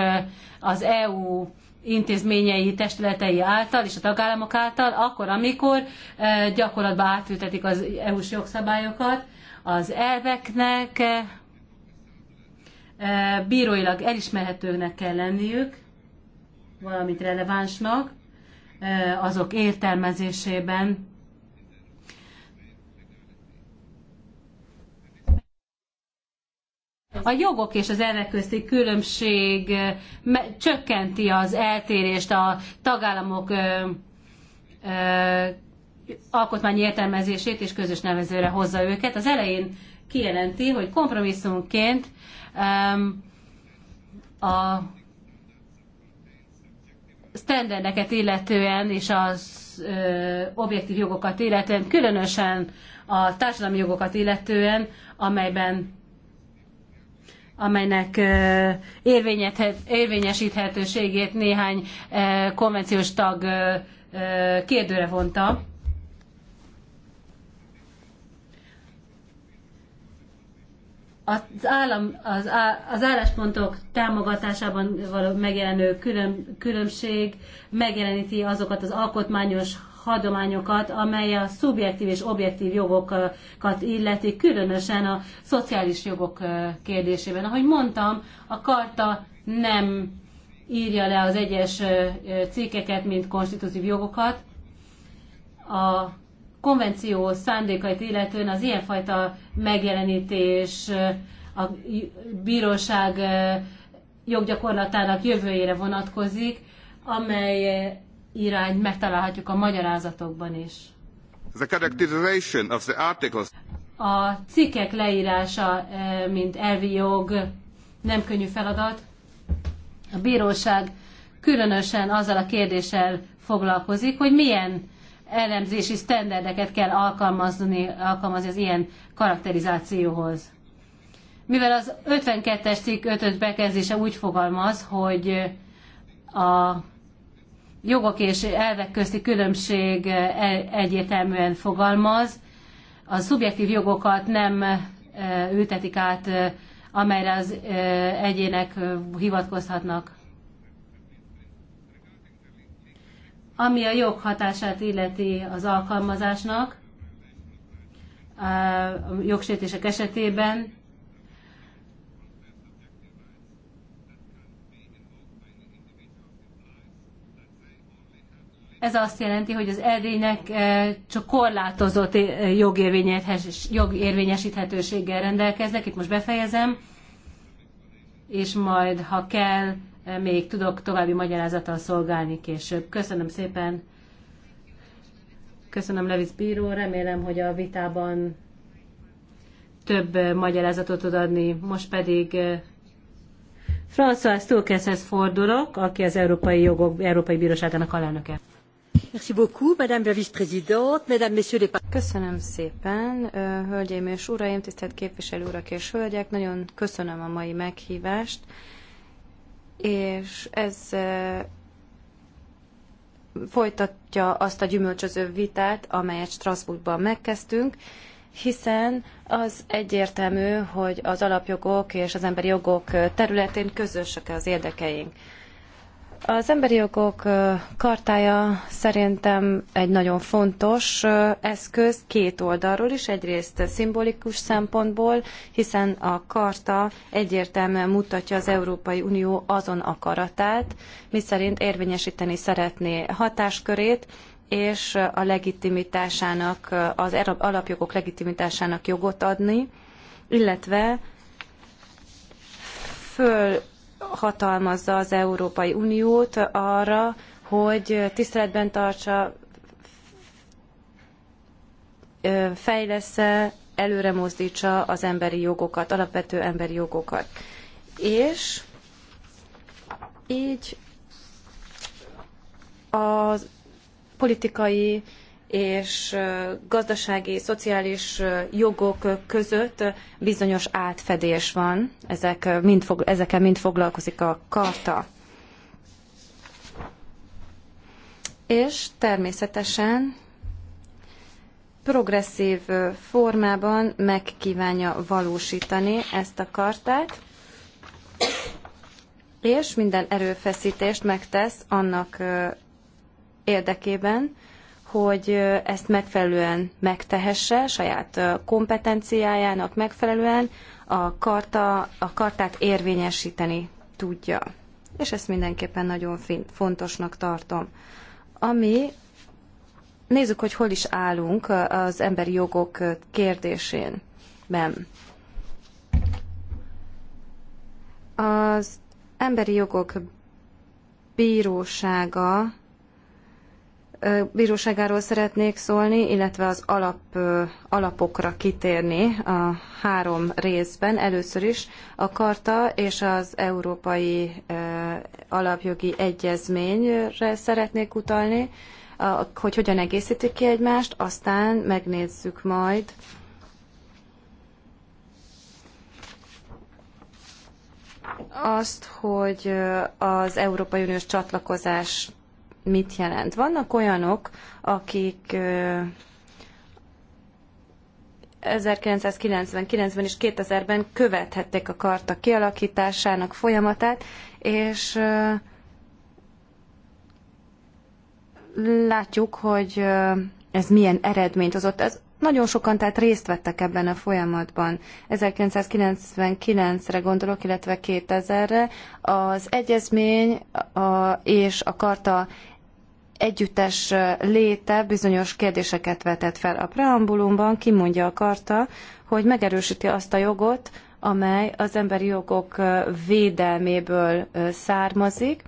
az EU intézményei, testületei által és a tagállamok által, akkor, amikor e, gyakorlatba átültetik az EU-s jogszabályokat, az elveknek e, e, bíróilag elismerhetőnek kell lenniük, valamint relevánsnak azok értelmezésében, A jogok és az ennek közti különbség eh, csökkenti az eltérést a tagállamok eh, eh, alkotmány értelmezését és közös nevezőre hozza őket. Az elején kijelenti, hogy kompromisszumként a sztenderdeket illetően és az ö, objektív jogokat illetően, különösen a társadalmi jogokat illetően, amelyben amelynek érvényesíthetőségét néhány konvenciós tag kérdőre vonta. Az, állam, az, az álláspontok támogatásában való megjelenő külön, különbség megjeleníti azokat az alkotmányos hagyományokat, amely a szubjektív és objektív jogokat illeti, különösen a szociális jogok kérdésében. Ahogy mondtam, a karta nem írja le az egyes cikkeket, mint konstitutív jogokat. A konvenció szándékait illetően az ilyenfajta megjelenítés a bíróság joggyakorlatának jövőjére vonatkozik, amely irányt megtalálhatjuk a magyarázatokban is. The characterization of the articles. A cikkek leírása, eh, mint elvi jog, nem könnyű feladat. A bíróság különösen azzal a kérdéssel foglalkozik, hogy milyen elemzési sztenderdeket kell alkalmazni, alkalmazni az ilyen karakterizációhoz. Mivel az 52-es cikk 5 bekezdése úgy fogalmaz, hogy a jogok és elvek közti különbség e, egyértelműen fogalmaz. A szubjektív jogokat nem e, ültetik át, e, amelyre az egyének hivatkozhatnak. Ami a jog hatását illeti az alkalmazásnak, a jogsértések esetében, Ez azt jelenti, hogy az edénynek eh, csak korlátozott eh, jogérvényesíthetőséggel rendelkeznek. Itt most befejezem, és majd, ha kell, eh, még tudok további magyarázattal szolgálni később. Köszönöm szépen! Köszönöm Levisz Bíró, remélem, hogy a vitában több magyarázatot tud adni. Most pedig François Stulkeshez fordulok, aki az Európai Jogok Európai Bíróságának alelnöke. Köszönöm szépen, hölgyeim és uraim, tisztelt képviselő urak és hölgyek, nagyon köszönöm a mai meghívást, és ez folytatja azt a gyümölcsöző vitát, amelyet Strasbourgban megkezdtünk, hiszen az egyértelmű, hogy az alapjogok és az emberi jogok területén közösek az érdekeink. Az emberi jogok kartája szerintem egy nagyon fontos eszköz két oldalról is, egyrészt szimbolikus szempontból, hiszen a karta egyértelműen mutatja az Európai Unió azon akaratát, miszerint érvényesíteni szeretné hatáskörét, és a legitimitásának, az er- alapjogok legitimitásának jogot adni, illetve föl hatalmazza az Európai Uniót arra, hogy tiszteletben tartsa, fejlesz-e, előre mozdítsa az emberi jogokat, alapvető emberi jogokat. És így a politikai és gazdasági, szociális jogok között bizonyos átfedés van, ezek mind fog, ezekkel mind foglalkozik a karta. És természetesen progresszív formában megkívánja valósítani ezt a kartát, és minden erőfeszítést megtesz annak érdekében, hogy ezt megfelelően megtehesse, saját kompetenciájának megfelelően a, karta, a kartát érvényesíteni tudja. És ezt mindenképpen nagyon fontosnak tartom. Ami, nézzük, hogy hol is állunk az emberi jogok kérdésén. Az emberi jogok bírósága bíróságáról szeretnék szólni, illetve az alap, alapokra kitérni a három részben. Először is a Karta és az Európai Alapjogi Egyezményre szeretnék utalni, hogy hogyan egészítik ki egymást, aztán megnézzük majd azt, hogy az Európai Uniós csatlakozás mit jelent. Vannak olyanok, akik 1999-ben és 2000-ben követhették a karta kialakításának folyamatát, és látjuk, hogy ez milyen eredményt hozott. Ez nagyon sokan tehát részt vettek ebben a folyamatban. 1999-re gondolok, illetve 2000-re. Az egyezmény a, és a karta együttes léte bizonyos kérdéseket vetett fel. A preambulumban kimondja a karta, hogy megerősíti azt a jogot, amely az emberi jogok védelméből származik,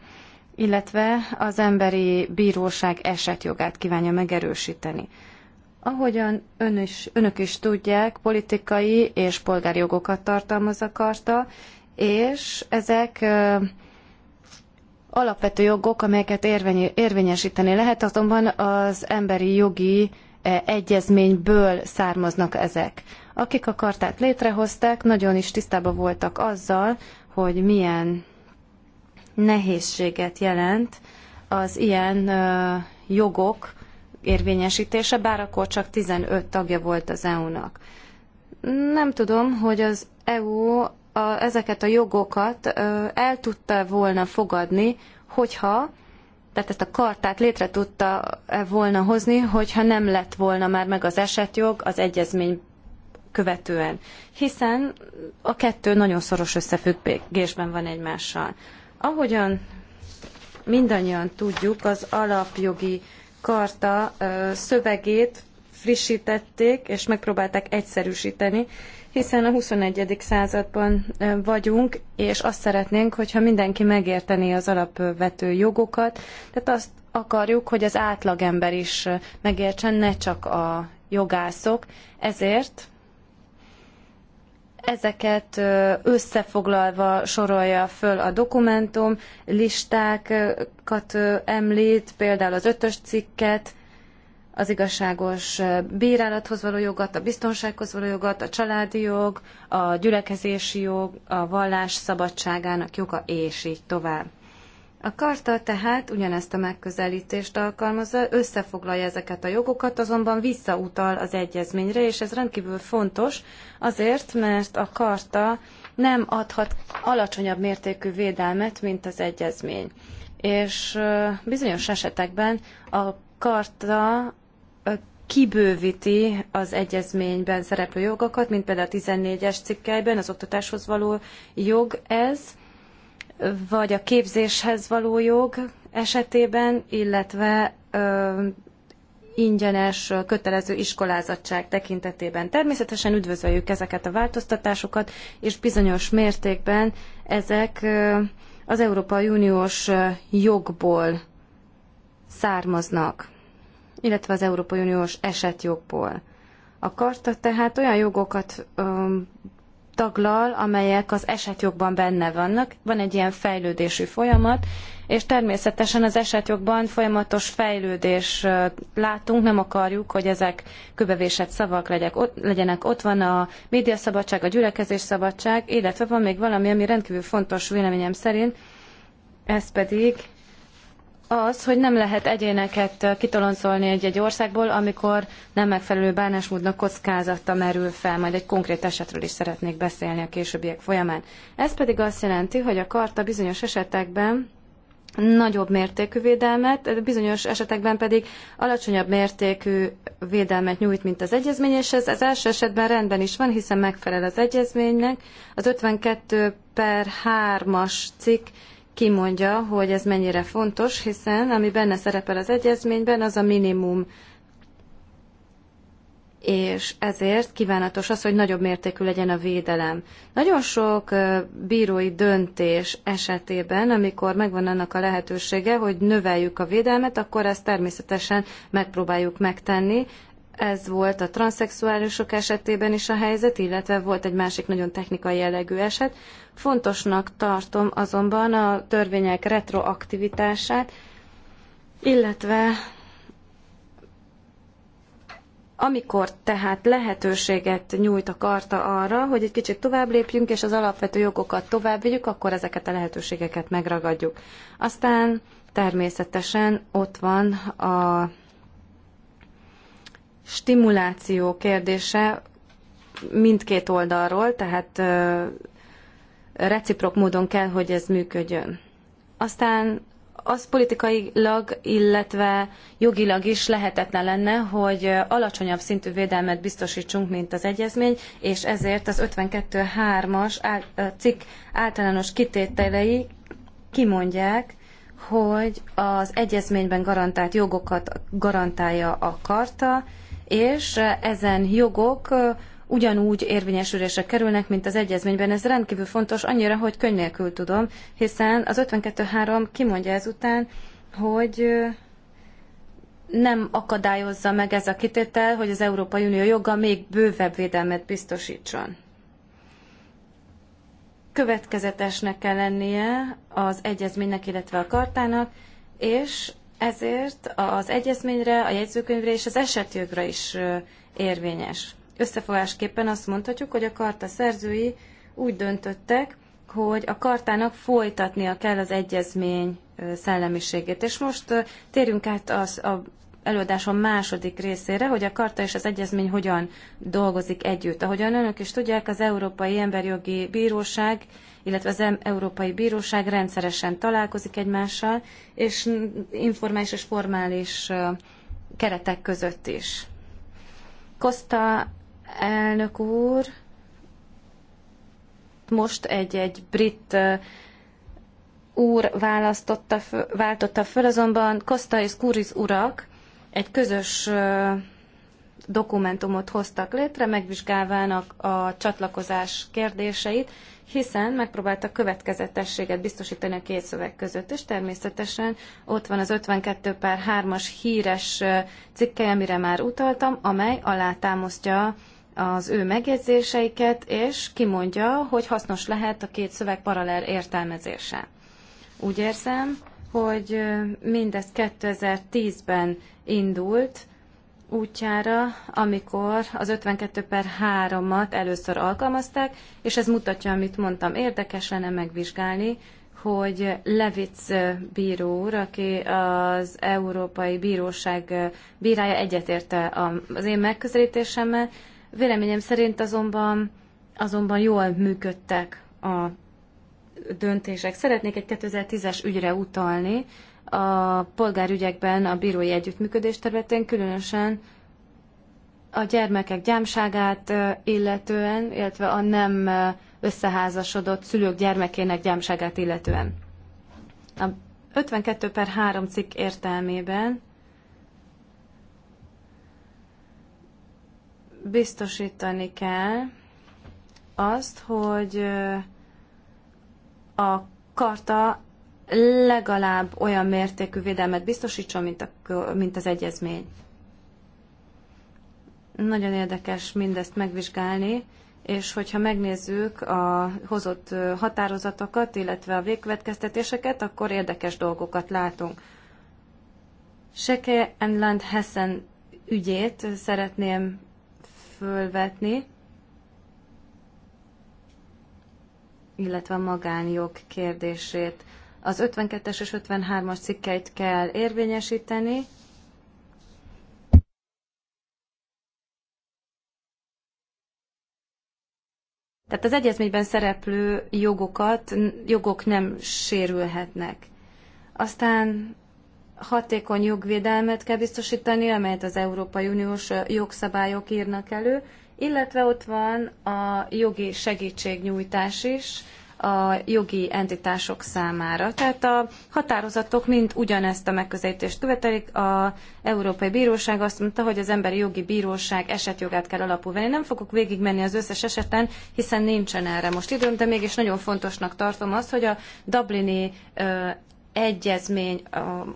illetve az emberi bíróság esetjogát kívánja megerősíteni. Ahogyan ön is, önök is tudják, politikai és polgári jogokat tartalmaz a karta, és ezek alapvető jogok, amelyeket érvény, érvényesíteni lehet, azonban az emberi jogi e, egyezményből származnak ezek. Akik a kartát létrehozták, nagyon is tisztában voltak azzal, hogy milyen nehézséget jelent az ilyen jogok érvényesítése, bár akkor csak 15 tagja volt az EU-nak. Nem tudom, hogy az EU a, ezeket a jogokat el tudta volna fogadni, hogyha, tehát ezt a kartát létre tudta -e volna hozni, hogyha nem lett volna már meg az esetjog az egyezmény követően. Hiszen a kettő nagyon szoros összefüggésben van egymással. Ahogyan mindannyian tudjuk, az alapjogi karta szövegét frissítették, és megpróbálták egyszerűsíteni, hiszen a 21. században vagyunk, és azt szeretnénk, hogyha mindenki megértené az alapvető jogokat, tehát azt akarjuk, hogy az átlagember is megértsen, ne csak a jogászok. Ezért ezeket összefoglalva sorolja föl a dokumentum, listákat említ, például az ötös cikket, az igazságos bírálathoz való jogot, a biztonsághoz való jogot, a családi jog, a gyülekezési jog, a vallás szabadságának joga, és így tovább. A karta tehát ugyanezt a megközelítést alkalmazza, összefoglalja ezeket a jogokat, azonban visszautal az egyezményre, és ez rendkívül fontos azért, mert a karta nem adhat alacsonyabb mértékű védelmet, mint az egyezmény. És bizonyos esetekben a karta kibővíti az egyezményben szereplő jogokat, mint például a 14-es cikkelyben az oktatáshoz való jog ez, vagy a képzéshez való jog esetében, illetve ö, ingyenes, kötelező iskolázatság tekintetében. Természetesen üdvözöljük ezeket a változtatásokat, és bizonyos mértékben ezek az Európai Uniós jogból származnak illetve az Európai Uniós esetjogból. A karta tehát olyan jogokat öm, taglal, amelyek az esetjogban benne vannak. Van egy ilyen fejlődési folyamat, és természetesen az esetjogban folyamatos fejlődés látunk, nem akarjuk, hogy ezek köbevésett szavak legyenek. Ott van a médiaszabadság, a gyülekezés szabadság, illetve van még valami, ami rendkívül fontos véleményem szerint, ez pedig az, hogy nem lehet egyéneket kitoloncolni egy-egy országból, amikor nem megfelelő bánásmódnak kockázata merül fel, majd egy konkrét esetről is szeretnék beszélni a későbbiek folyamán. Ez pedig azt jelenti, hogy a karta bizonyos esetekben nagyobb mértékű védelmet, bizonyos esetekben pedig alacsonyabb mértékű védelmet nyújt, mint az egyezmény, és ez az első esetben rendben is van, hiszen megfelel az egyezménynek. Az 52 per 3-as cikk kimondja, hogy ez mennyire fontos, hiszen ami benne szerepel az egyezményben, az a minimum. És ezért kívánatos az, hogy nagyobb mértékű legyen a védelem. Nagyon sok bírói döntés esetében, amikor megvan annak a lehetősége, hogy növeljük a védelmet, akkor ezt természetesen megpróbáljuk megtenni, ez volt a transzexuálisok esetében is a helyzet, illetve volt egy másik nagyon technikai jellegű eset. Fontosnak tartom azonban a törvények retroaktivitását, illetve amikor tehát lehetőséget nyújt a karta arra, hogy egy kicsit tovább lépjünk, és az alapvető jogokat tovább vigyük, akkor ezeket a lehetőségeket megragadjuk. Aztán természetesen ott van a stimuláció kérdése mindkét oldalról, tehát reciprok módon kell, hogy ez működjön. Aztán az politikailag, illetve jogilag is lehetetlen lenne, hogy alacsonyabb szintű védelmet biztosítsunk, mint az egyezmény, és ezért az 52.3-as cikk általános kitételei kimondják, hogy az egyezményben garantált jogokat garantálja a karta, és ezen jogok ugyanúgy érvényesülésre kerülnek, mint az egyezményben. Ez rendkívül fontos, annyira, hogy könny nélkül tudom, hiszen az 52.3 kimondja ezután, hogy nem akadályozza meg ez a kitétel, hogy az Európai Unió joga még bővebb védelmet biztosítson. Következetesnek kell lennie az egyezménynek, illetve a kartának, és ezért az egyezményre, a jegyzőkönyvre és az esetjogra is érvényes. Összefogásképpen azt mondhatjuk, hogy a karta szerzői úgy döntöttek, hogy a kartának folytatnia kell az egyezmény szellemiségét. És most térjünk át az a előadásom második részére, hogy a karta és az egyezmény hogyan dolgozik együtt. Ahogyan önök is tudják, az Európai Emberjogi Bíróság illetve az Európai Bíróság rendszeresen találkozik egymással, és informális és formális keretek között is. Costa elnök úr most egy-egy brit úr választotta föl, váltotta föl, azonban Costa és Kuris urak egy közös dokumentumot hoztak létre, megvizsgálvának a csatlakozás kérdéseit, hiszen megpróbáltak következetességet biztosítani a két szöveg között, és természetesen ott van az 52 per 3-as híres cikke, amire már utaltam, amely alátámasztja az ő megjegyzéseiket, és kimondja, hogy hasznos lehet a két szöveg paralel értelmezése. Úgy érzem, hogy mindez 2010-ben indult, útjára, amikor az 52 per 3-at először alkalmazták, és ez mutatja, amit mondtam, érdekes lenne megvizsgálni, hogy Levic bíró úr, aki az Európai Bíróság bírája egyetérte az én megközelítésemmel, véleményem szerint azonban, azonban jól működtek a döntések. Szeretnék egy 2010-es ügyre utalni, a polgárügyekben a bírói együttműködés területén, különösen a gyermekek gyámságát illetően, illetve a nem összeházasodott szülők gyermekének gyámságát illetően. A 52 per 3 cikk értelmében biztosítani kell azt, hogy a karta legalább olyan mértékű védelmet biztosítson, mint, a, mint az egyezmény. Nagyon érdekes mindezt megvizsgálni, és hogyha megnézzük a hozott határozatokat, illetve a végkövetkeztetéseket, akkor érdekes dolgokat látunk. Seke Enland Hessen ügyét szeretném fölvetni, illetve a magánjog kérdését az 52-es és 53-as cikkeit kell érvényesíteni. Tehát az egyezményben szereplő jogokat, jogok nem sérülhetnek. Aztán hatékony jogvédelmet kell biztosítani, amelyet az Európai Uniós jogszabályok írnak elő, illetve ott van a jogi segítségnyújtás is, a jogi entitások számára. Tehát a határozatok mind ugyanezt a megközelítést követelik. A Európai Bíróság azt mondta, hogy az Emberi Jogi Bíróság esetjogát kell alapul venni. Nem fogok végigmenni az összes eseten, hiszen nincsen erre most időm, de mégis nagyon fontosnak tartom azt, hogy a Dublini egyezmény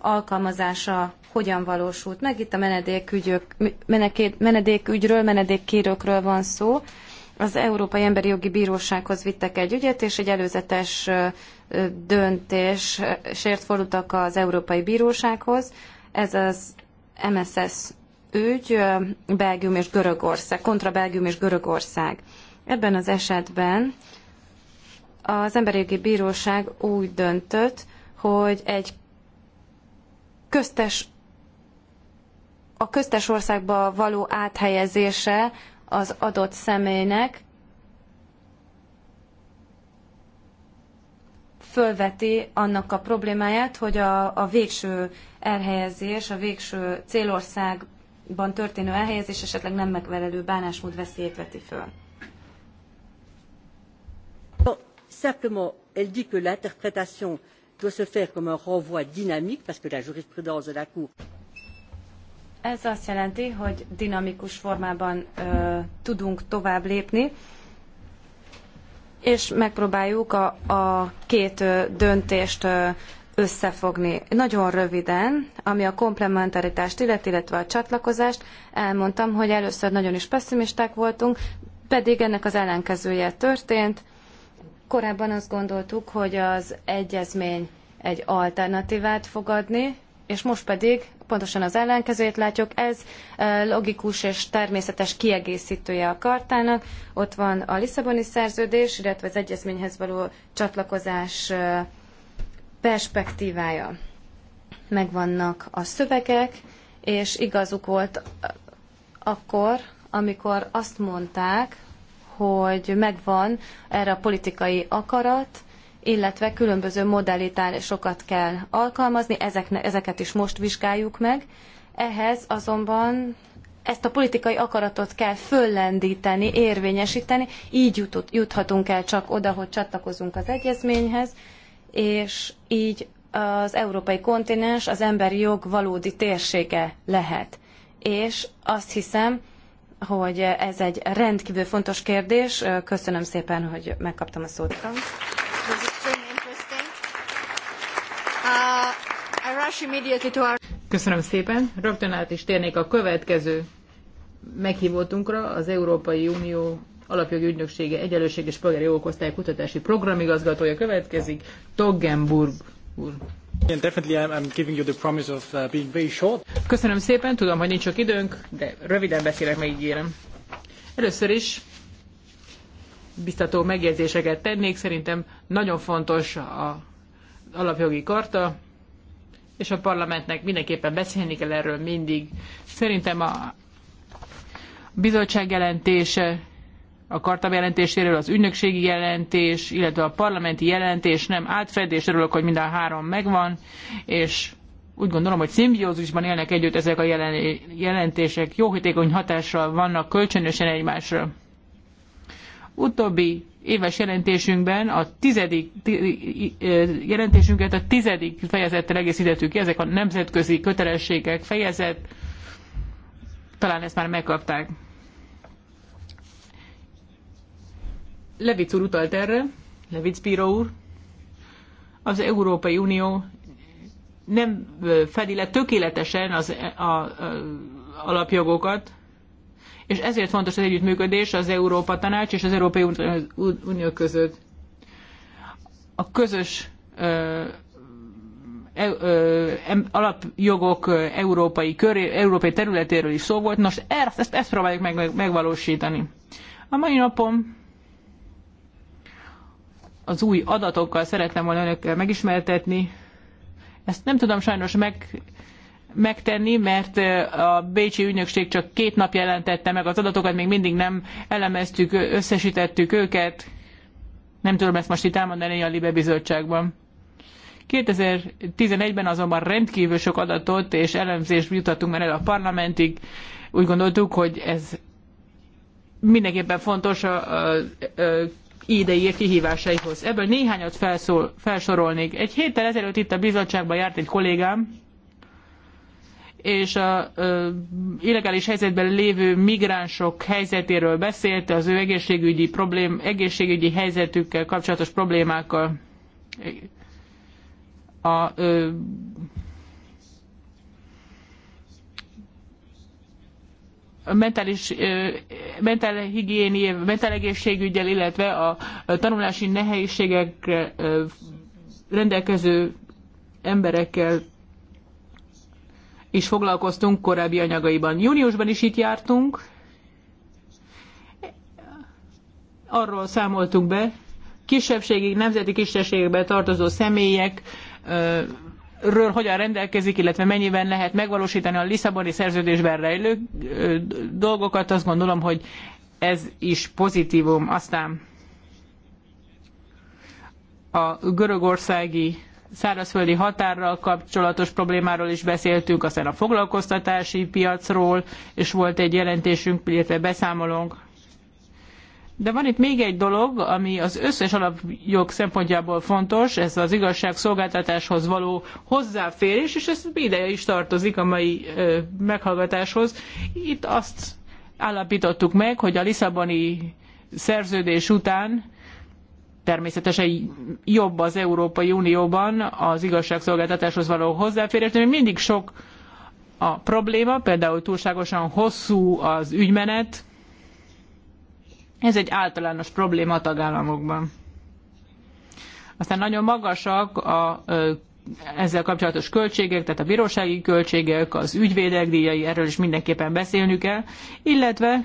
alkalmazása hogyan valósult meg. Itt a menedékügyök, menedékügyről, menedékkérőkről van szó az Európai Emberi Jogi Bírósághoz vittek egy ügyet, és egy előzetes döntésért fordultak az Európai Bírósághoz. Ez az MSS ügy Belgium és Görögország, kontra Belgium és Görögország. Ebben az esetben az Emberi Jogi Bíróság úgy döntött, hogy egy köztes, a köztes országba való áthelyezése az adott személynek, fölveti annak a problémáját, hogy a, a végső elhelyezés, a végső célországban történő elhelyezés esetleg nem megfelelő bánásmód veszélyét veti föl. Simplement, elle dit que l'interprétation doit se faire comme un renvoi dynamique, parce que la jurisprudence de la Cour ez azt jelenti, hogy dinamikus formában ö, tudunk tovább lépni, és megpróbáljuk a, a két ö, döntést ö, összefogni. Nagyon röviden, ami a komplementaritást illet, illetve a csatlakozást, elmondtam, hogy először nagyon is pessimisták voltunk, pedig ennek az ellenkezője történt. Korábban azt gondoltuk, hogy az egyezmény egy alternatívát fogadni, és most pedig pontosan az ellenkezőjét látjuk, ez eh, logikus és természetes kiegészítője a kartának. Ott van a Lisszaboni szerződés, illetve az egyezményhez való csatlakozás eh, perspektívája. Megvannak a szövegek, és igazuk volt eh, akkor, amikor azt mondták, hogy megvan erre a politikai akarat, illetve különböző modalitásokat kell alkalmazni, Ezekne, ezeket is most vizsgáljuk meg. Ehhez azonban ezt a politikai akaratot kell föllendíteni, érvényesíteni, így juthatunk el csak oda, hogy csatlakozunk az egyezményhez, és így az európai kontinens az emberi jog valódi térsége lehet. És azt hiszem, hogy ez egy rendkívül fontos kérdés. Köszönöm szépen, hogy megkaptam a szót. Köszönöm szépen. Rögtön át is térnék a következő meghívótunkra az Európai Unió Alapjogi Ügynöksége Egyenlőség és Polgári Jogok Osztály Kutatási Programigazgatója következik, Toggenburg úr. Köszönöm szépen, tudom, hogy nincs sok időnk, de röviden beszélek, megígérem. Először is biztató megjegyzéseket tennék, szerintem nagyon fontos a alapjogi karta, és a parlamentnek mindenképpen beszélni kell erről mindig. Szerintem a bizottság jelentése, a kartam jelentéséről az ügynökségi jelentés, illetve a parlamenti jelentés nem átfedés, örülök, hogy mind a három megvan, és úgy gondolom, hogy szimbiózisban élnek együtt ezek a jelen, jelentések, jóhitékony hatással vannak kölcsönösen egymásra. Utóbbi éves jelentésünkben a tizedik jelentésünket a tizedik fejezettel egészítettük ki, ezek a nemzetközi kötelességek fejezet, talán ezt már megkapták. Levic úr utalt erre, Levic Bíró úr, az Európai Unió nem fedi le tökéletesen az e, a, a, a alapjogokat, és ezért fontos az együttműködés az Európa Tanács és az Európai Unió között. A közös e, alapjogok európai, köré, európai területéről is szó volt, nos ezt, ezt, ezt próbáljuk meg, meg, megvalósítani. A mai napon az új adatokkal szerettem volna önökkel megismertetni. Ezt nem tudom sajnos meg megtenni, mert a Bécsi ügynökség csak két nap jelentette meg az adatokat, még mindig nem elemeztük, összesítettük őket. Nem tudom ezt most itt elmondani a Libe Bizottságban. 2011-ben azonban rendkívül sok adatot és elemzést jutottunk már el a parlamentig. Úgy gondoltuk, hogy ez mindenképpen fontos a, a, a idei kihívásaihoz. Ebből néhányat felszól, felsorolnék. Egy héttel ezelőtt itt a bizottságban járt egy kollégám, és a ö, illegális helyzetben lévő migránsok helyzetéről beszélt, az ő egészségügyi, problém, egészségügyi helyzetükkel kapcsolatos problémákkal. A, ö, a mentális, mentál higiéni, mentál egészségügyel, illetve a tanulási nehézségekre rendelkező emberekkel is foglalkoztunk korábbi anyagaiban. Júniusban is itt jártunk, arról számoltunk be, kisebbségi, nemzeti kisebbségekbe tartozó személyek ről hogyan rendelkezik, illetve mennyiben lehet megvalósítani a Lisszaboni szerződésben rejlő dolgokat, azt gondolom, hogy ez is pozitívum. Aztán a görögországi szárazföldi határral kapcsolatos problémáról is beszéltünk, aztán a foglalkoztatási piacról, és volt egy jelentésünk, illetve beszámolónk. De van itt még egy dolog, ami az összes alapjog szempontjából fontos, ez az igazságszolgáltatáshoz való hozzáférés, és ez ideje is tartozik a mai ö, meghallgatáshoz. Itt azt állapítottuk meg, hogy a Lisszaboni szerződés után természetesen jobb az Európai Unióban az igazságszolgáltatáshoz való hozzáférés, de mindig sok a probléma, például túlságosan hosszú az ügymenet. Ez egy általános probléma a tagállamokban. Aztán nagyon magasak a ezzel kapcsolatos költségek, tehát a bírósági költségek, az ügyvédek díjai, erről is mindenképpen beszélnünk kell, illetve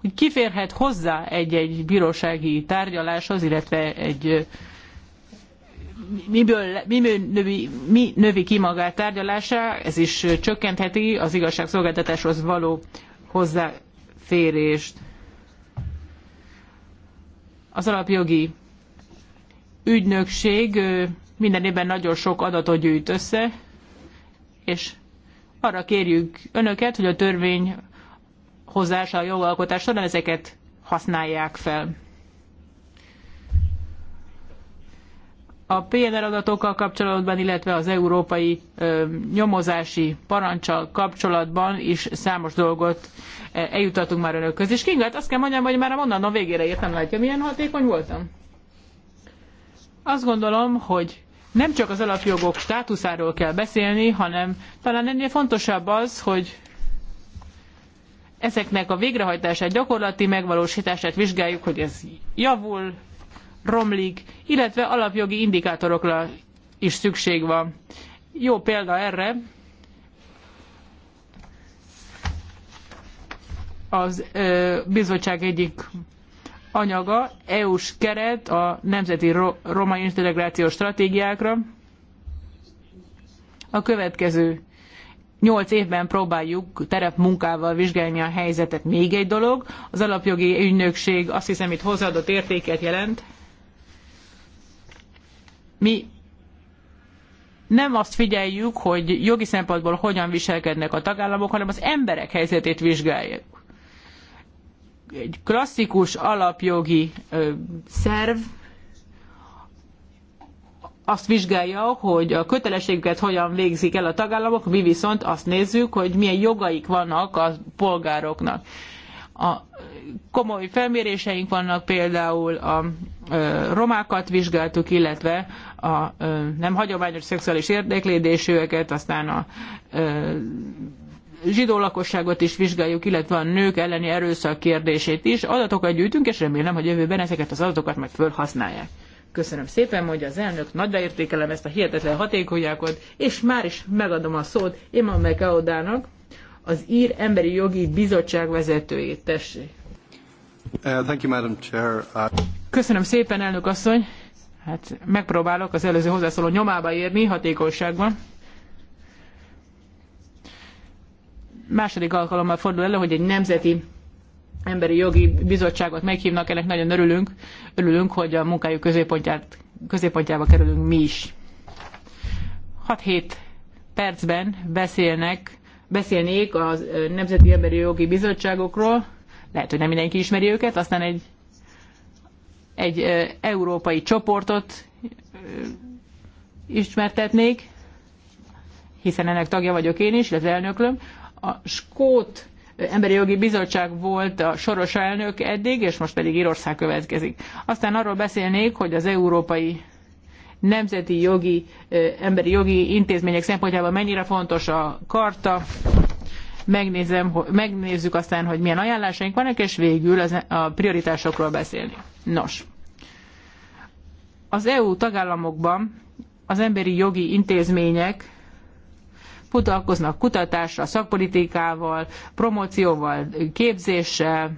hogy kiférhet hozzá egy-egy bírósági tárgyaláshoz, illetve egy miből, miből növi, mi növi ki magát tárgyalása ez is csökkentheti az igazságszolgáltatáshoz való hozzáférést. Az alapjogi ügynökség minden évben nagyon sok adatot gyűjt össze, és arra kérjük önöket, hogy a törvény hozzása a jogalkotás során, ezeket használják fel. A PNR adatokkal kapcsolatban, illetve az európai ö, nyomozási parancsal kapcsolatban is számos dolgot e, eljutatunk már önök közé. És hát azt kell mondjam, hogy már a mondanom végére értem, látja, milyen hatékony voltam. Azt gondolom, hogy nem csak az alapjogok státuszáról kell beszélni, hanem talán ennél fontosabb az, hogy ezeknek a végrehajtását, gyakorlati megvalósítását vizsgáljuk, hogy ez javul, romlik, illetve alapjogi indikátorokra is szükség van. Jó példa erre az ö, bizottság egyik anyaga, EU-s keret a Nemzeti Roma Integrációs Stratégiákra. A következő nyolc évben próbáljuk terepmunkával vizsgálni a helyzetet. Még egy dolog, az alapjogi ügynökség azt hiszem itt hozzáadott értéket jelent. Mi nem azt figyeljük, hogy jogi szempontból hogyan viselkednek a tagállamok, hanem az emberek helyzetét vizsgáljuk. Egy klasszikus alapjogi ö, szerv azt vizsgálja, hogy a kötelességüket hogyan végzik el a tagállamok, mi viszont azt nézzük, hogy milyen jogaik vannak a polgároknak. A komoly felméréseink vannak, például a romákat vizsgáltuk, illetve a nem hagyományos szexuális érdeklődésűeket, aztán a zsidó lakosságot is vizsgáljuk, illetve a nők elleni erőszak kérdését is. Adatokat gyűjtünk, és remélem, hogy jövőben ezeket az adatokat majd felhasználják. Köszönöm szépen, hogy az elnök, nagyra értékelem ezt a hihetetlen hatékonyságot, és már is megadom a szót Emma McAudának, az Ír Emberi Jogi Bizottság vezetőjét. Tessék. Uh, thank you, Madam Chair. Uh, Köszönöm szépen, elnök asszony. Hát megpróbálok az előző hozzászóló nyomába érni hatékonyságban. Második alkalommal fordul elő, hogy egy nemzeti emberi jogi bizottságot meghívnak, ennek nagyon örülünk. Örülünk, hogy a munkájuk középpontját, középpontjába kerülünk mi is. 6-7 percben beszélnek, beszélnék a Nemzeti Emberi Jogi Bizottságokról, lehet, hogy nem mindenki ismeri őket, aztán egy, egy európai csoportot ismertetnék, hiszen ennek tagja vagyok én is, az elnöklöm. A Skót Emberi Jogi Bizottság volt a soros elnök eddig, és most pedig Írország következik. Aztán arról beszélnék, hogy az európai nemzeti jogi, emberi jogi intézmények szempontjában mennyire fontos a karta, megnézem, megnézzük aztán, hogy milyen ajánlásaink vannak, és végül a prioritásokról beszélni. Nos, az EU tagállamokban az emberi jogi intézmények foglalkoznak kutatásra, szakpolitikával, promócióval, képzéssel,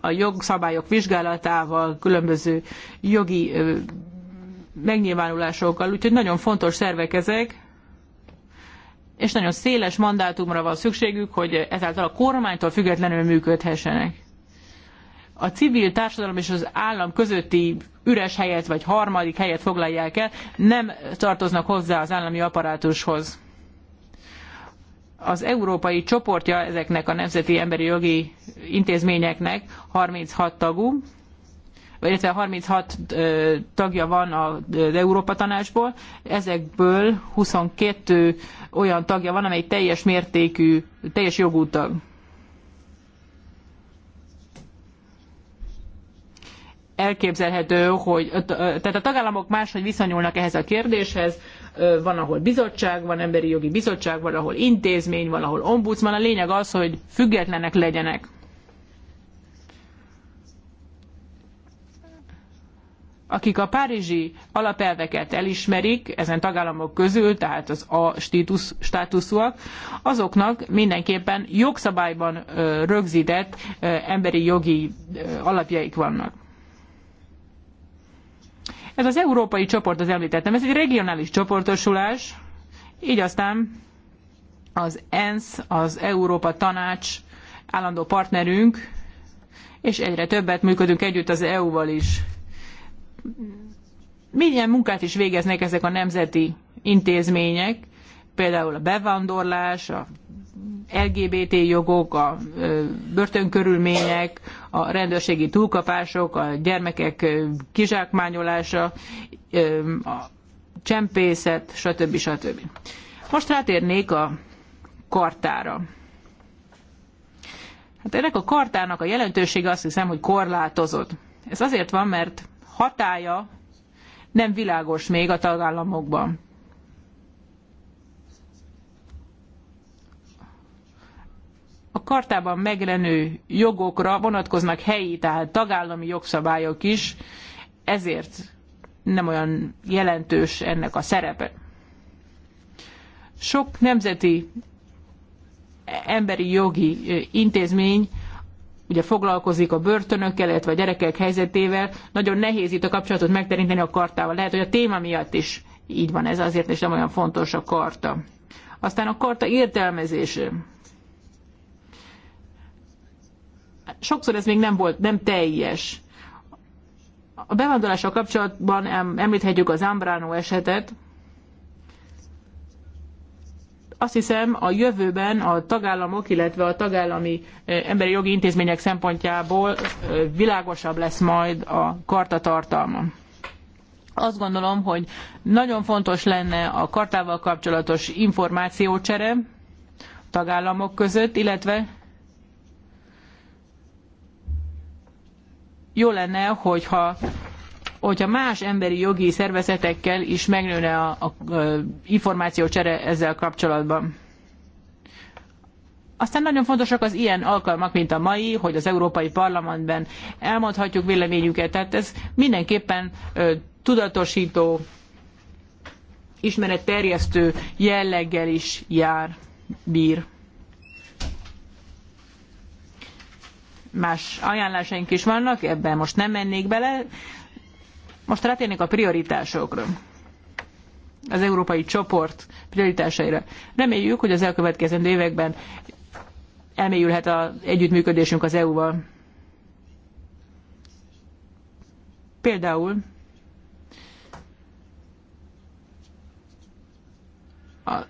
a jogszabályok vizsgálatával, különböző jogi megnyilvánulásokkal, úgyhogy nagyon fontos szervek ezek, és nagyon széles mandátumra van szükségük, hogy ezáltal a kormánytól függetlenül működhessenek a civil társadalom és az állam közötti üres helyet vagy harmadik helyet foglalják el, nem tartoznak hozzá az állami apparátushoz. Az európai csoportja ezeknek a nemzeti emberi jogi intézményeknek 36 tagú, illetve 36 tagja van az Európa Tanácsból, ezekből 22 olyan tagja van, amely teljes mértékű, teljes jogú tag. elképzelhető, hogy tehát a tagállamok máshogy viszonyulnak ehhez a kérdéshez, van, ahol bizottság van, emberi jogi bizottság, van, ahol intézmény, van, ahol ombudsman. A lényeg az, hogy függetlenek legyenek. akik a párizsi alapelveket elismerik ezen tagállamok közül, tehát az A stítusz, státuszúak, azoknak mindenképpen jogszabályban rögzített emberi jogi alapjaik vannak. Ez az európai csoport az említettem, ez egy regionális csoportosulás, így aztán az ENSZ, az Európa Tanács állandó partnerünk, és egyre többet működünk együtt az EU-val is. Milyen munkát is végeznek ezek a nemzeti intézmények, például a bevándorlás, a LGBT jogok, a börtönkörülmények, a rendőrségi túlkapások, a gyermekek kizsákmányolása, a csempészet, stb. stb. Most rátérnék a kartára. Hát ennek a kartának a jelentősége azt hiszem, hogy korlátozott. Ez azért van, mert hatája nem világos még a tagállamokban. a kartában megjelenő jogokra vonatkoznak helyi, tehát tagállami jogszabályok is, ezért nem olyan jelentős ennek a szerepe. Sok nemzeti emberi jogi intézmény ugye foglalkozik a börtönökkel, illetve a gyerekek helyzetével, nagyon nehéz itt a kapcsolatot megterinteni a kartával. Lehet, hogy a téma miatt is így van ez azért, és nem olyan fontos a karta. Aztán a karta értelmezése. sokszor ez még nem volt, nem teljes. A bevándorlással kapcsolatban említhetjük az Ambrano esetet. Azt hiszem, a jövőben a tagállamok, illetve a tagállami eh, emberi jogi intézmények szempontjából eh, világosabb lesz majd a karta tartalma. Azt gondolom, hogy nagyon fontos lenne a kartával kapcsolatos információcsere tagállamok között, illetve jó lenne, hogyha hogyha más emberi jogi szervezetekkel is megnőne a, a, a információcsere ezzel kapcsolatban. Aztán nagyon fontosak az ilyen alkalmak, mint a mai, hogy az Európai Parlamentben elmondhatjuk véleményünket. Tehát ez mindenképpen ö, tudatosító, ismeretterjesztő jelleggel is jár, bír. más ajánlásaink is vannak, ebben most nem mennék bele. Most rátérnék a prioritásokra az európai csoport prioritásaira. Reméljük, hogy az elkövetkezendő években elmélyülhet az együttműködésünk az EU-val. Például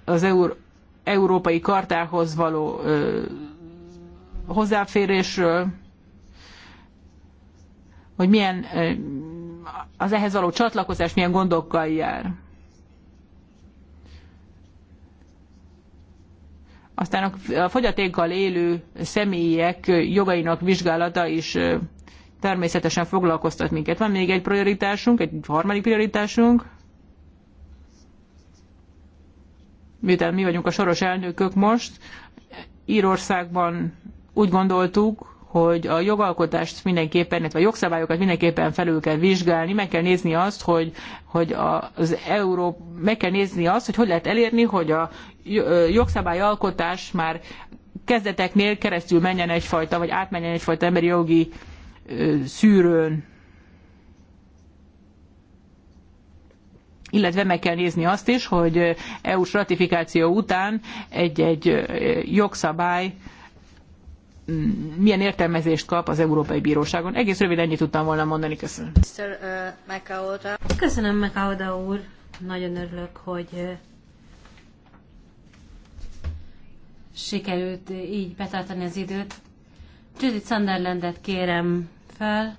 az Euró- európai kartához való hozzáférésről, hogy milyen az ehhez való csatlakozás milyen gondokkal jár. Aztán a fogyatékkal élő személyek jogainak vizsgálata is természetesen foglalkoztat minket. Van még egy prioritásunk, egy harmadik prioritásunk. Miután mi vagyunk a soros elnökök most, Írországban úgy gondoltuk, hogy a jogalkotást mindenképpen, illetve a jogszabályokat mindenképpen felül kell vizsgálni, meg kell nézni azt, hogy, hogy az euró, meg kell nézni azt, hogy hogy lehet elérni, hogy a jogszabályalkotás már kezdeteknél keresztül menjen egyfajta, vagy átmenjen egyfajta emberi jogi szűrőn. illetve meg kell nézni azt is, hogy EU-s ratifikáció után egy-egy jogszabály milyen értelmezést kap az Európai Bíróságon. Egész röviden ennyit tudtam volna mondani, köszönöm. Uh, köszönöm, Mekauda úr. Nagyon örülök, hogy uh, sikerült így betartani az időt. Judith Sunderlandet kérem fel,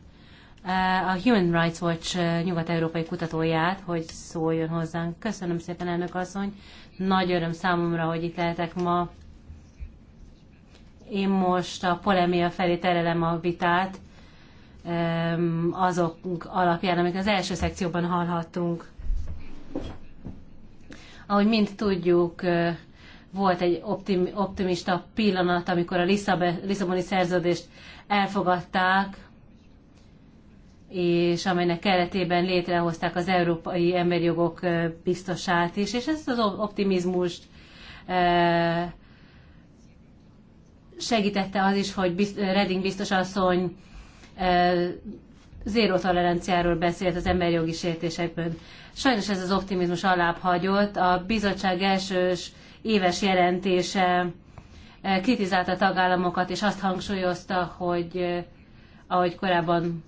uh, a Human Rights Watch nyugat-európai kutatóját, hogy szóljon hozzánk. Köszönöm szépen, elnök asszony. Nagy öröm számomra, hogy itt lehetek ma én most a polemia felé terelem a vitát azok alapján, amik az első szekcióban hallhattunk. Ahogy mind tudjuk, volt egy optimista pillanat, amikor a Lisszaboni szerződést elfogadták, és amelynek keretében létrehozták az Európai Emberi Jogok biztosát is, és ezt az optimizmust segítette az is, hogy Redding Reding biztos asszony zéró toleranciáról beszélt az emberi jogi sértésekben. Sajnos ez az optimizmus alább hagyott. A bizottság elsős éves jelentése kritizálta a tagállamokat, és azt hangsúlyozta, hogy ahogy korábban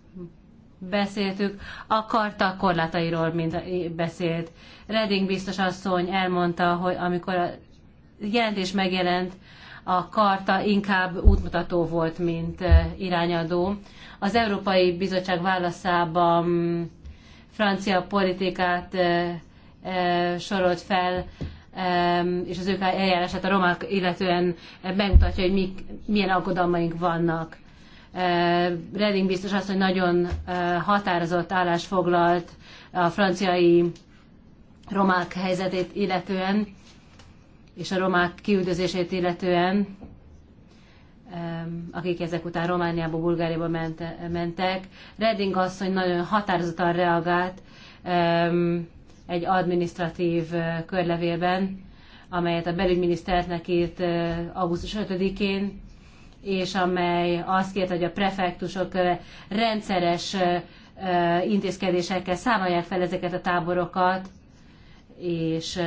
beszéltük, a karta korlátairól mint beszélt. Reding biztos asszony elmondta, hogy amikor a jelentés megjelent, a karta inkább útmutató volt, mint irányadó. Az Európai Bizottság válaszában francia politikát sorolt fel, és az ők eljárását a romák illetően megmutatja, hogy mik, milyen aggodalmaink vannak. Reding biztos azt, hogy nagyon határozott állásfoglalt a franciai romák helyzetét illetően, és a romák kiüldözését illetően, akik ezek után Romániába, Bulgáriába mentek. Redding asszony nagyon határozottan reagált egy administratív körlevélben, amelyet a belügyminiszternek írt augusztus 5-én, és amely azt kérte, hogy a prefektusok rendszeres intézkedésekkel számolják fel ezeket a táborokat, és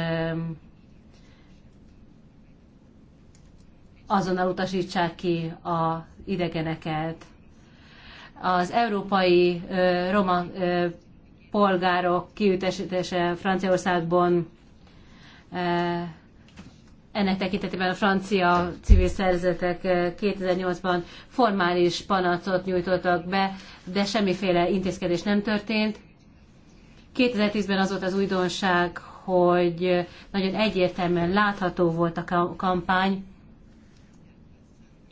azonnal utasítsák ki a idegeneket. Az európai ö, roma ö, polgárok kiütesítése Franciaországban ö, ennek tekintetében a francia civil szerzetek 2008-ban formális panacot nyújtottak be, de semmiféle intézkedés nem történt. 2010-ben az volt az újdonság, hogy nagyon egyértelműen látható volt a kampány,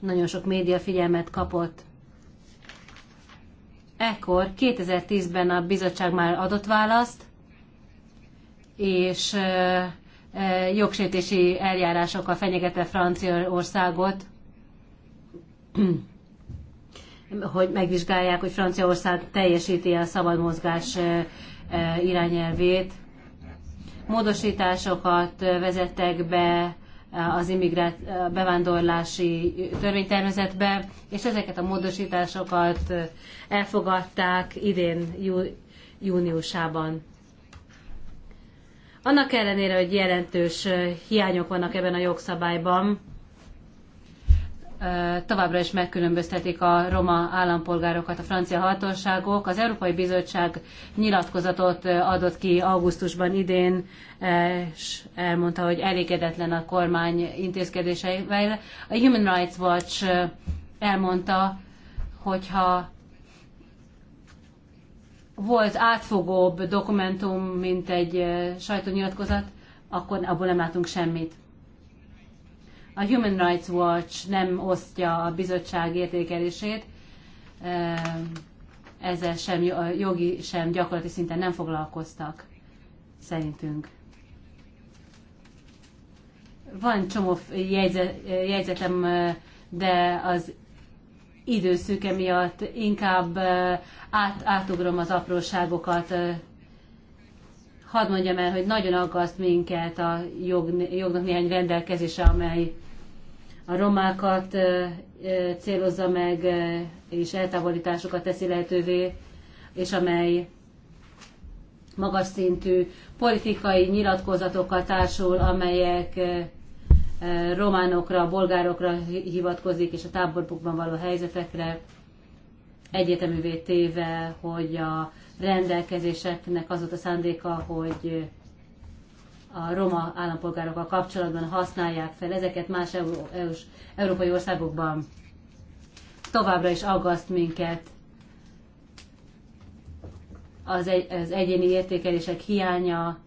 nagyon sok média figyelmet kapott. Ekkor 2010-ben a bizottság már adott választ, és jogsértési eljárásokkal fenyegette Franciaországot, <clears throat> hogy megvizsgálják, hogy Franciaország teljesíti a szabad mozgás irányelvét. Módosításokat vezettek be az immigrát bevándorlási törvénytervezetbe, és ezeket a módosításokat elfogadták idén jú, júniusában. Annak ellenére, hogy jelentős hiányok vannak ebben a jogszabályban, továbbra is megkülönböztetik a roma állampolgárokat a francia hatóságok. Az Európai Bizottság nyilatkozatot adott ki augusztusban idén, és elmondta, hogy elégedetlen a kormány intézkedéseivel. A Human Rights Watch elmondta, hogyha volt átfogóbb dokumentum, mint egy sajtónyilatkozat, akkor abból nem látunk semmit. A Human Rights Watch nem osztja a bizottság értékelését, eh, ezzel sem jogi, sem gyakorlati szinten nem foglalkoztak, szerintünk. Van csomó jegyzetem, eh, de az időszüke miatt inkább eh, át, átugrom az apróságokat. Hadd mondjam el, hogy nagyon aggaszt minket a jog, jognak néhány rendelkezése, amely a romákat célozza meg, és eltávolításokat teszi lehetővé, és amely magas szintű politikai nyilatkozatokkal társul, amelyek románokra, bolgárokra hivatkozik, és a táborokban való helyzetekre egyértelművé téve, hogy a rendelkezéseknek az volt a szándéka, hogy a roma állampolgárokkal kapcsolatban használják fel ezeket más euró, európai országokban. Továbbra is aggaszt minket az, egy, az egyéni értékelések hiánya,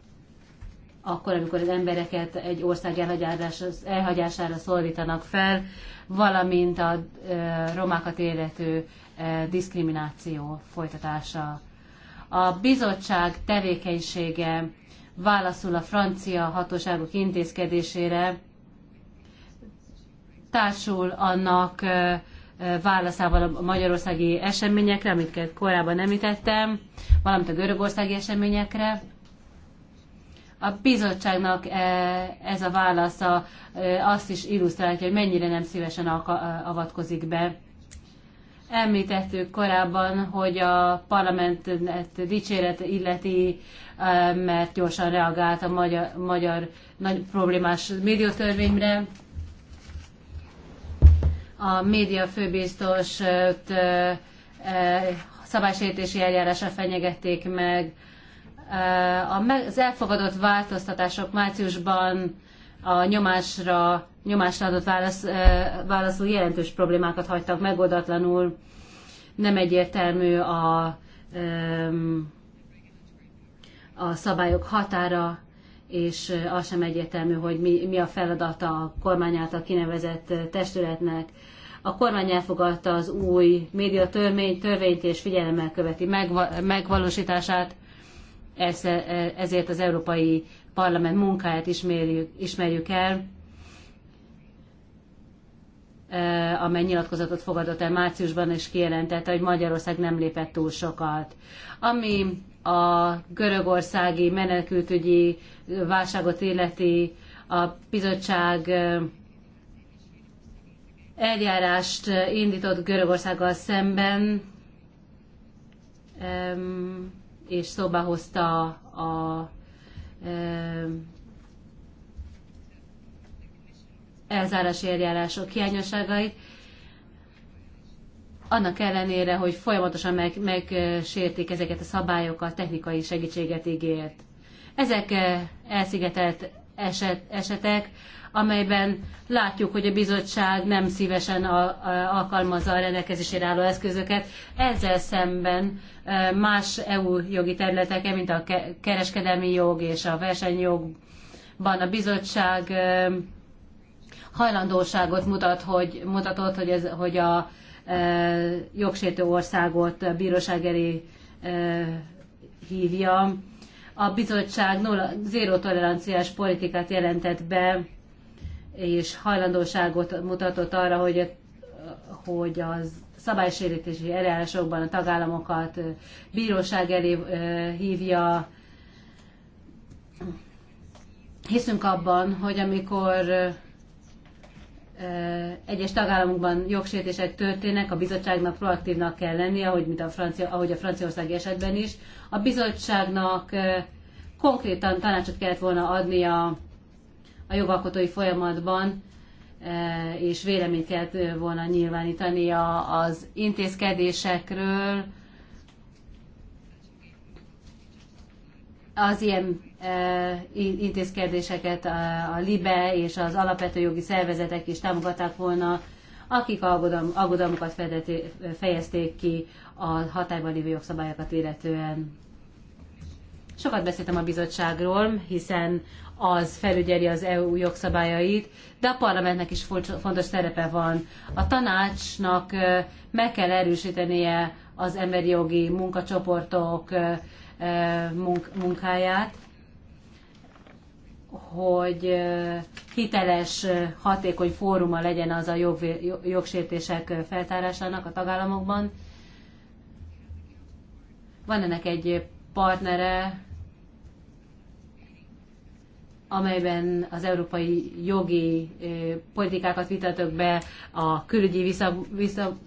akkor, amikor az embereket egy ország elhagyására szólítanak fel, valamint a e, romákat érető e, diszkrimináció folytatása. A bizottság tevékenysége válaszul a francia hatóságok intézkedésére, társul annak válaszával a magyarországi eseményekre, amiket korábban említettem, valamint a görögországi eseményekre. A bizottságnak ez a válasza azt is illusztrálja, hogy mennyire nem szívesen avatkozik be Említettük korábban, hogy a parlamentet dicséret illeti, eh, mert gyorsan reagált a magyar, magyar nagy problémás médiatörvényre. A média főbiztos eh, eh, szabálysértési eljárása fenyegették meg. Az elfogadott változtatások márciusban a nyomásra nyomásra adott válasz, válaszul jelentős problémákat hagytak megoldatlanul. Nem egyértelmű a, a szabályok határa, és az sem egyértelmű, hogy mi, mi a feladata a kormány által kinevezett testületnek. A kormány elfogadta az új média törvény, törvényt és figyelemmel követi megva, megvalósítását, ezért az Európai Parlament munkáját ismerjük, ismerjük el Eh, amely nyilatkozatot fogadott el márciusban, és kijelentette, hogy Magyarország nem lépett túl sokat. Ami a görögországi menekültügyi válságot illeti, a bizottság eh, eljárást indított Görögországgal szemben, és szóba hozta a elzárási eljárások hiányosságait, annak ellenére, hogy folyamatosan meg, ezeket a szabályokat, technikai segítséget ígért. Ezek eh, elszigetelt eset, esetek, amelyben látjuk, hogy a bizottság nem szívesen a, a, alkalmazza a rendelkezésére álló eszközöket. Ezzel szemben eh, más EU jogi területeken, mint a kereskedelmi jog és a versenyjogban a bizottság eh, hajlandóságot mutat, hogy, mutatott, hogy, ez, hogy a e, jogsértő országot bíróság elé e, hívja. A bizottság nulla, zéró toleranciás politikát jelentett be, és hajlandóságot mutatott arra, hogy, hogy az szabálysértési eljárásokban a tagállamokat bíróság elé e, hívja. Hiszünk abban, hogy amikor egyes tagállamokban jogsértések történnek, a bizottságnak proaktívnak kell lennie, ahogy, mint a francia, ahogy a franciaországi esetben is. A bizottságnak konkrétan tanácsot kellett volna adni a, a jogalkotói folyamatban, és véleményt kellett volna nyilvánítani az intézkedésekről, az ilyen intézkedéseket a LIBE és az alapvető jogi szervezetek is támogatták volna, akik aggodalmukat fejezték ki a hatályban lévő jogszabályokat illetően. Sokat beszéltem a bizottságról, hiszen az felügyeli az EU jogszabályait, de a parlamentnek is fontos szerepe van. A tanácsnak meg kell erősítenie az emberi jogi munkacsoportok munkáját, hogy hiteles, hatékony fóruma legyen az a jog, jogsértések feltárásának a tagállamokban. Van ennek egy partnere, amelyben az európai jogi politikákat vitatok be a külügyi, visza, visza,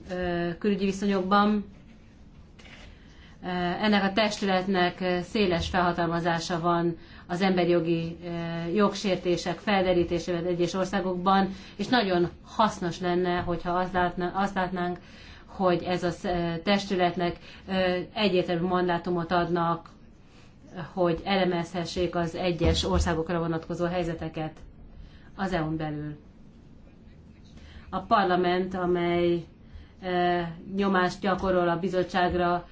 külügyi viszonyokban. Ennek a testületnek széles felhatalmazása van az emberjogi eh, jogsértések felderítésével egyes országokban, és nagyon hasznos lenne, hogyha azt, látna, azt látnánk, hogy ez a eh, testületnek eh, egyértelmű mandátumot adnak, hogy elemezhessék az egyes országokra vonatkozó helyzeteket az EU-n belül. A parlament, amely nyomást gyakorol a bizottságra,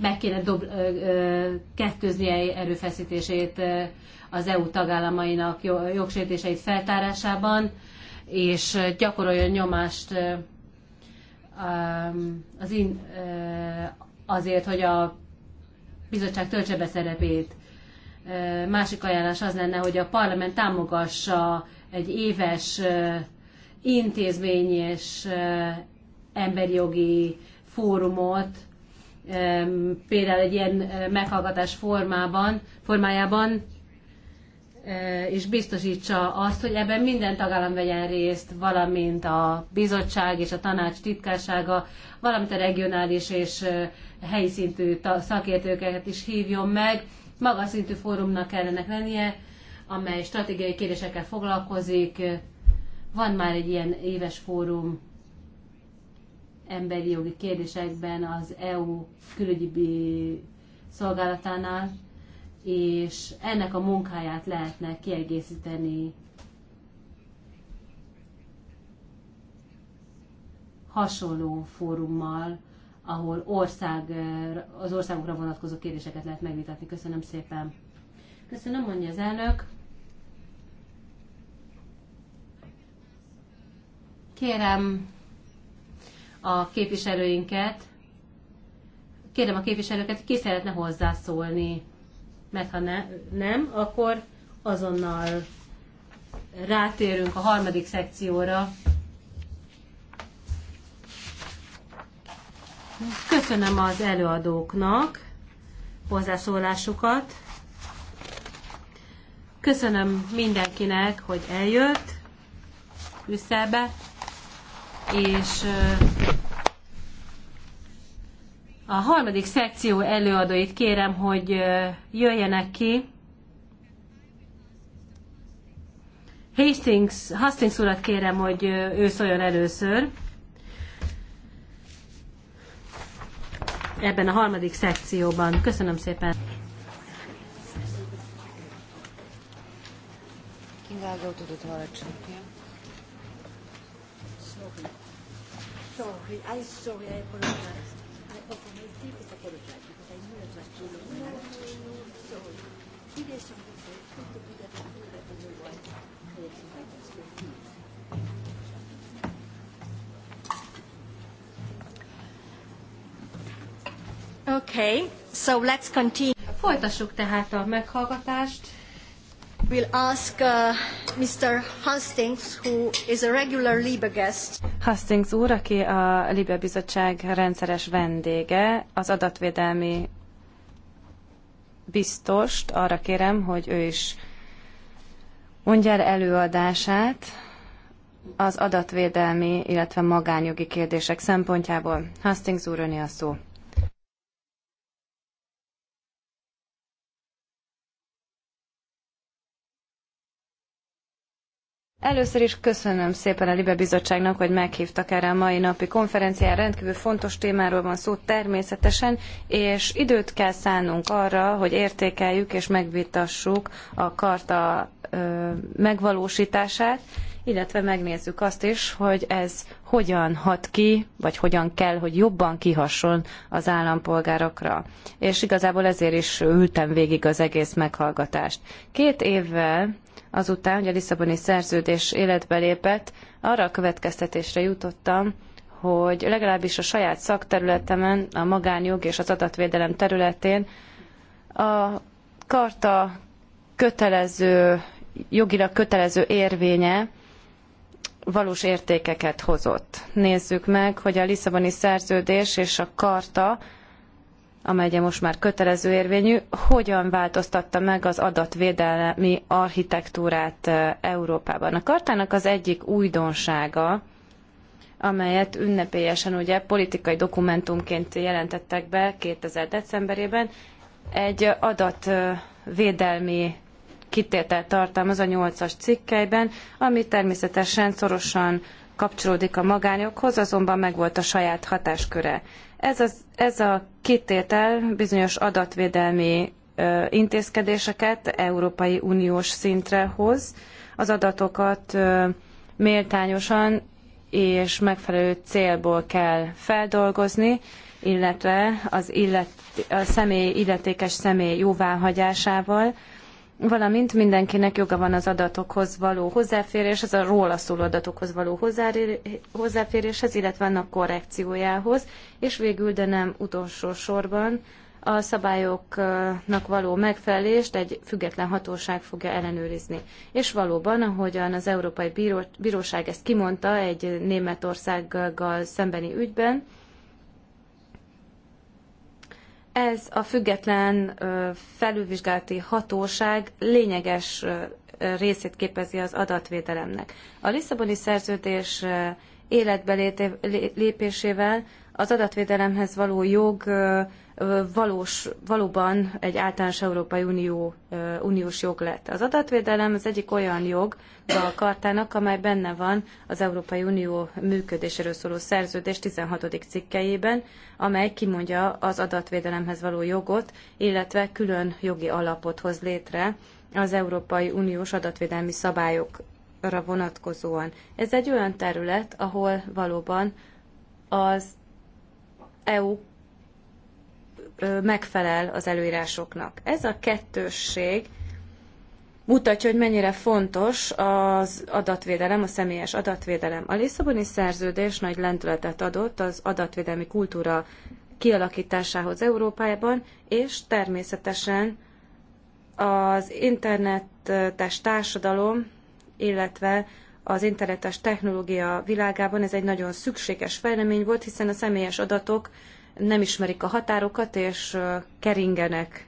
meg kéne dob, kettőznie erőfeszítését az EU tagállamainak jogsértéseit feltárásában, és gyakoroljon nyomást az in, azért, hogy a bizottság töltse be szerepét. Másik ajánlás az lenne, hogy a parlament támogassa egy éves intézményes emberi jogi fórumot, például egy ilyen eh, meghallgatás formában, formájában, eh, és biztosítsa azt, hogy ebben minden tagállam vegyen részt, valamint a bizottság és a tanács titkársága, valamint a regionális és eh, helyi szintű szakértőket is hívjon meg. Magas szintű fórumnak kellene lennie, amely stratégiai kérdésekkel foglalkozik. Van már egy ilyen éves fórum emberi jogi kérdésekben az EU külügyi szolgálatánál, és ennek a munkáját lehetne kiegészíteni hasonló fórummal, ahol ország, az országokra vonatkozó kérdéseket lehet megvitatni. Köszönöm szépen. Köszönöm, mondja az elnök. Kérem, a képviselőinket. Kérem a képviselőket, ki szeretne hozzászólni, mert ha ne, nem, akkor azonnal rátérünk a harmadik szekcióra. Köszönöm az előadóknak hozzászólásukat. Köszönöm mindenkinek, hogy eljött Brüsszelbe, és a harmadik szekció előadóit kérem, hogy jöjjenek ki. Hastings, Hastings urat kérem, hogy ő szóljon először. Ebben a harmadik szekcióban. Köszönöm szépen. Sorry. I'm sorry, I apologize. Okay, so let's continue. Folytassuk tehát a meghallgatást. We'll ask uh, Mr. Hastings, who is a regular Libe guest. Hastings úr, aki a Libe Bizottság rendszeres vendége, az adatvédelmi biztost arra kérem, hogy ő is mondja el előadását az adatvédelmi, illetve magánjogi kérdések szempontjából. Hastings úr, öné a szó. Először is köszönöm szépen a Libe Bizottságnak, hogy meghívtak erre a mai napi konferencián. Rendkívül fontos témáról van szó természetesen, és időt kell szánnunk arra, hogy értékeljük és megvitassuk a karta ö, megvalósítását, illetve megnézzük azt is, hogy ez hogyan hat ki, vagy hogyan kell, hogy jobban kihasson az állampolgárokra. És igazából ezért is ültem végig az egész meghallgatást. Két évvel azután, hogy a Lisszaboni szerződés életbe lépett, arra a következtetésre jutottam, hogy legalábbis a saját szakterületemen, a magánjog és az adatvédelem területén a karta kötelező, jogilag kötelező érvénye valós értékeket hozott. Nézzük meg, hogy a Lisszaboni szerződés és a karta amely ugye most már kötelező érvényű, hogyan változtatta meg az adatvédelmi architektúrát Európában. A kartának az egyik újdonsága, amelyet ünnepélyesen ugye politikai dokumentumként jelentettek be 2000 decemberében, egy adatvédelmi kitételt tartalmaz a 8-as cikkelyben, ami természetesen szorosan kapcsolódik a magányokhoz, azonban megvolt a saját hatásköre. Ez, az, ez a kitétel bizonyos adatvédelmi ö, intézkedéseket Európai Uniós szintre hoz. Az adatokat ö, méltányosan és megfelelő célból kell feldolgozni, illetve az illet, a személy, illetékes személy jóváhagyásával, valamint mindenkinek joga van az adatokhoz való hozzáféréshez, a róla szóló adatokhoz való hozzáféréshez, illetve annak korrekciójához, és végül, de nem utolsó sorban, a szabályoknak való megfelelést egy független hatóság fogja ellenőrizni. És valóban, ahogyan az Európai Bíróság ezt kimondta egy Németországgal szembeni ügyben, ez a független felülvizsgálati hatóság lényeges részét képezi az adatvédelemnek. A Lisszaboni szerződés életbe lépésével az adatvédelemhez való jog valós, valóban egy általános Európai Unió, uniós jog lett. Az adatvédelem az egyik olyan jog a kartának, amely benne van az Európai Unió működéséről szóló szerződés 16. cikkejében, amely kimondja az adatvédelemhez való jogot, illetve külön jogi alapot hoz létre az Európai Uniós adatvédelmi szabályokra vonatkozóan. Ez egy olyan terület, ahol valóban az EU megfelel az előírásoknak. Ez a kettősség mutatja, hogy mennyire fontos az adatvédelem, a személyes adatvédelem. A Lisszaboni szerződés nagy lendületet adott az adatvédelmi kultúra kialakításához Európában, és természetesen az internetes társadalom, illetve az internetes technológia világában ez egy nagyon szükséges fejlemény volt, hiszen a személyes adatok nem ismerik a határokat, és keringenek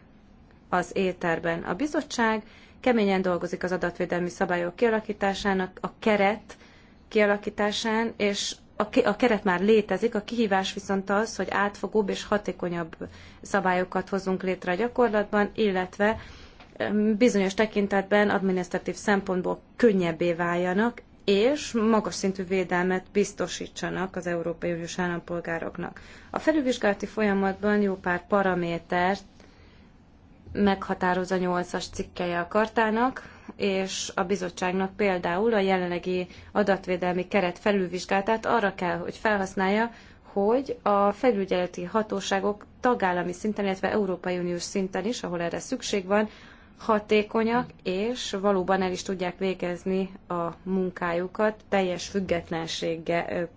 az éterben. A bizottság keményen dolgozik az adatvédelmi szabályok kialakításának, a keret kialakításán, és a, keret már létezik, a kihívás viszont az, hogy átfogóbb és hatékonyabb szabályokat hozzunk létre a gyakorlatban, illetve bizonyos tekintetben adminisztratív szempontból könnyebbé váljanak, és magas szintű védelmet biztosítsanak az Európai Uniós állampolgároknak. A felülvizsgálati folyamatban jó pár paramétert meghatároz a 8-as cikkeje a kartának, és a bizottságnak például a jelenlegi adatvédelmi keret felülvizsgálatát arra kell, hogy felhasználja, hogy a felügyeleti hatóságok tagállami szinten, illetve Európai Uniós szinten is, ahol erre szükség van, hatékonyak, és valóban el is tudják végezni a munkájukat teljes függetlensége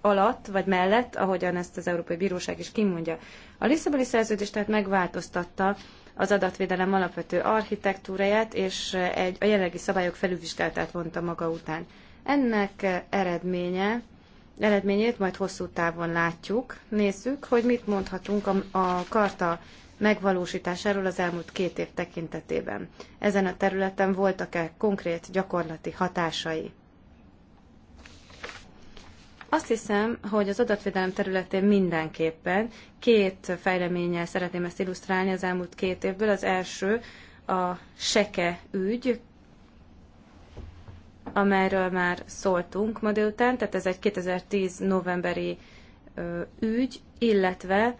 alatt, vagy mellett, ahogyan ezt az Európai Bíróság is kimondja. A Lisszaboni szerződés tehát megváltoztatta az adatvédelem alapvető architektúráját, és egy, a jelenlegi szabályok felülvizsgálatát vonta maga után. Ennek eredménye, eredményét majd hosszú távon látjuk, nézzük, hogy mit mondhatunk a, a karta megvalósításáról az elmúlt két év tekintetében. Ezen a területen voltak-e konkrét gyakorlati hatásai? Azt hiszem, hogy az adatvédelem területén mindenképpen két fejleménnyel szeretném ezt illusztrálni az elmúlt két évből. Az első a Seke ügy, amelyről már szóltunk ma délután, tehát ez egy 2010 novemberi ügy, illetve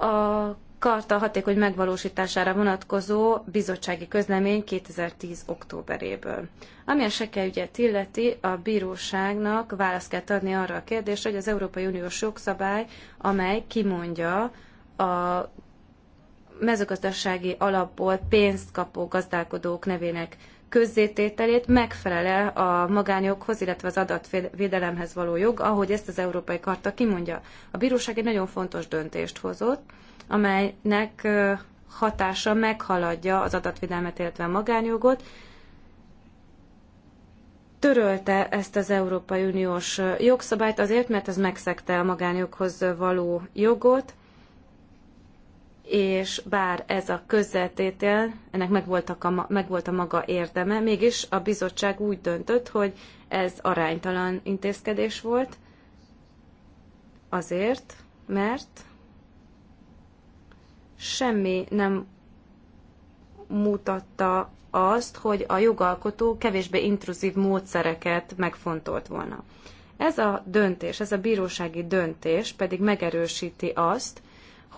a karta hatékony megvalósítására vonatkozó bizottsági közlemény 2010. októberéből. Ami a ügyet illeti, a bíróságnak választ kell adni arra a kérdésre, hogy az Európai Uniós jogszabály, amely kimondja a mezőgazdasági alapból pénzt kapó gazdálkodók nevének közzétételét megfelele a magánjoghoz, illetve az adatvédelemhez való jog, ahogy ezt az Európai Karta kimondja. A bíróság egy nagyon fontos döntést hozott, amelynek hatása meghaladja az adatvédelmet, illetve a magánjogot, törölte ezt az Európai Uniós jogszabályt azért, mert ez megszegte a magánjoghoz való jogot, és bár ez a közzeltétel, ennek a, megvolt a maga érdeme, mégis a bizottság úgy döntött, hogy ez aránytalan intézkedés volt, azért, mert semmi nem mutatta azt, hogy a jogalkotó kevésbé intruzív módszereket megfontolt volna. Ez a döntés, ez a bírósági döntés pedig megerősíti azt,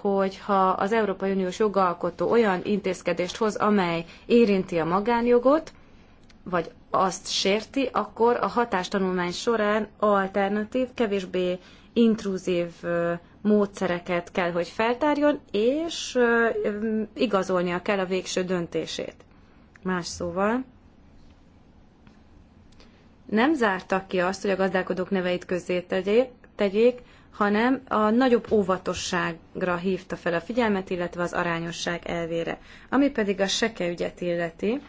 hogyha az Európai Uniós jogalkotó olyan intézkedést hoz, amely érinti a magánjogot, vagy azt sérti, akkor a hatástanulmány során alternatív, kevésbé intrúzív módszereket kell, hogy feltárjon, és igazolnia kell a végső döntését. Más szóval, nem zártak ki azt, hogy a gazdálkodók neveit közzé tegyék, hanem a nagyobb óvatosságra hívta fel a figyelmet, illetve az arányosság elvére. Ami pedig a seke ügyet illeti,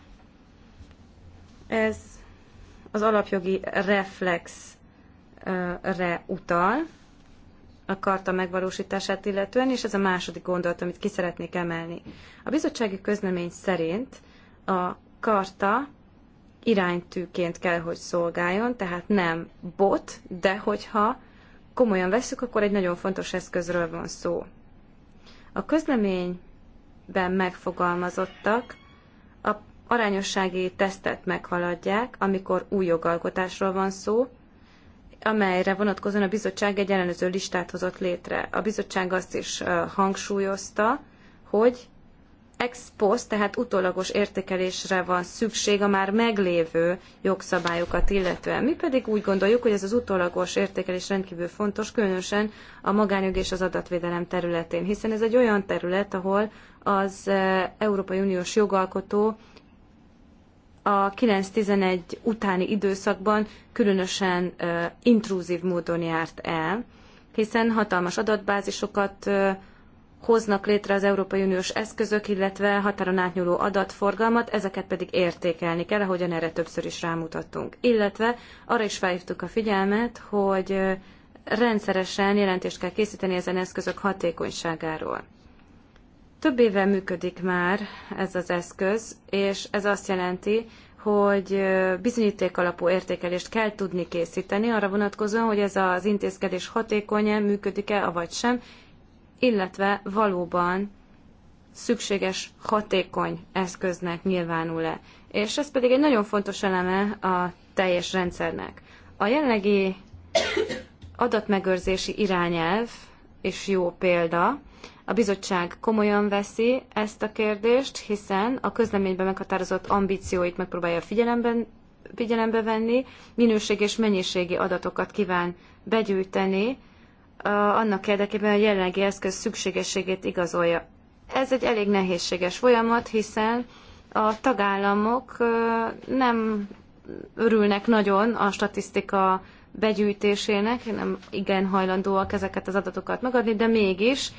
ez az alapjogi reflexre utal, a karta megvalósítását illetően, és ez a második gondolat, amit ki szeretnék emelni. A bizottsági közlemény szerint a karta iránytűként kell, hogy szolgáljon, tehát nem bot, de hogyha komolyan vesszük, akkor egy nagyon fontos eszközről van szó. A közleményben megfogalmazottak a arányossági tesztet meghaladják, amikor új jogalkotásról van szó, amelyre vonatkozóan a bizottság egy ellenőző listát hozott létre. A bizottság azt is hangsúlyozta, hogy ex post, tehát utólagos értékelésre van szükség a már meglévő jogszabályokat illetően. Mi pedig úgy gondoljuk, hogy ez az utólagos értékelés rendkívül fontos, különösen a magánjog és az adatvédelem területén, hiszen ez egy olyan terület, ahol az eh, Európai Uniós jogalkotó a 9-11 utáni időszakban különösen eh, intrúzív módon járt el, hiszen hatalmas adatbázisokat eh, hoznak létre az Európai Uniós eszközök, illetve határon átnyúló adatforgalmat, ezeket pedig értékelni kell, ahogyan erre többször is rámutattunk. Illetve arra is felhívtuk a figyelmet, hogy rendszeresen jelentést kell készíteni ezen eszközök hatékonyságáról. Több éve működik már ez az eszköz, és ez azt jelenti, hogy bizonyíték alapú értékelést kell tudni készíteni arra vonatkozóan, hogy ez az intézkedés hatékony-e, működik-e, avagy sem, illetve valóban szükséges, hatékony eszköznek nyilvánul-e. És ez pedig egy nagyon fontos eleme a teljes rendszernek. A jelenlegi adatmegőrzési irányelv és jó példa. A bizottság komolyan veszi ezt a kérdést, hiszen a közleményben meghatározott ambícióit megpróbálja figyelemben, figyelembe venni, minőség és mennyiségi adatokat kíván begyűjteni, annak érdekében a jelenlegi eszköz szükségességét igazolja. Ez egy elég nehézséges folyamat, hiszen a tagállamok nem örülnek nagyon a statisztika begyűjtésének, nem igen hajlandóak ezeket az adatokat megadni, de mégis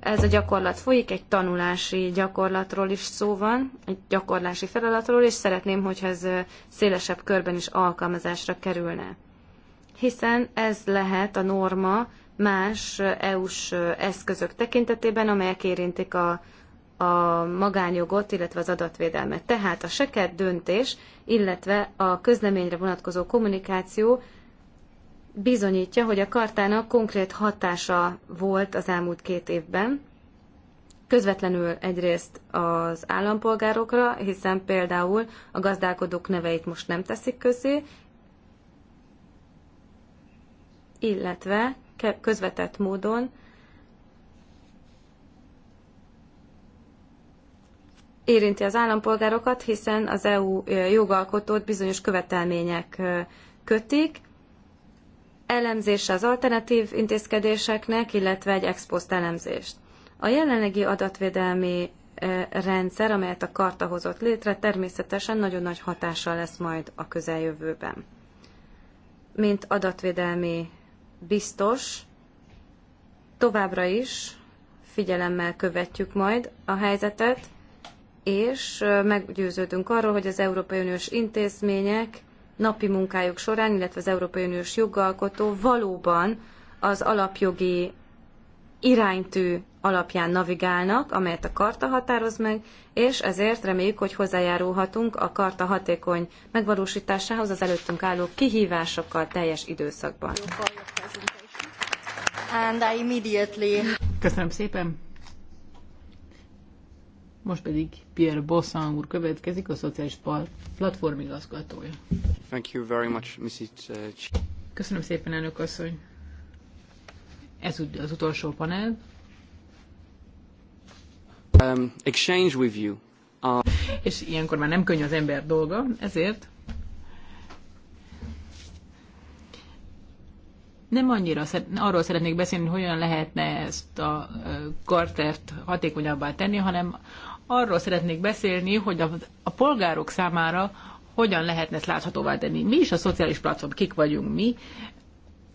ez a gyakorlat folyik, egy tanulási gyakorlatról is szó van, egy gyakorlási feladatról, és szeretném, hogyha ez szélesebb körben is alkalmazásra kerülne. Hiszen ez lehet a norma más EU-s eszközök tekintetében, amelyek érintik a, a magánjogot, illetve az adatvédelmet. Tehát a sekert döntés, illetve a közleményre vonatkozó kommunikáció bizonyítja, hogy a kartának konkrét hatása volt az elmúlt két évben. Közvetlenül egyrészt az állampolgárokra, hiszen például a gazdálkodók neveit most nem teszik közé, illetve közvetett módon, érinti az állampolgárokat, hiszen az EU jogalkotót bizonyos követelmények kötik. Elemzése az alternatív intézkedéseknek, illetve egy expost elemzést. A jelenlegi adatvédelmi rendszer, amelyet a karta hozott létre, természetesen nagyon nagy hatással lesz majd a közeljövőben. Mint adatvédelmi biztos, továbbra is figyelemmel követjük majd a helyzetet, és meggyőződünk arról, hogy az Európai Uniós intézmények napi munkájuk során, illetve az Európai Uniós jogalkotó valóban az alapjogi iránytű alapján navigálnak, amelyet a karta határoz meg, és ezért reméljük, hogy hozzájárulhatunk a karta hatékony megvalósításához az előttünk álló kihívásokkal teljes időszakban. Köszönöm szépen! Most pedig Pierre Bossan úr következik, a Szociális Platform igazgatója. Thank you very much, Mrs. Köszönöm szépen, elnök asszony! Ez az utolsó panel. Um, exchange with you. Uh... És ilyenkor már nem könnyű az ember dolga, ezért nem annyira arról szeretnék beszélni, hogy hogyan lehetne ezt a kartert hatékonyabbá tenni, hanem arról szeretnék beszélni, hogy a, a polgárok számára hogyan lehetne ezt láthatóvá tenni. Mi is a szociális platform, kik vagyunk mi,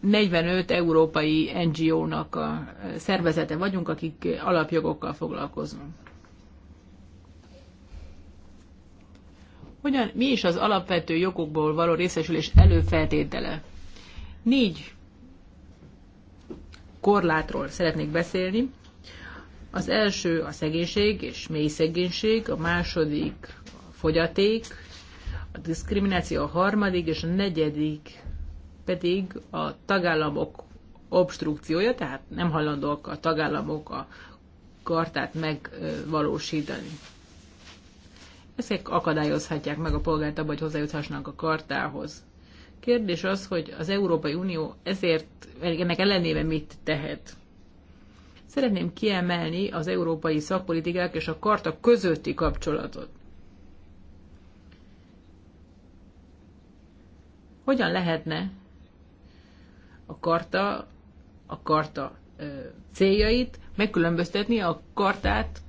45 európai NGO-nak a szervezete vagyunk, akik alapjogokkal foglalkoznak. Hogyan, mi is az alapvető jogokból való részesülés előfeltétele? Négy korlátról szeretnék beszélni. Az első a szegénység és mély szegénység, a második a fogyaték, a diszkrimináció a harmadik, és a negyedik pedig a tagállamok obstrukciója, tehát nem hajlandóak a tagállamok a kartát megvalósítani. Ezek akadályozhatják meg a polgárt abban, hogy hozzájuthassanak a kartához. Kérdés az, hogy az Európai Unió ezért, ennek ellenére mit tehet? Szeretném kiemelni az európai szakpolitikák és a karta közötti kapcsolatot. Hogyan lehetne a karta, a karta céljait, megkülönböztetni a kartát,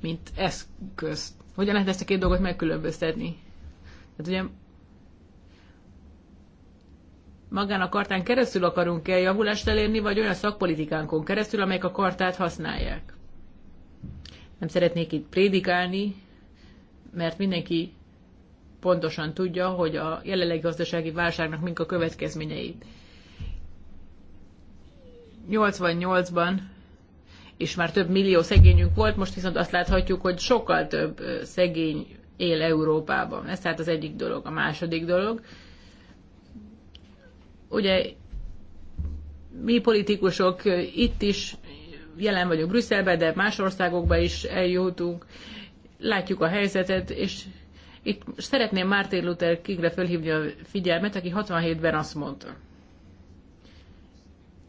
mint eszköz. Hogyan lehet ezt a két dolgot megkülönböztetni? Hát ugye magán a kartán keresztül akarunk el javulást elérni, vagy olyan szakpolitikánkon keresztül, amelyek a kartát használják. Nem szeretnék itt prédikálni, mert mindenki pontosan tudja, hogy a jelenlegi gazdasági válságnak mink a következményeit. 88-ban és már több millió szegényünk volt, most viszont azt láthatjuk, hogy sokkal több szegény él Európában. Ez tehát az egyik dolog. A második dolog, ugye mi politikusok itt is jelen vagyunk Brüsszelben, de más országokba is eljutunk, látjuk a helyzetet, és itt szeretném Martin Luther Kingre fölhívni a figyelmet, aki 67-ben azt mondta,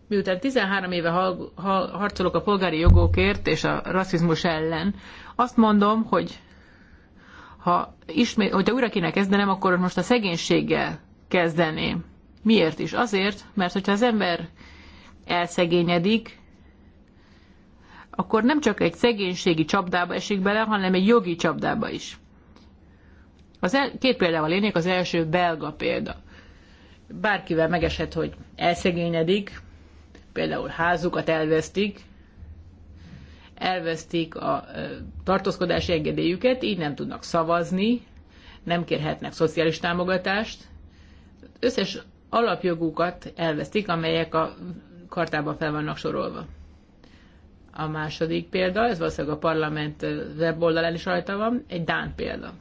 miután 13 éve harcolok a polgári jogokért és a rasszizmus ellen, azt mondom, hogy ha ismét, hogyha újra kéne kezdenem, akkor most a szegénységgel kezdeném. Miért is? Azért, mert hogyha az ember elszegényedik, akkor nem csak egy szegénységi csapdába esik bele, hanem egy jogi csapdába is. Az el, két példával élnék, az első belga példa. Bárkivel megesett, hogy elszegényedik, például házukat elvesztik, elvesztik a tartózkodási engedélyüket, így nem tudnak szavazni, nem kérhetnek szociális támogatást. Összes alapjogukat elvesztik, amelyek a kartában fel vannak sorolva. A második példa, ez valószínűleg a parlament weboldalán is rajta van, egy Dán példa.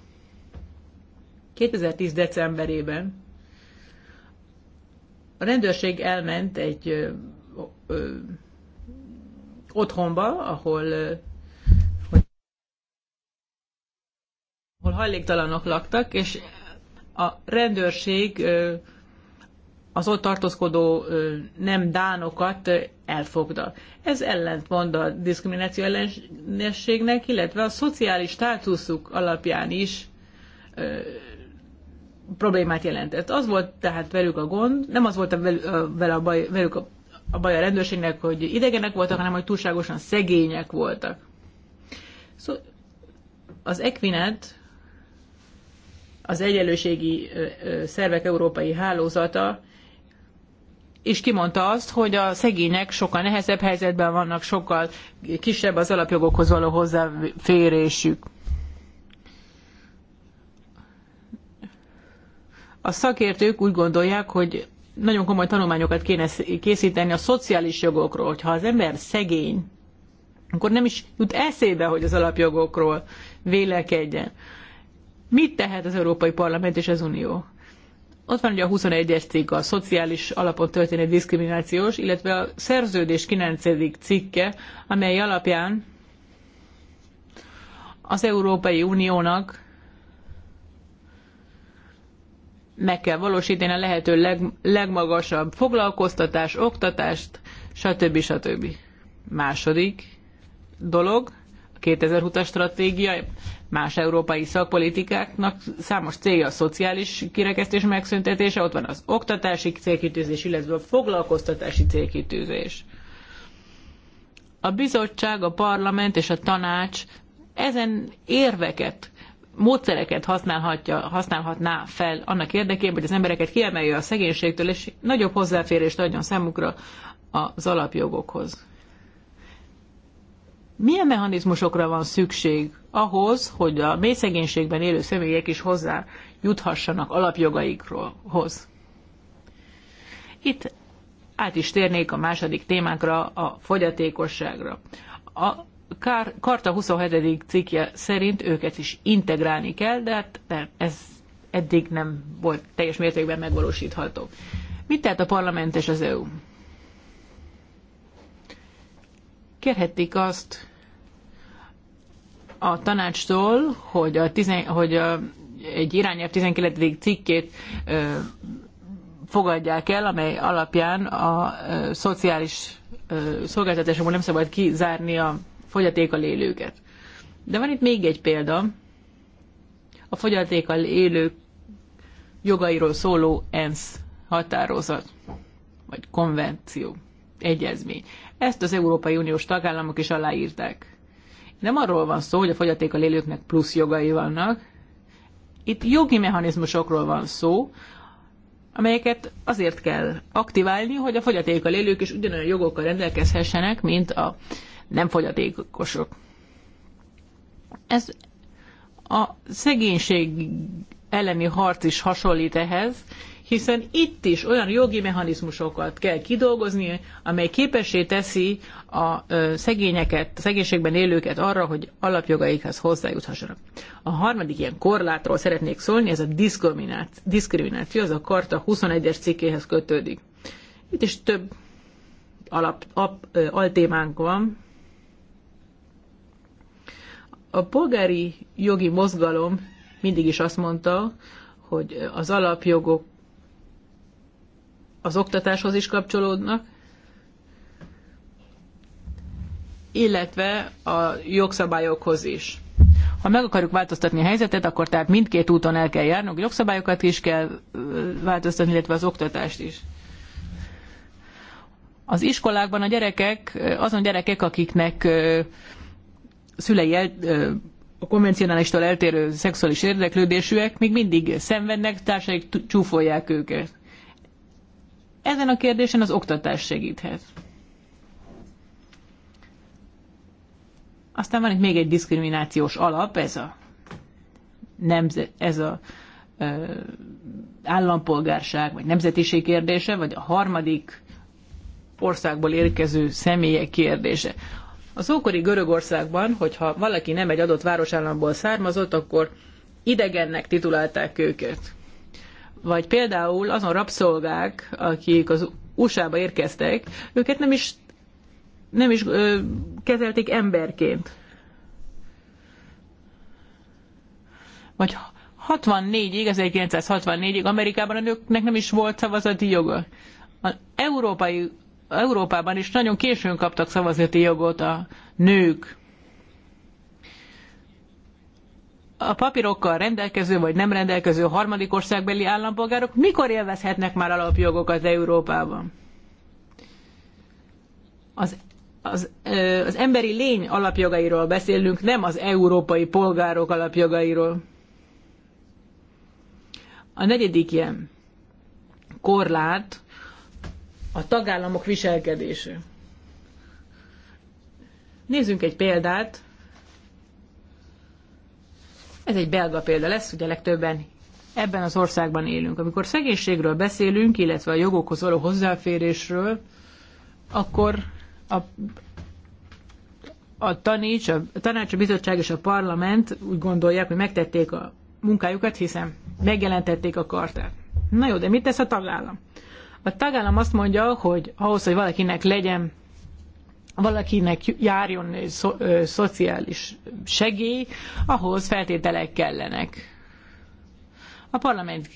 2010. decemberében a rendőrség elment egy ö, otthonba, ahol ö, ahol hajléktalanok laktak, és a rendőrség ö, az ott tartózkodó ö, nem dánokat elfogta. elfogda. Ez ellentmond a diszkrimináció ellenségnek, illetve a szociális státuszuk alapján is ö, problémát jelentett. Az volt tehát velük a gond, nem az volt a, vel, a, a baj, velük a a baj a rendőrségnek, hogy idegenek voltak, hanem hogy túlságosan szegények voltak. Szóval az Equinet, az egyenlőségi szervek európai hálózata és kimondta azt, hogy a szegények sokkal nehezebb helyzetben vannak, sokkal kisebb az alapjogokhoz való hozzáférésük. A szakértők úgy gondolják, hogy nagyon komoly tanulmányokat kéne készíteni a szociális jogokról, hogyha az ember szegény, akkor nem is jut eszébe, hogy az alapjogokról vélekedjen. Mit tehet az Európai Parlament és az Unió? Ott van ugye a 21-es cikk, a szociális alapon történő diszkriminációs, illetve a szerződés 9. cikke, amely alapján az Európai Uniónak meg kell valósítani a lehető leg, legmagasabb foglalkoztatás, oktatást, stb. stb. Második dolog, a 2020-as stratégia, más európai szakpolitikáknak számos célja a szociális kirekesztés megszüntetése, ott van az oktatási célkitűzés, illetve a foglalkoztatási célkitűzés. A bizottság, a parlament és a tanács ezen érveket módszereket használhatja, használhatná fel annak érdekében, hogy az embereket kiemelje a szegénységtől, és nagyobb hozzáférést adjon számukra az alapjogokhoz. Milyen mechanizmusokra van szükség ahhoz, hogy a mély szegénységben élő személyek is hozzá juthassanak alapjogaikhoz? Itt át is térnék a második témánkra, a fogyatékosságra. A kár, Karta 27. cikkje szerint őket is integrálni kell, de hát ez eddig nem volt teljes mértékben megvalósítható. Mit tehet a parlament és az EU? Kérhetik azt a tanácstól, hogy, a tizen, hogy a, egy irányelv 19. cikkét ö, fogadják el, amely alapján a ö, szociális szolgáltatásokból nem szabad kizárni a fogyatékkal élőket. De van itt még egy példa, a fogyatékkal élők jogairól szóló ENSZ határozat, vagy konvenció, egyezmény. Ezt az Európai Uniós tagállamok is aláírták. Nem arról van szó, hogy a fogyatékkal élőknek plusz jogai vannak, itt jogi mechanizmusokról van szó, amelyeket azért kell aktiválni, hogy a fogyatékkal élők is ugyanolyan jogokkal rendelkezhessenek, mint a nem fogyatékosok. Ez a szegénység elleni harc is hasonlít ehhez, hiszen itt is olyan jogi mechanizmusokat kell kidolgozni, amely képessé teszi a szegényeket, a szegénységben élőket arra, hogy alapjogaikhez hozzájuthassanak. A harmadik ilyen korlátról szeretnék szólni, ez a diszkrimináció, az a Karta 21-es cikkéhez kötődik. Itt is több alap, ap, altémánk van, a polgári jogi mozgalom mindig is azt mondta, hogy az alapjogok az oktatáshoz is kapcsolódnak, illetve a jogszabályokhoz is. Ha meg akarjuk változtatni a helyzetet, akkor tehát mindkét úton el kell járnunk, jogszabályokat is kell változtatni, illetve az oktatást is. Az iskolákban a gyerekek, azon gyerekek, akiknek szülei el, a konvencionálistól eltérő szexuális érdeklődésűek még mindig szenvednek, társaik csúfolják őket. Ezen a kérdésen az oktatás segíthet. Aztán van itt még egy diszkriminációs alap, ez a, nemzet, ez a ö, állampolgárság, vagy nemzetiség kérdése, vagy a harmadik országból érkező személyek kérdése. Az ókori Görögországban, hogyha valaki nem egy adott városállamból származott, akkor idegennek titulálták őket. Vagy például azon rabszolgák, akik az USA-ba érkeztek, őket nem is, nem is ö, kezelték emberként. Vagy 64-ig, 1964-ig Amerikában a nőknek nem is volt szavazati joga. Az európai Európában is nagyon későn kaptak szavazati jogot a nők. A papírokkal rendelkező vagy nem rendelkező harmadik országbeli állampolgárok mikor élvezhetnek már alapjogokat Európában? Az, az, az emberi lény alapjogairól beszélünk, nem az európai polgárok alapjogairól. A negyedik ilyen korlát, a tagállamok viselkedése. Nézzünk egy példát. Ez egy belga példa lesz, ugye legtöbben ebben az országban élünk. Amikor szegénységről beszélünk, illetve a jogokhoz való hozzáférésről, akkor a, a, tanícs, a, a tanács, a bizottság és a parlament úgy gondolják, hogy megtették a munkájukat, hiszen megjelentették a kartát. Na jó, de mit tesz a tagállam? A tagállam azt mondja, hogy ahhoz, hogy valakinek legyen, valakinek járjon szo, ö, szociális segély, ahhoz feltételek kellenek. A parlament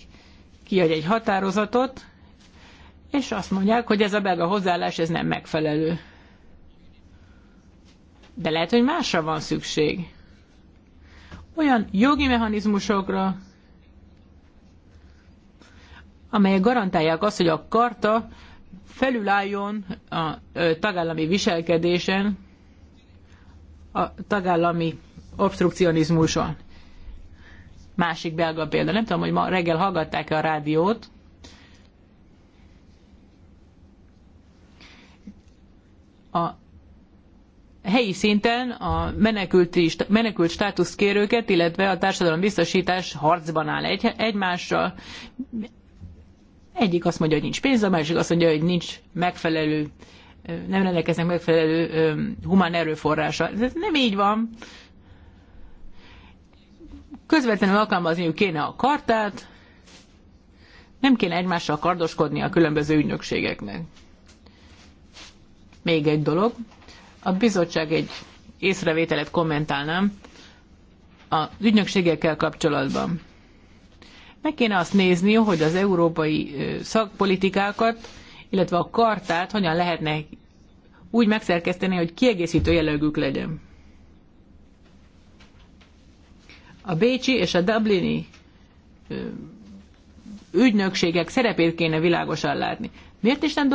kiadja egy határozatot, és azt mondják, hogy ez a belga hozzáállás ez nem megfelelő. De lehet, hogy másra van szükség. Olyan jogi mechanizmusokra, amelyek garantálják azt, hogy a karta felülálljon a tagállami viselkedésen, a tagállami obstrukcionizmuson. Másik belga példa. Nem tudom, hogy ma reggel hallgatták-e a rádiót. A helyi szinten a menekült, menekült státuszkérőket, illetve a biztosítás harcban áll egy, egymással. Egyik azt mondja, hogy nincs pénz, a másik azt mondja, hogy nincs megfelelő, nem rendelkeznek megfelelő humán erőforrása. Ez nem így van. Közvetlenül alkalmazniuk kéne a kartát, nem kéne egymással kardoskodni a különböző ügynökségeknek. Még egy dolog. A bizottság egy észrevételet kommentálnám az ügynökségekkel kapcsolatban. Meg kéne azt nézni, hogy az európai szakpolitikákat, illetve a kartát hogyan lehetne úgy megszerkeszteni, hogy kiegészítő jellegük legyen. A Bécsi és a Dublini ügynökségek szerepét kéne világosan látni. Miért is nem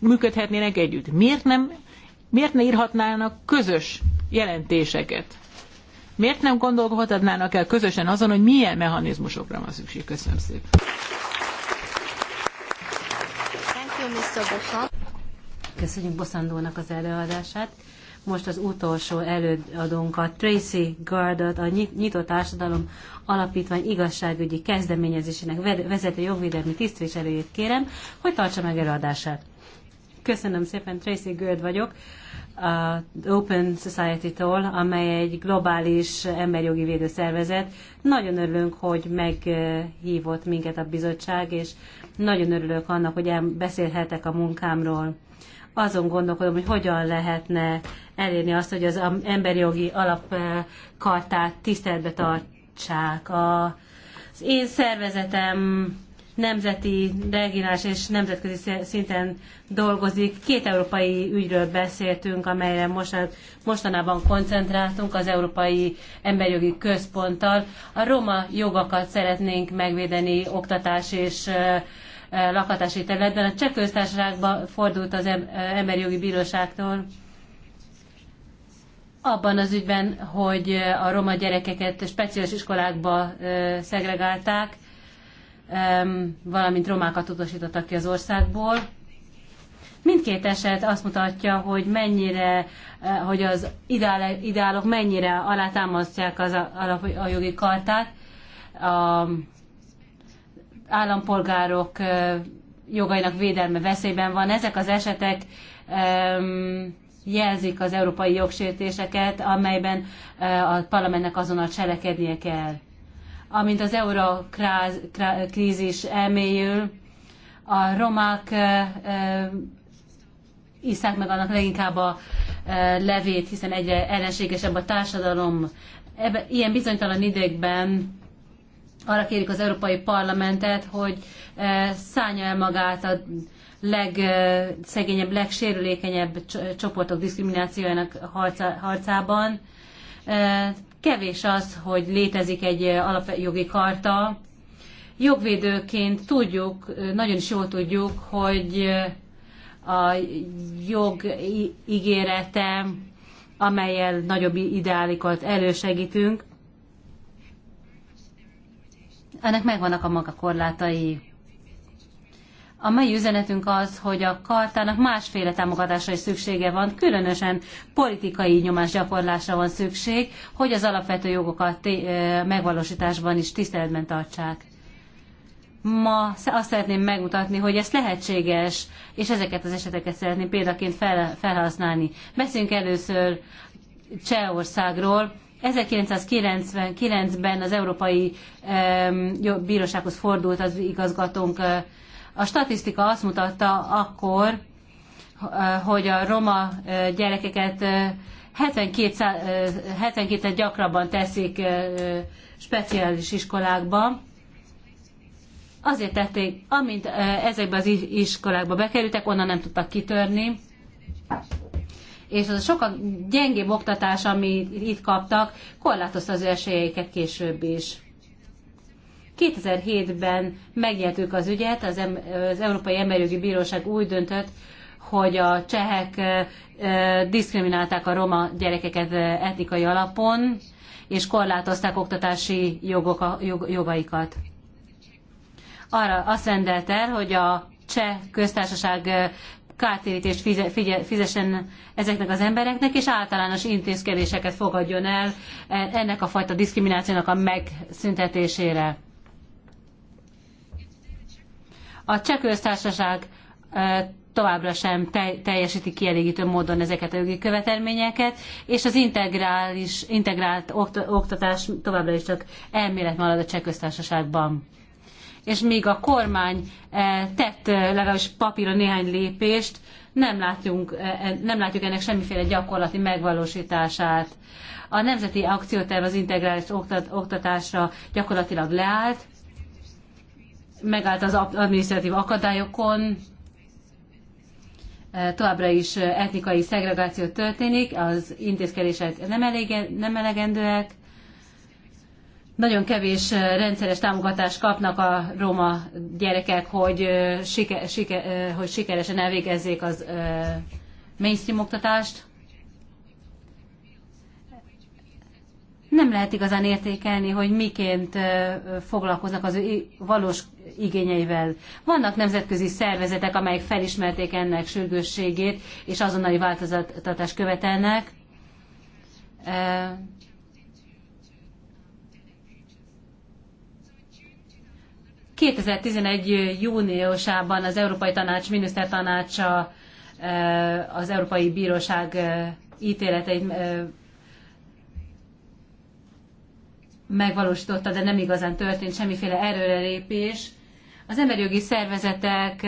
működhetnének együtt? Miért nem, miért ne írhatnának közös jelentéseket? Miért nem gondolkodhatnának el közösen azon, hogy milyen mechanizmusokra van szükség? Köszönöm szépen. Köszönjük Boszandónak az előadását. Most az utolsó előadónkat, Tracy Gardot, a Nyitott Társadalom Alapítvány igazságügyi kezdeményezésének vezető jogvédelmi tisztviselőjét kérem, hogy tartsa meg előadását. Köszönöm szépen, Tracy Gard vagyok az Open Society-tól, amely egy globális emberjogi védőszervezet. Nagyon örülünk, hogy meghívott minket a bizottság, és nagyon örülök annak, hogy beszélhetek a munkámról. Azon gondolkodom, hogy hogyan lehetne elérni azt, hogy az emberjogi alapkartát tiszteletbe tartsák. Az én szervezetem nemzeti, regionális és nemzetközi szinten dolgozik. Két európai ügyről beszéltünk, amelyre mostanában koncentráltunk az Európai Emberjogi Központtal. A roma jogakat szeretnénk megvédeni oktatás és lakhatási területben. A cseh köztársaságba fordult az Emberjogi Bíróságtól abban az ügyben, hogy a roma gyerekeket speciális iskolákba szegregálták, valamint romákat utasítottak ki az országból. Mindkét eset azt mutatja, hogy mennyire, eh, hogy az ideál, ideálok mennyire alátámasztják az a, a jogi kartát. A állampolgárok eh, jogainak védelme veszélyben van. Ezek az esetek jelzik az európai jogsértéseket, amelyben eh, a parlamentnek azonnal cselekednie kell amint az eurokrízis elmélyül, a romák iszák meg annak leginkább a levét, hiszen egyre ellenségesebb a társadalom. Ebben, ilyen bizonytalan időkben arra kérik az Európai Parlamentet, hogy szállja el magát a legszegényebb, legsérülékenyebb csoportok diszkriminációjának harcában. Kevés az, hogy létezik egy eh, alapjogi karta. Jogvédőként tudjuk, eh, nagyon is jól tudjuk, hogy eh, a jog ígérete, amelyel nagyobb ideálikat elősegítünk, ennek megvannak a maga korlátai. A mai üzenetünk az, hogy a kartának másféle támogatásra is szüksége van, különösen politikai gyakorlásra van szükség, hogy az alapvető jogokat eh, megvalósításban is tiszteletben tartsák. Ma azt szeretném megmutatni, hogy ez lehetséges, és ezeket az eseteket szeretném példaként fel, felhasználni. Beszéljünk először Csehországról. 1999-ben az Európai Bírósághoz fordult az igazgatónk eh, a statisztika azt mutatta akkor, hogy a roma gyerekeket 72, et gyakrabban teszik speciális iskolákba. Azért tették, amint ezekbe az iskolákba bekerültek, onnan nem tudtak kitörni. És az a sokkal gyengébb oktatás, amit itt kaptak, korlátozta az esélyeiket később is. 2007-ben megnyertük az ügyet, az, em- az Európai Emberjogi Bíróság úgy döntött, hogy a csehek eh, diszkriminálták a roma gyerekeket etnikai alapon, és korlátozták oktatási jogok, jog, jogaikat. Arra azt rendelt el, hogy a cseh köztársaság kártérítést fizessen ezeknek az embereknek, és általános intézkedéseket fogadjon el e- ennek a fajta diszkriminációnak a megszüntetésére. A cseh köztársaság továbbra sem teljesíti kielégítő módon ezeket a jogi követelményeket, és az integrális, integrált oktatás továbbra is csak elmélet marad a cseh köztársaságban. És míg a kormány tett legalábbis papíron néhány lépést, nem, látjunk, e, nem látjuk ennek semmiféle gyakorlati megvalósítását. A Nemzeti Akcióterv az integrális oktatásra gyakorlatilag leállt, megállt az adminisztratív akadályokon, e, továbbra is etnikai szegregáció történik, az intézkedések nem, elége, nem elegendőek, nagyon kevés e, rendszeres támogatást kapnak a roma gyerekek, hogy, e, siker, siker, hogy sikeresen elvégezzék az mainstream oktatást. nem lehet igazán értékelni, hogy miként foglalkoznak az ő valós igényeivel. Vannak nemzetközi szervezetek, amelyek felismerték ennek sürgősségét, és azonnali változtatást követelnek. ...2011. júniusában az Európai Tanács minisztertanácsa az Európai Bíróság ítéleteit megvalósította, de nem igazán történt semmiféle erőrelépés. Az emberi jogi szervezetek,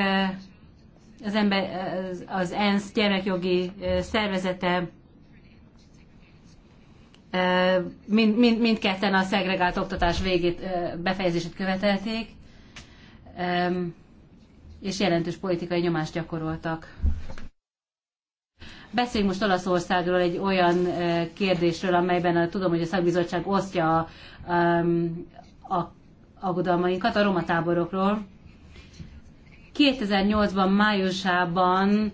az, ember, az ENSZ gyermekjogi szervezete mind, mind, mindketten a szegregált oktatás végét, befejezését követelték, és jelentős politikai nyomást gyakoroltak. Beszéljünk most Olaszországról egy olyan kérdésről, amelyben a, tudom, hogy a szakbizottság osztja a, a, um, a aggodalmainkat, a roma táborokról. 2008-ban májusában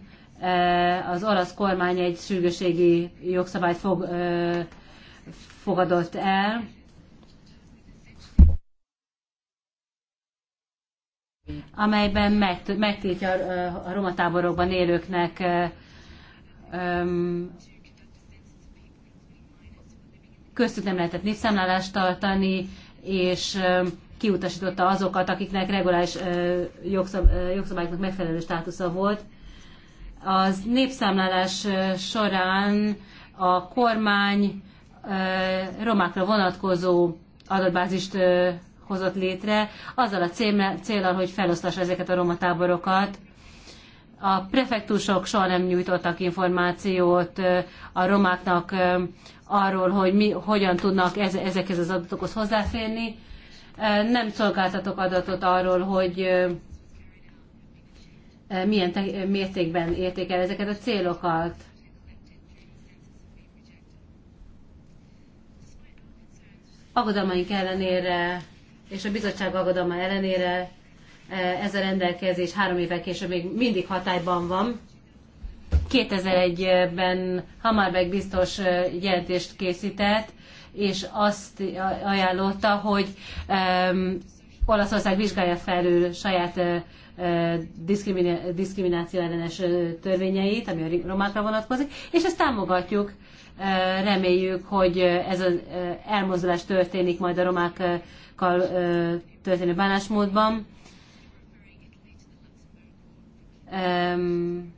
az olasz kormány egy sürgőségi jogszabályt fog, fogadott el, amelyben megtiltja a romatáborokban táborokban élőknek köztük nem lehetett népszámlálást tartani, és kiutasította azokat, akiknek reguláris jogszab, jogszabályoknak megfelelő státusza volt. Az népszámlálás során a kormány romákra vonatkozó adatbázist hozott létre, azzal a célral, hogy felosztassa ezeket a roma táborokat, a prefektusok soha nem nyújtottak információt a romáknak arról, hogy mi, hogyan tudnak ezekhez az adatokhoz hozzáférni. Nem szolgáltatok adatot arról, hogy milyen mértékben értékel ezeket a célokat. Aggodalmaink ellenére és a bizottság aggodalma ellenére Eh, ez a rendelkezés három évvel később még mindig hatályban van. 2001-ben Hamarbeck biztos eh, jelentést készített, és azt ajánlotta, hogy um, Olaszország vizsgálja felül saját uh, eh, diszkriminá- diszkrimináció ellenes törvényeit, ami a romákra vonatkozik, és ezt támogatjuk. Uh, reméljük, hogy ez az elmozdulás történik majd a romákkal történő bánásmódban Um,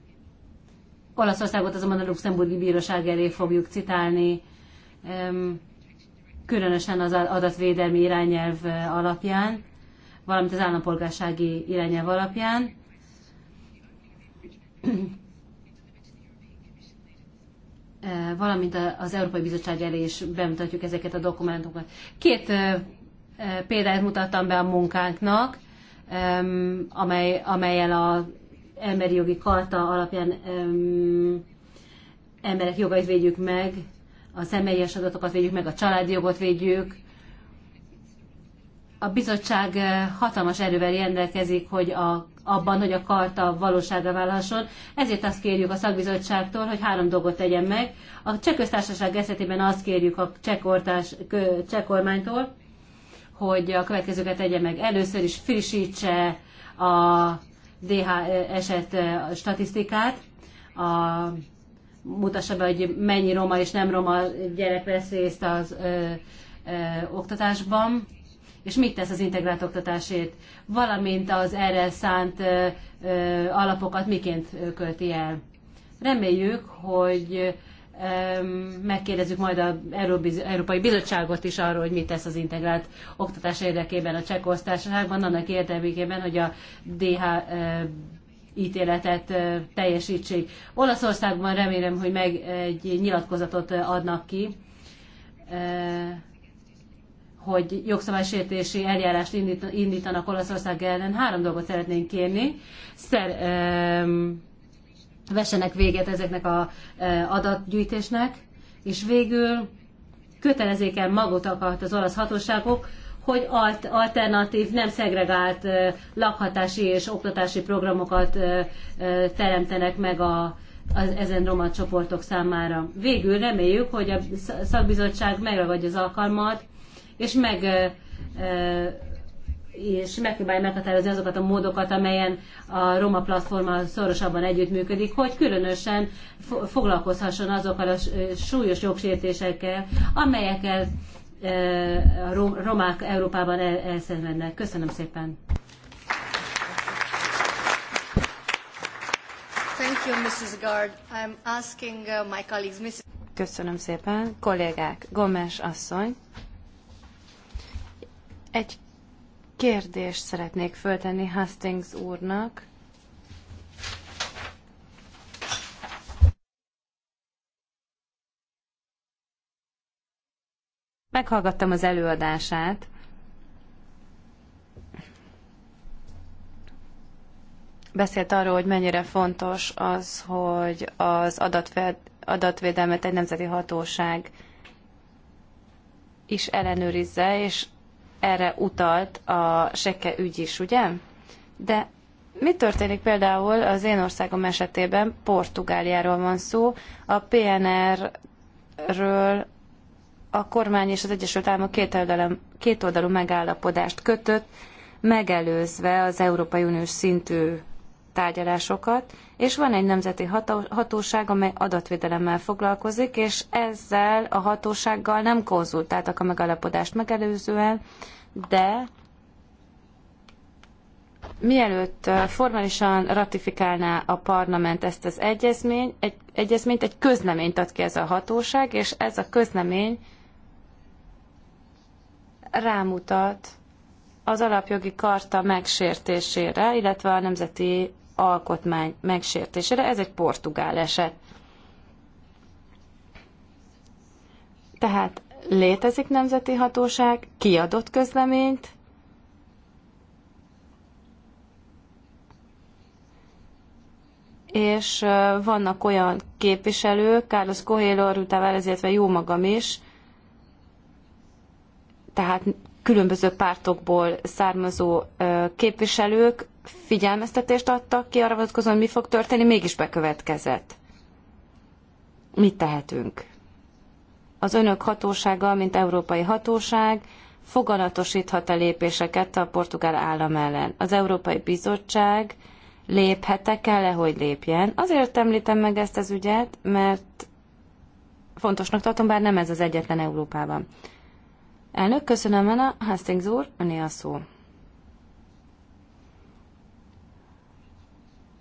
Olaszországot azonban a luxemburgi bíróság elé fogjuk citálni, um, különösen az adatvédelmi irányelv alapján, valamint az állampolgársági irányelv alapján. valamint az Európai Bizottság elé is bemutatjuk ezeket a dokumentumokat. Két példát mutattam be a munkánknak, amely, amelyel a emberi jogi karta alapján um, emberek jogait védjük meg, a személyes adatokat védjük meg, a családi jogot védjük. A bizottság eh, hatalmas erővel rendelkezik, hogy a, abban, hogy a karta valósága válhasson. Ezért azt kérjük a szakbizottságtól, hogy három dolgot tegyen meg. A cseh köztársaság esetében azt kérjük a cseh kormánytól, hogy a következőket tegye meg. Először is frissítse a DH eset eh, statisztikát, a, mutassa be, hogy mennyi roma és nem roma gyerek vesz részt az ö, eh, ö, eh, oktatásban, és mit tesz az integrált oktatásért, valamint az erre szánt ö, ö, alapokat miként költi el. Reméljük, hogy megkérdezzük majd az Európai Bizottságot is arról, hogy mit tesz az integrált oktatás érdekében a cseh annak érdekében, hogy a DH eh, ítéletet eh, teljesítsék. Olaszországban remélem, hogy meg egy nyilatkozatot eh, adnak ki, hogy jogszabálysértési eljárást indítanak Olaszország ellen. Három dolgot szeretnénk kérni. Szer, vessenek véget ezeknek a e, adatgyűjtésnek, és végül kötelezzék el magukat az olasz hatóságok, hogy alternatív, nem szegregált e, lakhatási és oktatási programokat e, teremtenek meg a, az, ezen roma csoportok számára. Végül reméljük, hogy a szakbizottság megragadja az alkalmat, és meg és megpróbálja meghatározni azokat a módokat, amelyen a Roma platforma szorosabban együttműködik, hogy különösen foglalkozhasson azokkal a súlyos jogsértésekkel, amelyekkel e, a romák Európában elszenvednek. Köszönöm szépen! Uh, Köszönöm szépen. Kollégák, Gomes asszony, egy kérdést szeretnék föltenni Hastings úrnak. Meghallgattam az előadását. Beszélt arról, hogy mennyire fontos az, hogy az adatfed, adatvédelmet egy nemzeti hatóság is ellenőrizze, és erre utalt a seke ügy is, ugye? De mi történik például az én országom esetében, Portugáliáról van szó, a PNR-ről a kormány és az Egyesült Államok kétoldalú két oldalú megállapodást kötött, megelőzve az Európai Uniós szintű tárgyalásokat, és van egy nemzeti hatóság, amely adatvédelemmel foglalkozik, és ezzel a hatósággal nem konzultáltak a megalapodást megelőzően, de mielőtt formálisan ratifikálná a parlament ezt az egyezmény, egy, egyezményt, egy közleményt ad ki ez a hatóság, és ez a közlemény rámutat az alapjogi karta megsértésére, illetve a nemzeti alkotmány megsértésére. Ez egy portugál eset. Tehát létezik nemzeti hatóság, kiadott közleményt, és vannak olyan képviselők, Carlos Coelho, Rutával, illetve jó magam is, tehát különböző pártokból származó képviselők, figyelmeztetést adtak ki arra vonatkozóan, mi fog történni, mégis bekövetkezett. Mit tehetünk? Az önök hatósága, mint európai hatóság, foganatosíthat a lépéseket a portugál állam ellen? Az Európai Bizottság léphetek el -e, hogy lépjen? Azért említem meg ezt az ügyet, mert fontosnak tartom, bár nem ez az egyetlen Európában. Elnök, köszönöm, Anna. Hastings úr, öné a szó.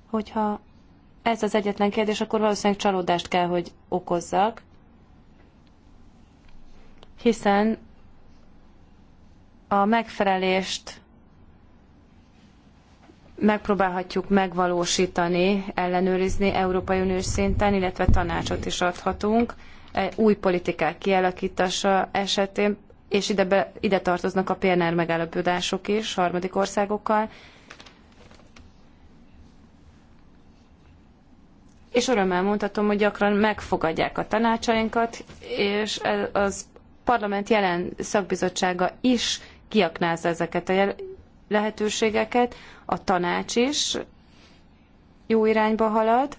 hogyha ez az egyetlen kérdés, akkor valószínűleg csalódást kell, hogy okozzak, hiszen a megfelelést megpróbálhatjuk megvalósítani, ellenőrizni Európai Uniós szinten, illetve tanácsot is adhatunk e, új politikák kialakítása esetén, és ide, be, ide tartoznak a PNR megállapodások is harmadik országokkal, és örömmel mondhatom, hogy gyakran megfogadják a tanácsainkat, és az parlament jelen szakbizottsága is kiaknázza ezeket a lehetőségeket, a tanács is jó irányba halad,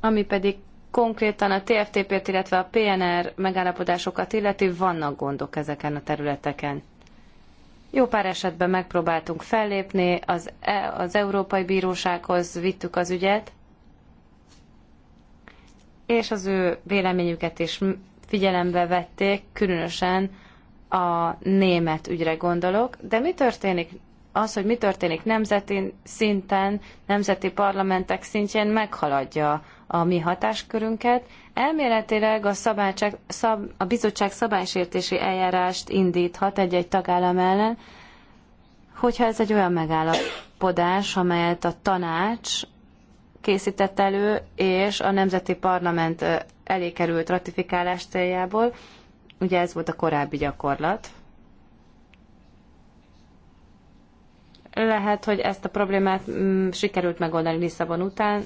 ami pedig konkrétan a TFTP-t, illetve a PNR megállapodásokat illeti, vannak gondok ezeken a területeken. Jó pár esetben megpróbáltunk fellépni, az, e- az Európai Bírósághoz vittük az ügyet, és az ő véleményüket is figyelembe vették, különösen a német ügyre gondolok, de mi történik az, hogy mi történik nemzeti szinten, nemzeti parlamentek szintjén meghaladja a mi hatáskörünket. Elméletileg a, szab, a bizottság szabálysértési eljárást indíthat egy-egy tagállam ellen, hogyha ez egy olyan megállapodás, amelyet a tanács készített elő, és a Nemzeti Parlament elé került ratifikálás céljából. Ugye ez volt a korábbi gyakorlat. Lehet, hogy ezt a problémát mm, sikerült megoldani Lisszabon után,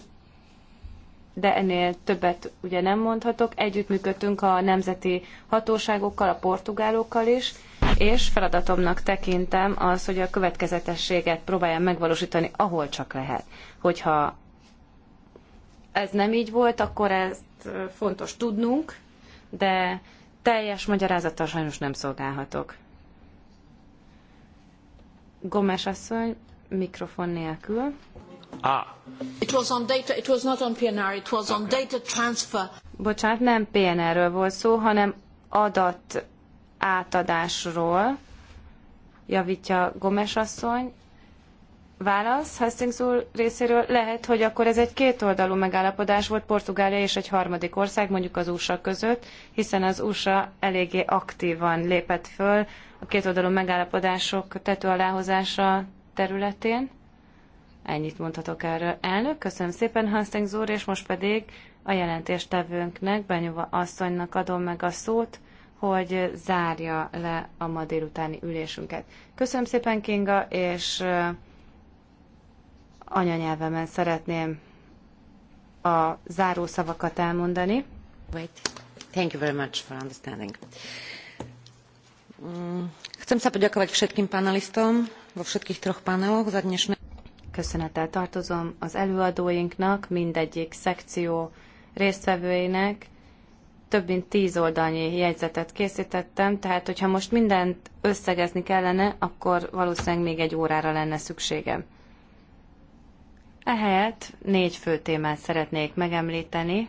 de ennél többet ugye nem mondhatok. Együttműködtünk a nemzeti hatóságokkal, a portugálokkal is, és feladatomnak tekintem az, hogy a következetességet próbáljam megvalósítani, ahol csak lehet. Hogyha ez nem így volt, akkor ezt fontos tudnunk, de teljes magyarázattal sajnos nem szolgálhatok. Gomes asszony, mikrofon nélkül. Ah. It was on data, it was not on PNR, it was on data transfer. Bocsánat, nem PNR-ről volt szó, hanem adat átadásról javítja Gomes asszony. Válasz Hastings úr részéről lehet, hogy akkor ez egy kétoldalú megállapodás volt Portugália és egy harmadik ország, mondjuk az USA között, hiszen az USA eléggé aktívan lépett föl a kétoldalú megállapodások tető aláhozása területén. Ennyit mondhatok erről. Elnök, köszönöm szépen Hastings úr, és most pedig a jelentéstevőnknek, Benyova asszonynak adom meg a szót hogy zárja le a ma délutáni ülésünket. Köszönöm szépen, Kinga, és anyanyelvemen szeretném a záró szavakat elmondani. Wait. Thank you very much for understanding. Mm, chcem sa poďakovať všetkým panelistom vo všetkých troch paneloch za dnešné... Köszönettel tartozom az előadóinknak, mindegyik szekció résztvevőinek, több mint tíz oldalnyi jegyzetet készítettem, tehát hogyha most mindent összegezni kellene, akkor valószínűleg még egy órára lenne szükségem. Ehelyett négy fő témát szeretnék megemlíteni,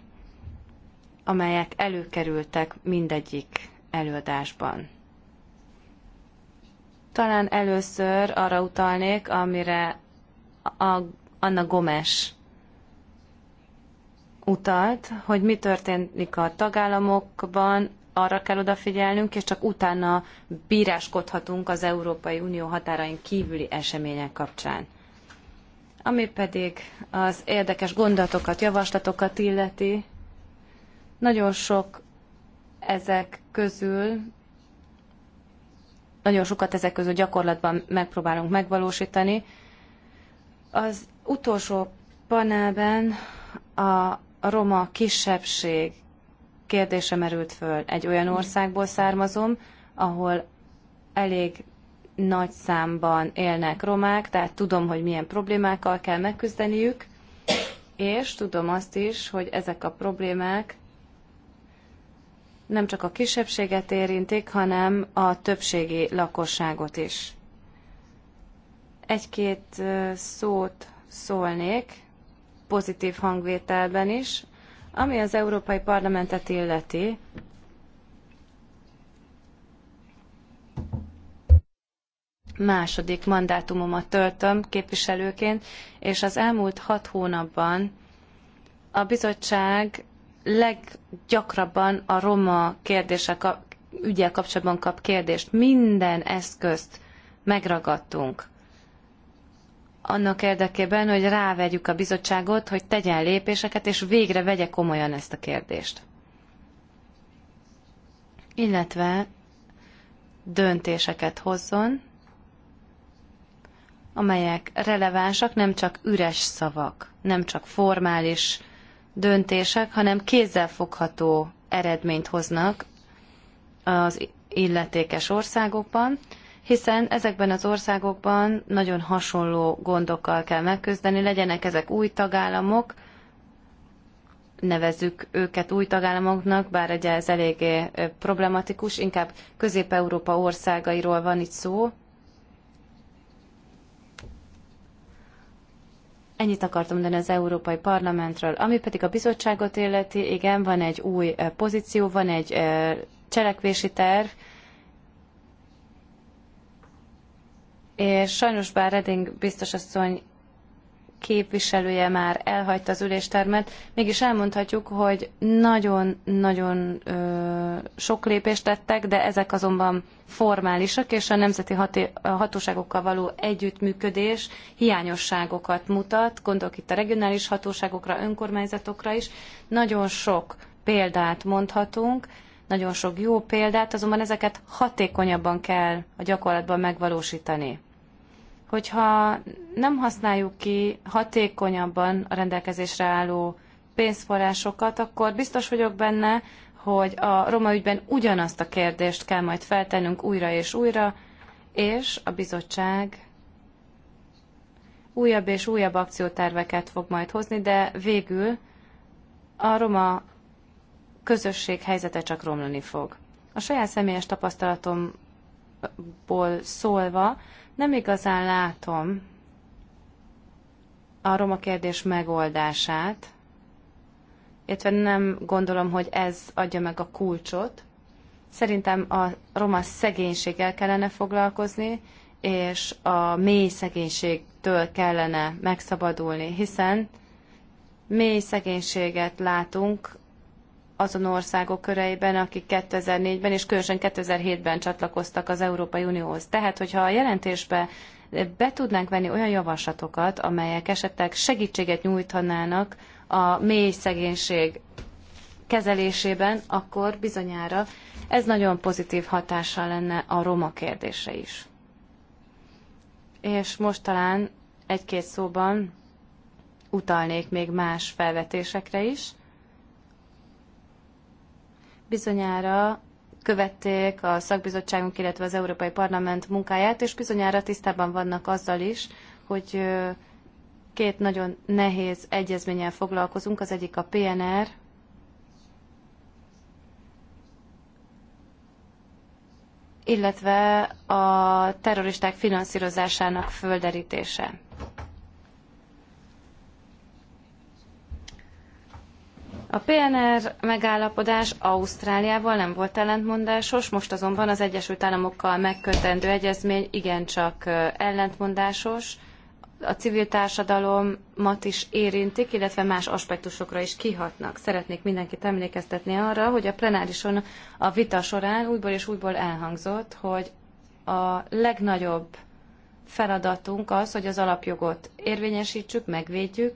amelyek előkerültek mindegyik előadásban. Talán először arra utalnék, amire a Anna Gomes utalt, hogy mi történik a tagállamokban, arra kell odafigyelnünk, és csak utána bíráskodhatunk az Európai Unió határain kívüli események kapcsán. Ami pedig az érdekes gondolatokat, javaslatokat illeti, nagyon sok ezek közül, nagyon sokat ezek közül gyakorlatban megpróbálunk megvalósítani. Az utolsó panelben a roma kisebbség kérdése merült föl. Egy olyan országból származom, ahol elég nagy számban élnek romák, tehát tudom, hogy milyen problémákkal kell megküzdeniük, és tudom azt is, hogy ezek a problémák nem csak a kisebbséget érintik, hanem a többségi lakosságot is. Egy-két szót szólnék pozitív hangvételben is, ami az Európai Parlamentet illeti, második mandátumomat töltöm képviselőként, és az elmúlt hat hónapban a bizottság leggyakrabban a roma kérdése kap, ügyel kapcsolatban kap kérdést. Minden eszközt megragadtunk annak érdekében, hogy rávegyük a bizottságot, hogy tegyen lépéseket, és végre vegye komolyan ezt a kérdést. Illetve döntéseket hozzon, amelyek relevánsak, nem csak üres szavak, nem csak formális döntések, hanem kézzelfogható eredményt hoznak az illetékes országokban, hiszen ezekben az országokban nagyon hasonló gondokkal kell megküzdeni, legyenek ezek új tagállamok, nevezzük őket új tagállamoknak, bár ugye ez eléggé problematikus, inkább Közép-Európa országairól van itt szó, Ennyit akartam mondani az Európai Parlamentről. Ami pedig a bizottságot illeti, igen, van egy új eh, pozíció, van egy eh, cselekvési terv, és sajnos bár Reding biztos asszony képviselője már elhagyta az üléstermet, mégis elmondhatjuk, hogy nagyon-nagyon sok lépést tettek, de ezek azonban formálisak, és a nemzeti hati, a hatóságokkal való együttműködés hiányosságokat mutat, gondolok itt a regionális hatóságokra, önkormányzatokra is. Nagyon sok példát mondhatunk, nagyon sok jó példát, azonban ezeket hatékonyabban kell a gyakorlatban megvalósítani. Hogyha nem használjuk ki hatékonyabban a rendelkezésre álló pénzforrásokat, akkor biztos vagyok benne, hogy a roma ügyben ugyanazt a kérdést kell majd feltennünk újra és újra, és a bizottság újabb és újabb akcióterveket fog majd hozni, de végül a roma közösség helyzete csak romlani fog. A saját személyes tapasztalatomból szólva nem igazán látom a roma kérdés megoldását, illetve nem gondolom, hogy ez adja meg a kulcsot. Szerintem a roma szegénységgel kellene foglalkozni, és a mély szegénységtől kellene megszabadulni, hiszen mély szegénységet látunk azon országok köreiben, akik 2004-ben és különösen 2007-ben csatlakoztak az Európai Unióhoz. Tehát, hogyha a jelentésbe be tudnánk venni olyan javaslatokat, amelyek esetleg segítséget nyújtanának a mély szegénység kezelésében, akkor bizonyára ez nagyon pozitív hatással lenne a roma kérdése is. És most talán egy-két szóban utalnék még más felvetésekre is bizonyára követték a szakbizottságunk, illetve az Európai Parlament munkáját, és bizonyára tisztában vannak azzal is, hogy két nagyon nehéz egyezménnyel foglalkozunk. Az egyik a PNR, illetve a terroristák finanszírozásának földerítése. A PNR megállapodás Ausztráliával nem volt ellentmondásos, most azonban az Egyesült Államokkal megkötendő egyezmény igencsak ellentmondásos. A civil társadalomat is érintik, illetve más aspektusokra is kihatnak. Szeretnék mindenkit emlékeztetni arra, hogy a plenárison a vita során újból és újból elhangzott, hogy a legnagyobb feladatunk az, hogy az alapjogot érvényesítsük, megvédjük,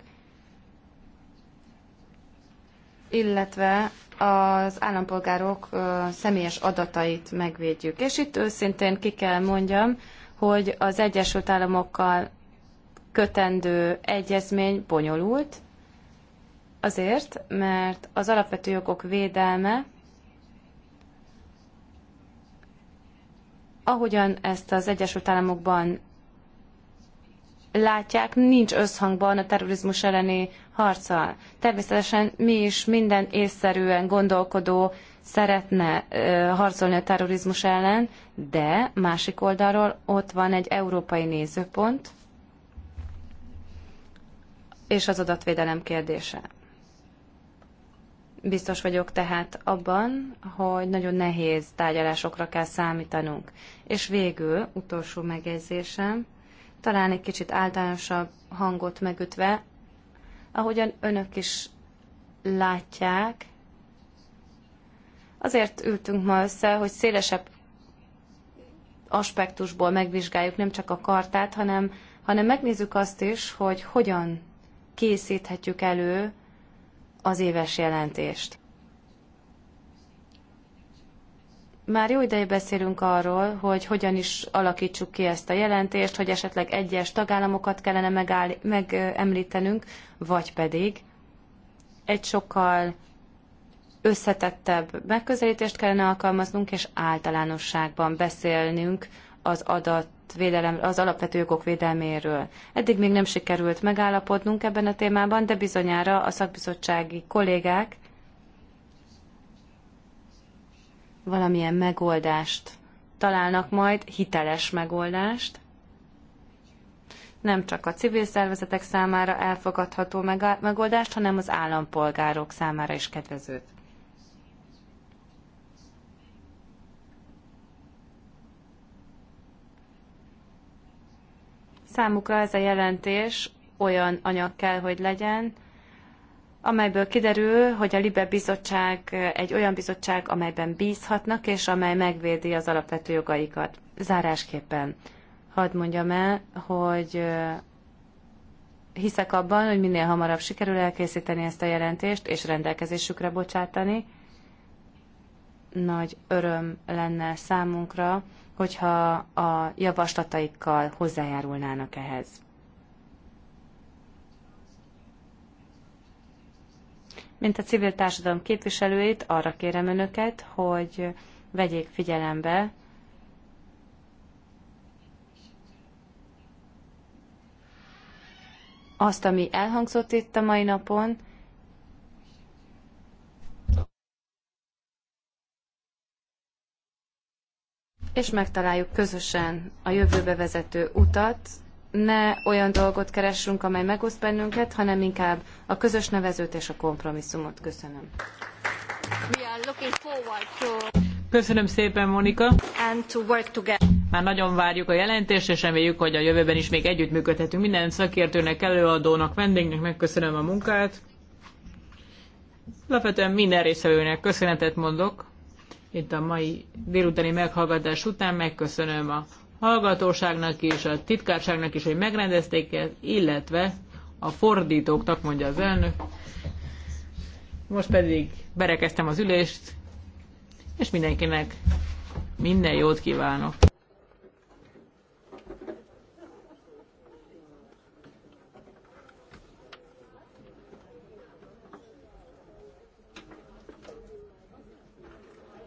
illetve az állampolgárok személyes adatait megvédjük. És itt őszintén ki kell mondjam, hogy az Egyesült Államokkal kötendő egyezmény bonyolult, azért, mert az alapvető jogok védelme, ahogyan ezt az Egyesült Államokban látják, nincs összhangban a terrorizmus elleni harccal. Természetesen mi is minden észszerűen gondolkodó szeretne harcolni a terrorizmus ellen, de másik oldalról ott van egy európai nézőpont, és az adatvédelem kérdése. Biztos vagyok tehát abban, hogy nagyon nehéz tárgyalásokra kell számítanunk. És végül, utolsó megjegyzésem, talán egy kicsit általánosabb hangot megütve, ahogyan önök is látják, azért ültünk ma össze, hogy szélesebb aspektusból megvizsgáljuk nem csak a kartát, hanem, hanem megnézzük azt is, hogy hogyan készíthetjük elő az éves jelentést. Már jó ideje beszélünk arról, hogy hogyan is alakítsuk ki ezt a jelentést, hogy esetleg egyes tagállamokat kellene megáll, megemlítenünk, vagy pedig egy sokkal összetettebb megközelítést kellene alkalmaznunk, és általánosságban beszélnünk az adatvédelem, az alapvető jogok védelméről. Eddig még nem sikerült megállapodnunk ebben a témában, de bizonyára a szakbizottsági kollégák valamilyen megoldást találnak majd, hiteles megoldást, nem csak a civil szervezetek számára elfogadható megoldást, hanem az állampolgárok számára is kedvezőt. Számukra ez a jelentés olyan anyag kell, hogy legyen, amelyből kiderül, hogy a Libe Bizottság egy olyan bizottság, amelyben bízhatnak, és amely megvédi az alapvető jogaikat. Zárásképpen hadd mondjam el, hogy hiszek abban, hogy minél hamarabb sikerül elkészíteni ezt a jelentést, és rendelkezésükre bocsátani. Nagy öröm lenne számunkra, hogyha a javaslataikkal hozzájárulnának ehhez. Mint a civil társadalom képviselőit, arra kérem önöket, hogy vegyék figyelembe azt, ami elhangzott itt a mai napon, és megtaláljuk közösen a jövőbe vezető utat, ne olyan dolgot keressünk, amely megoszt bennünket, hanem inkább a közös nevezőt és a kompromisszumot. Köszönöm. To... Köszönöm szépen, Monika. And to work together. Már nagyon várjuk a jelentést, és reméljük, hogy a jövőben is még együttműködhetünk. Minden szakértőnek, előadónak, vendégnek megköszönöm a munkát. Alapvetően minden részvevőnek köszönetet mondok. Itt a mai délutáni meghallgatás után megköszönöm a hallgatóságnak is, a titkárságnak is, hogy megrendezték ezt, illetve a fordítóknak, mondja az elnök. Most pedig berekeztem az ülést, és mindenkinek minden jót kívánok!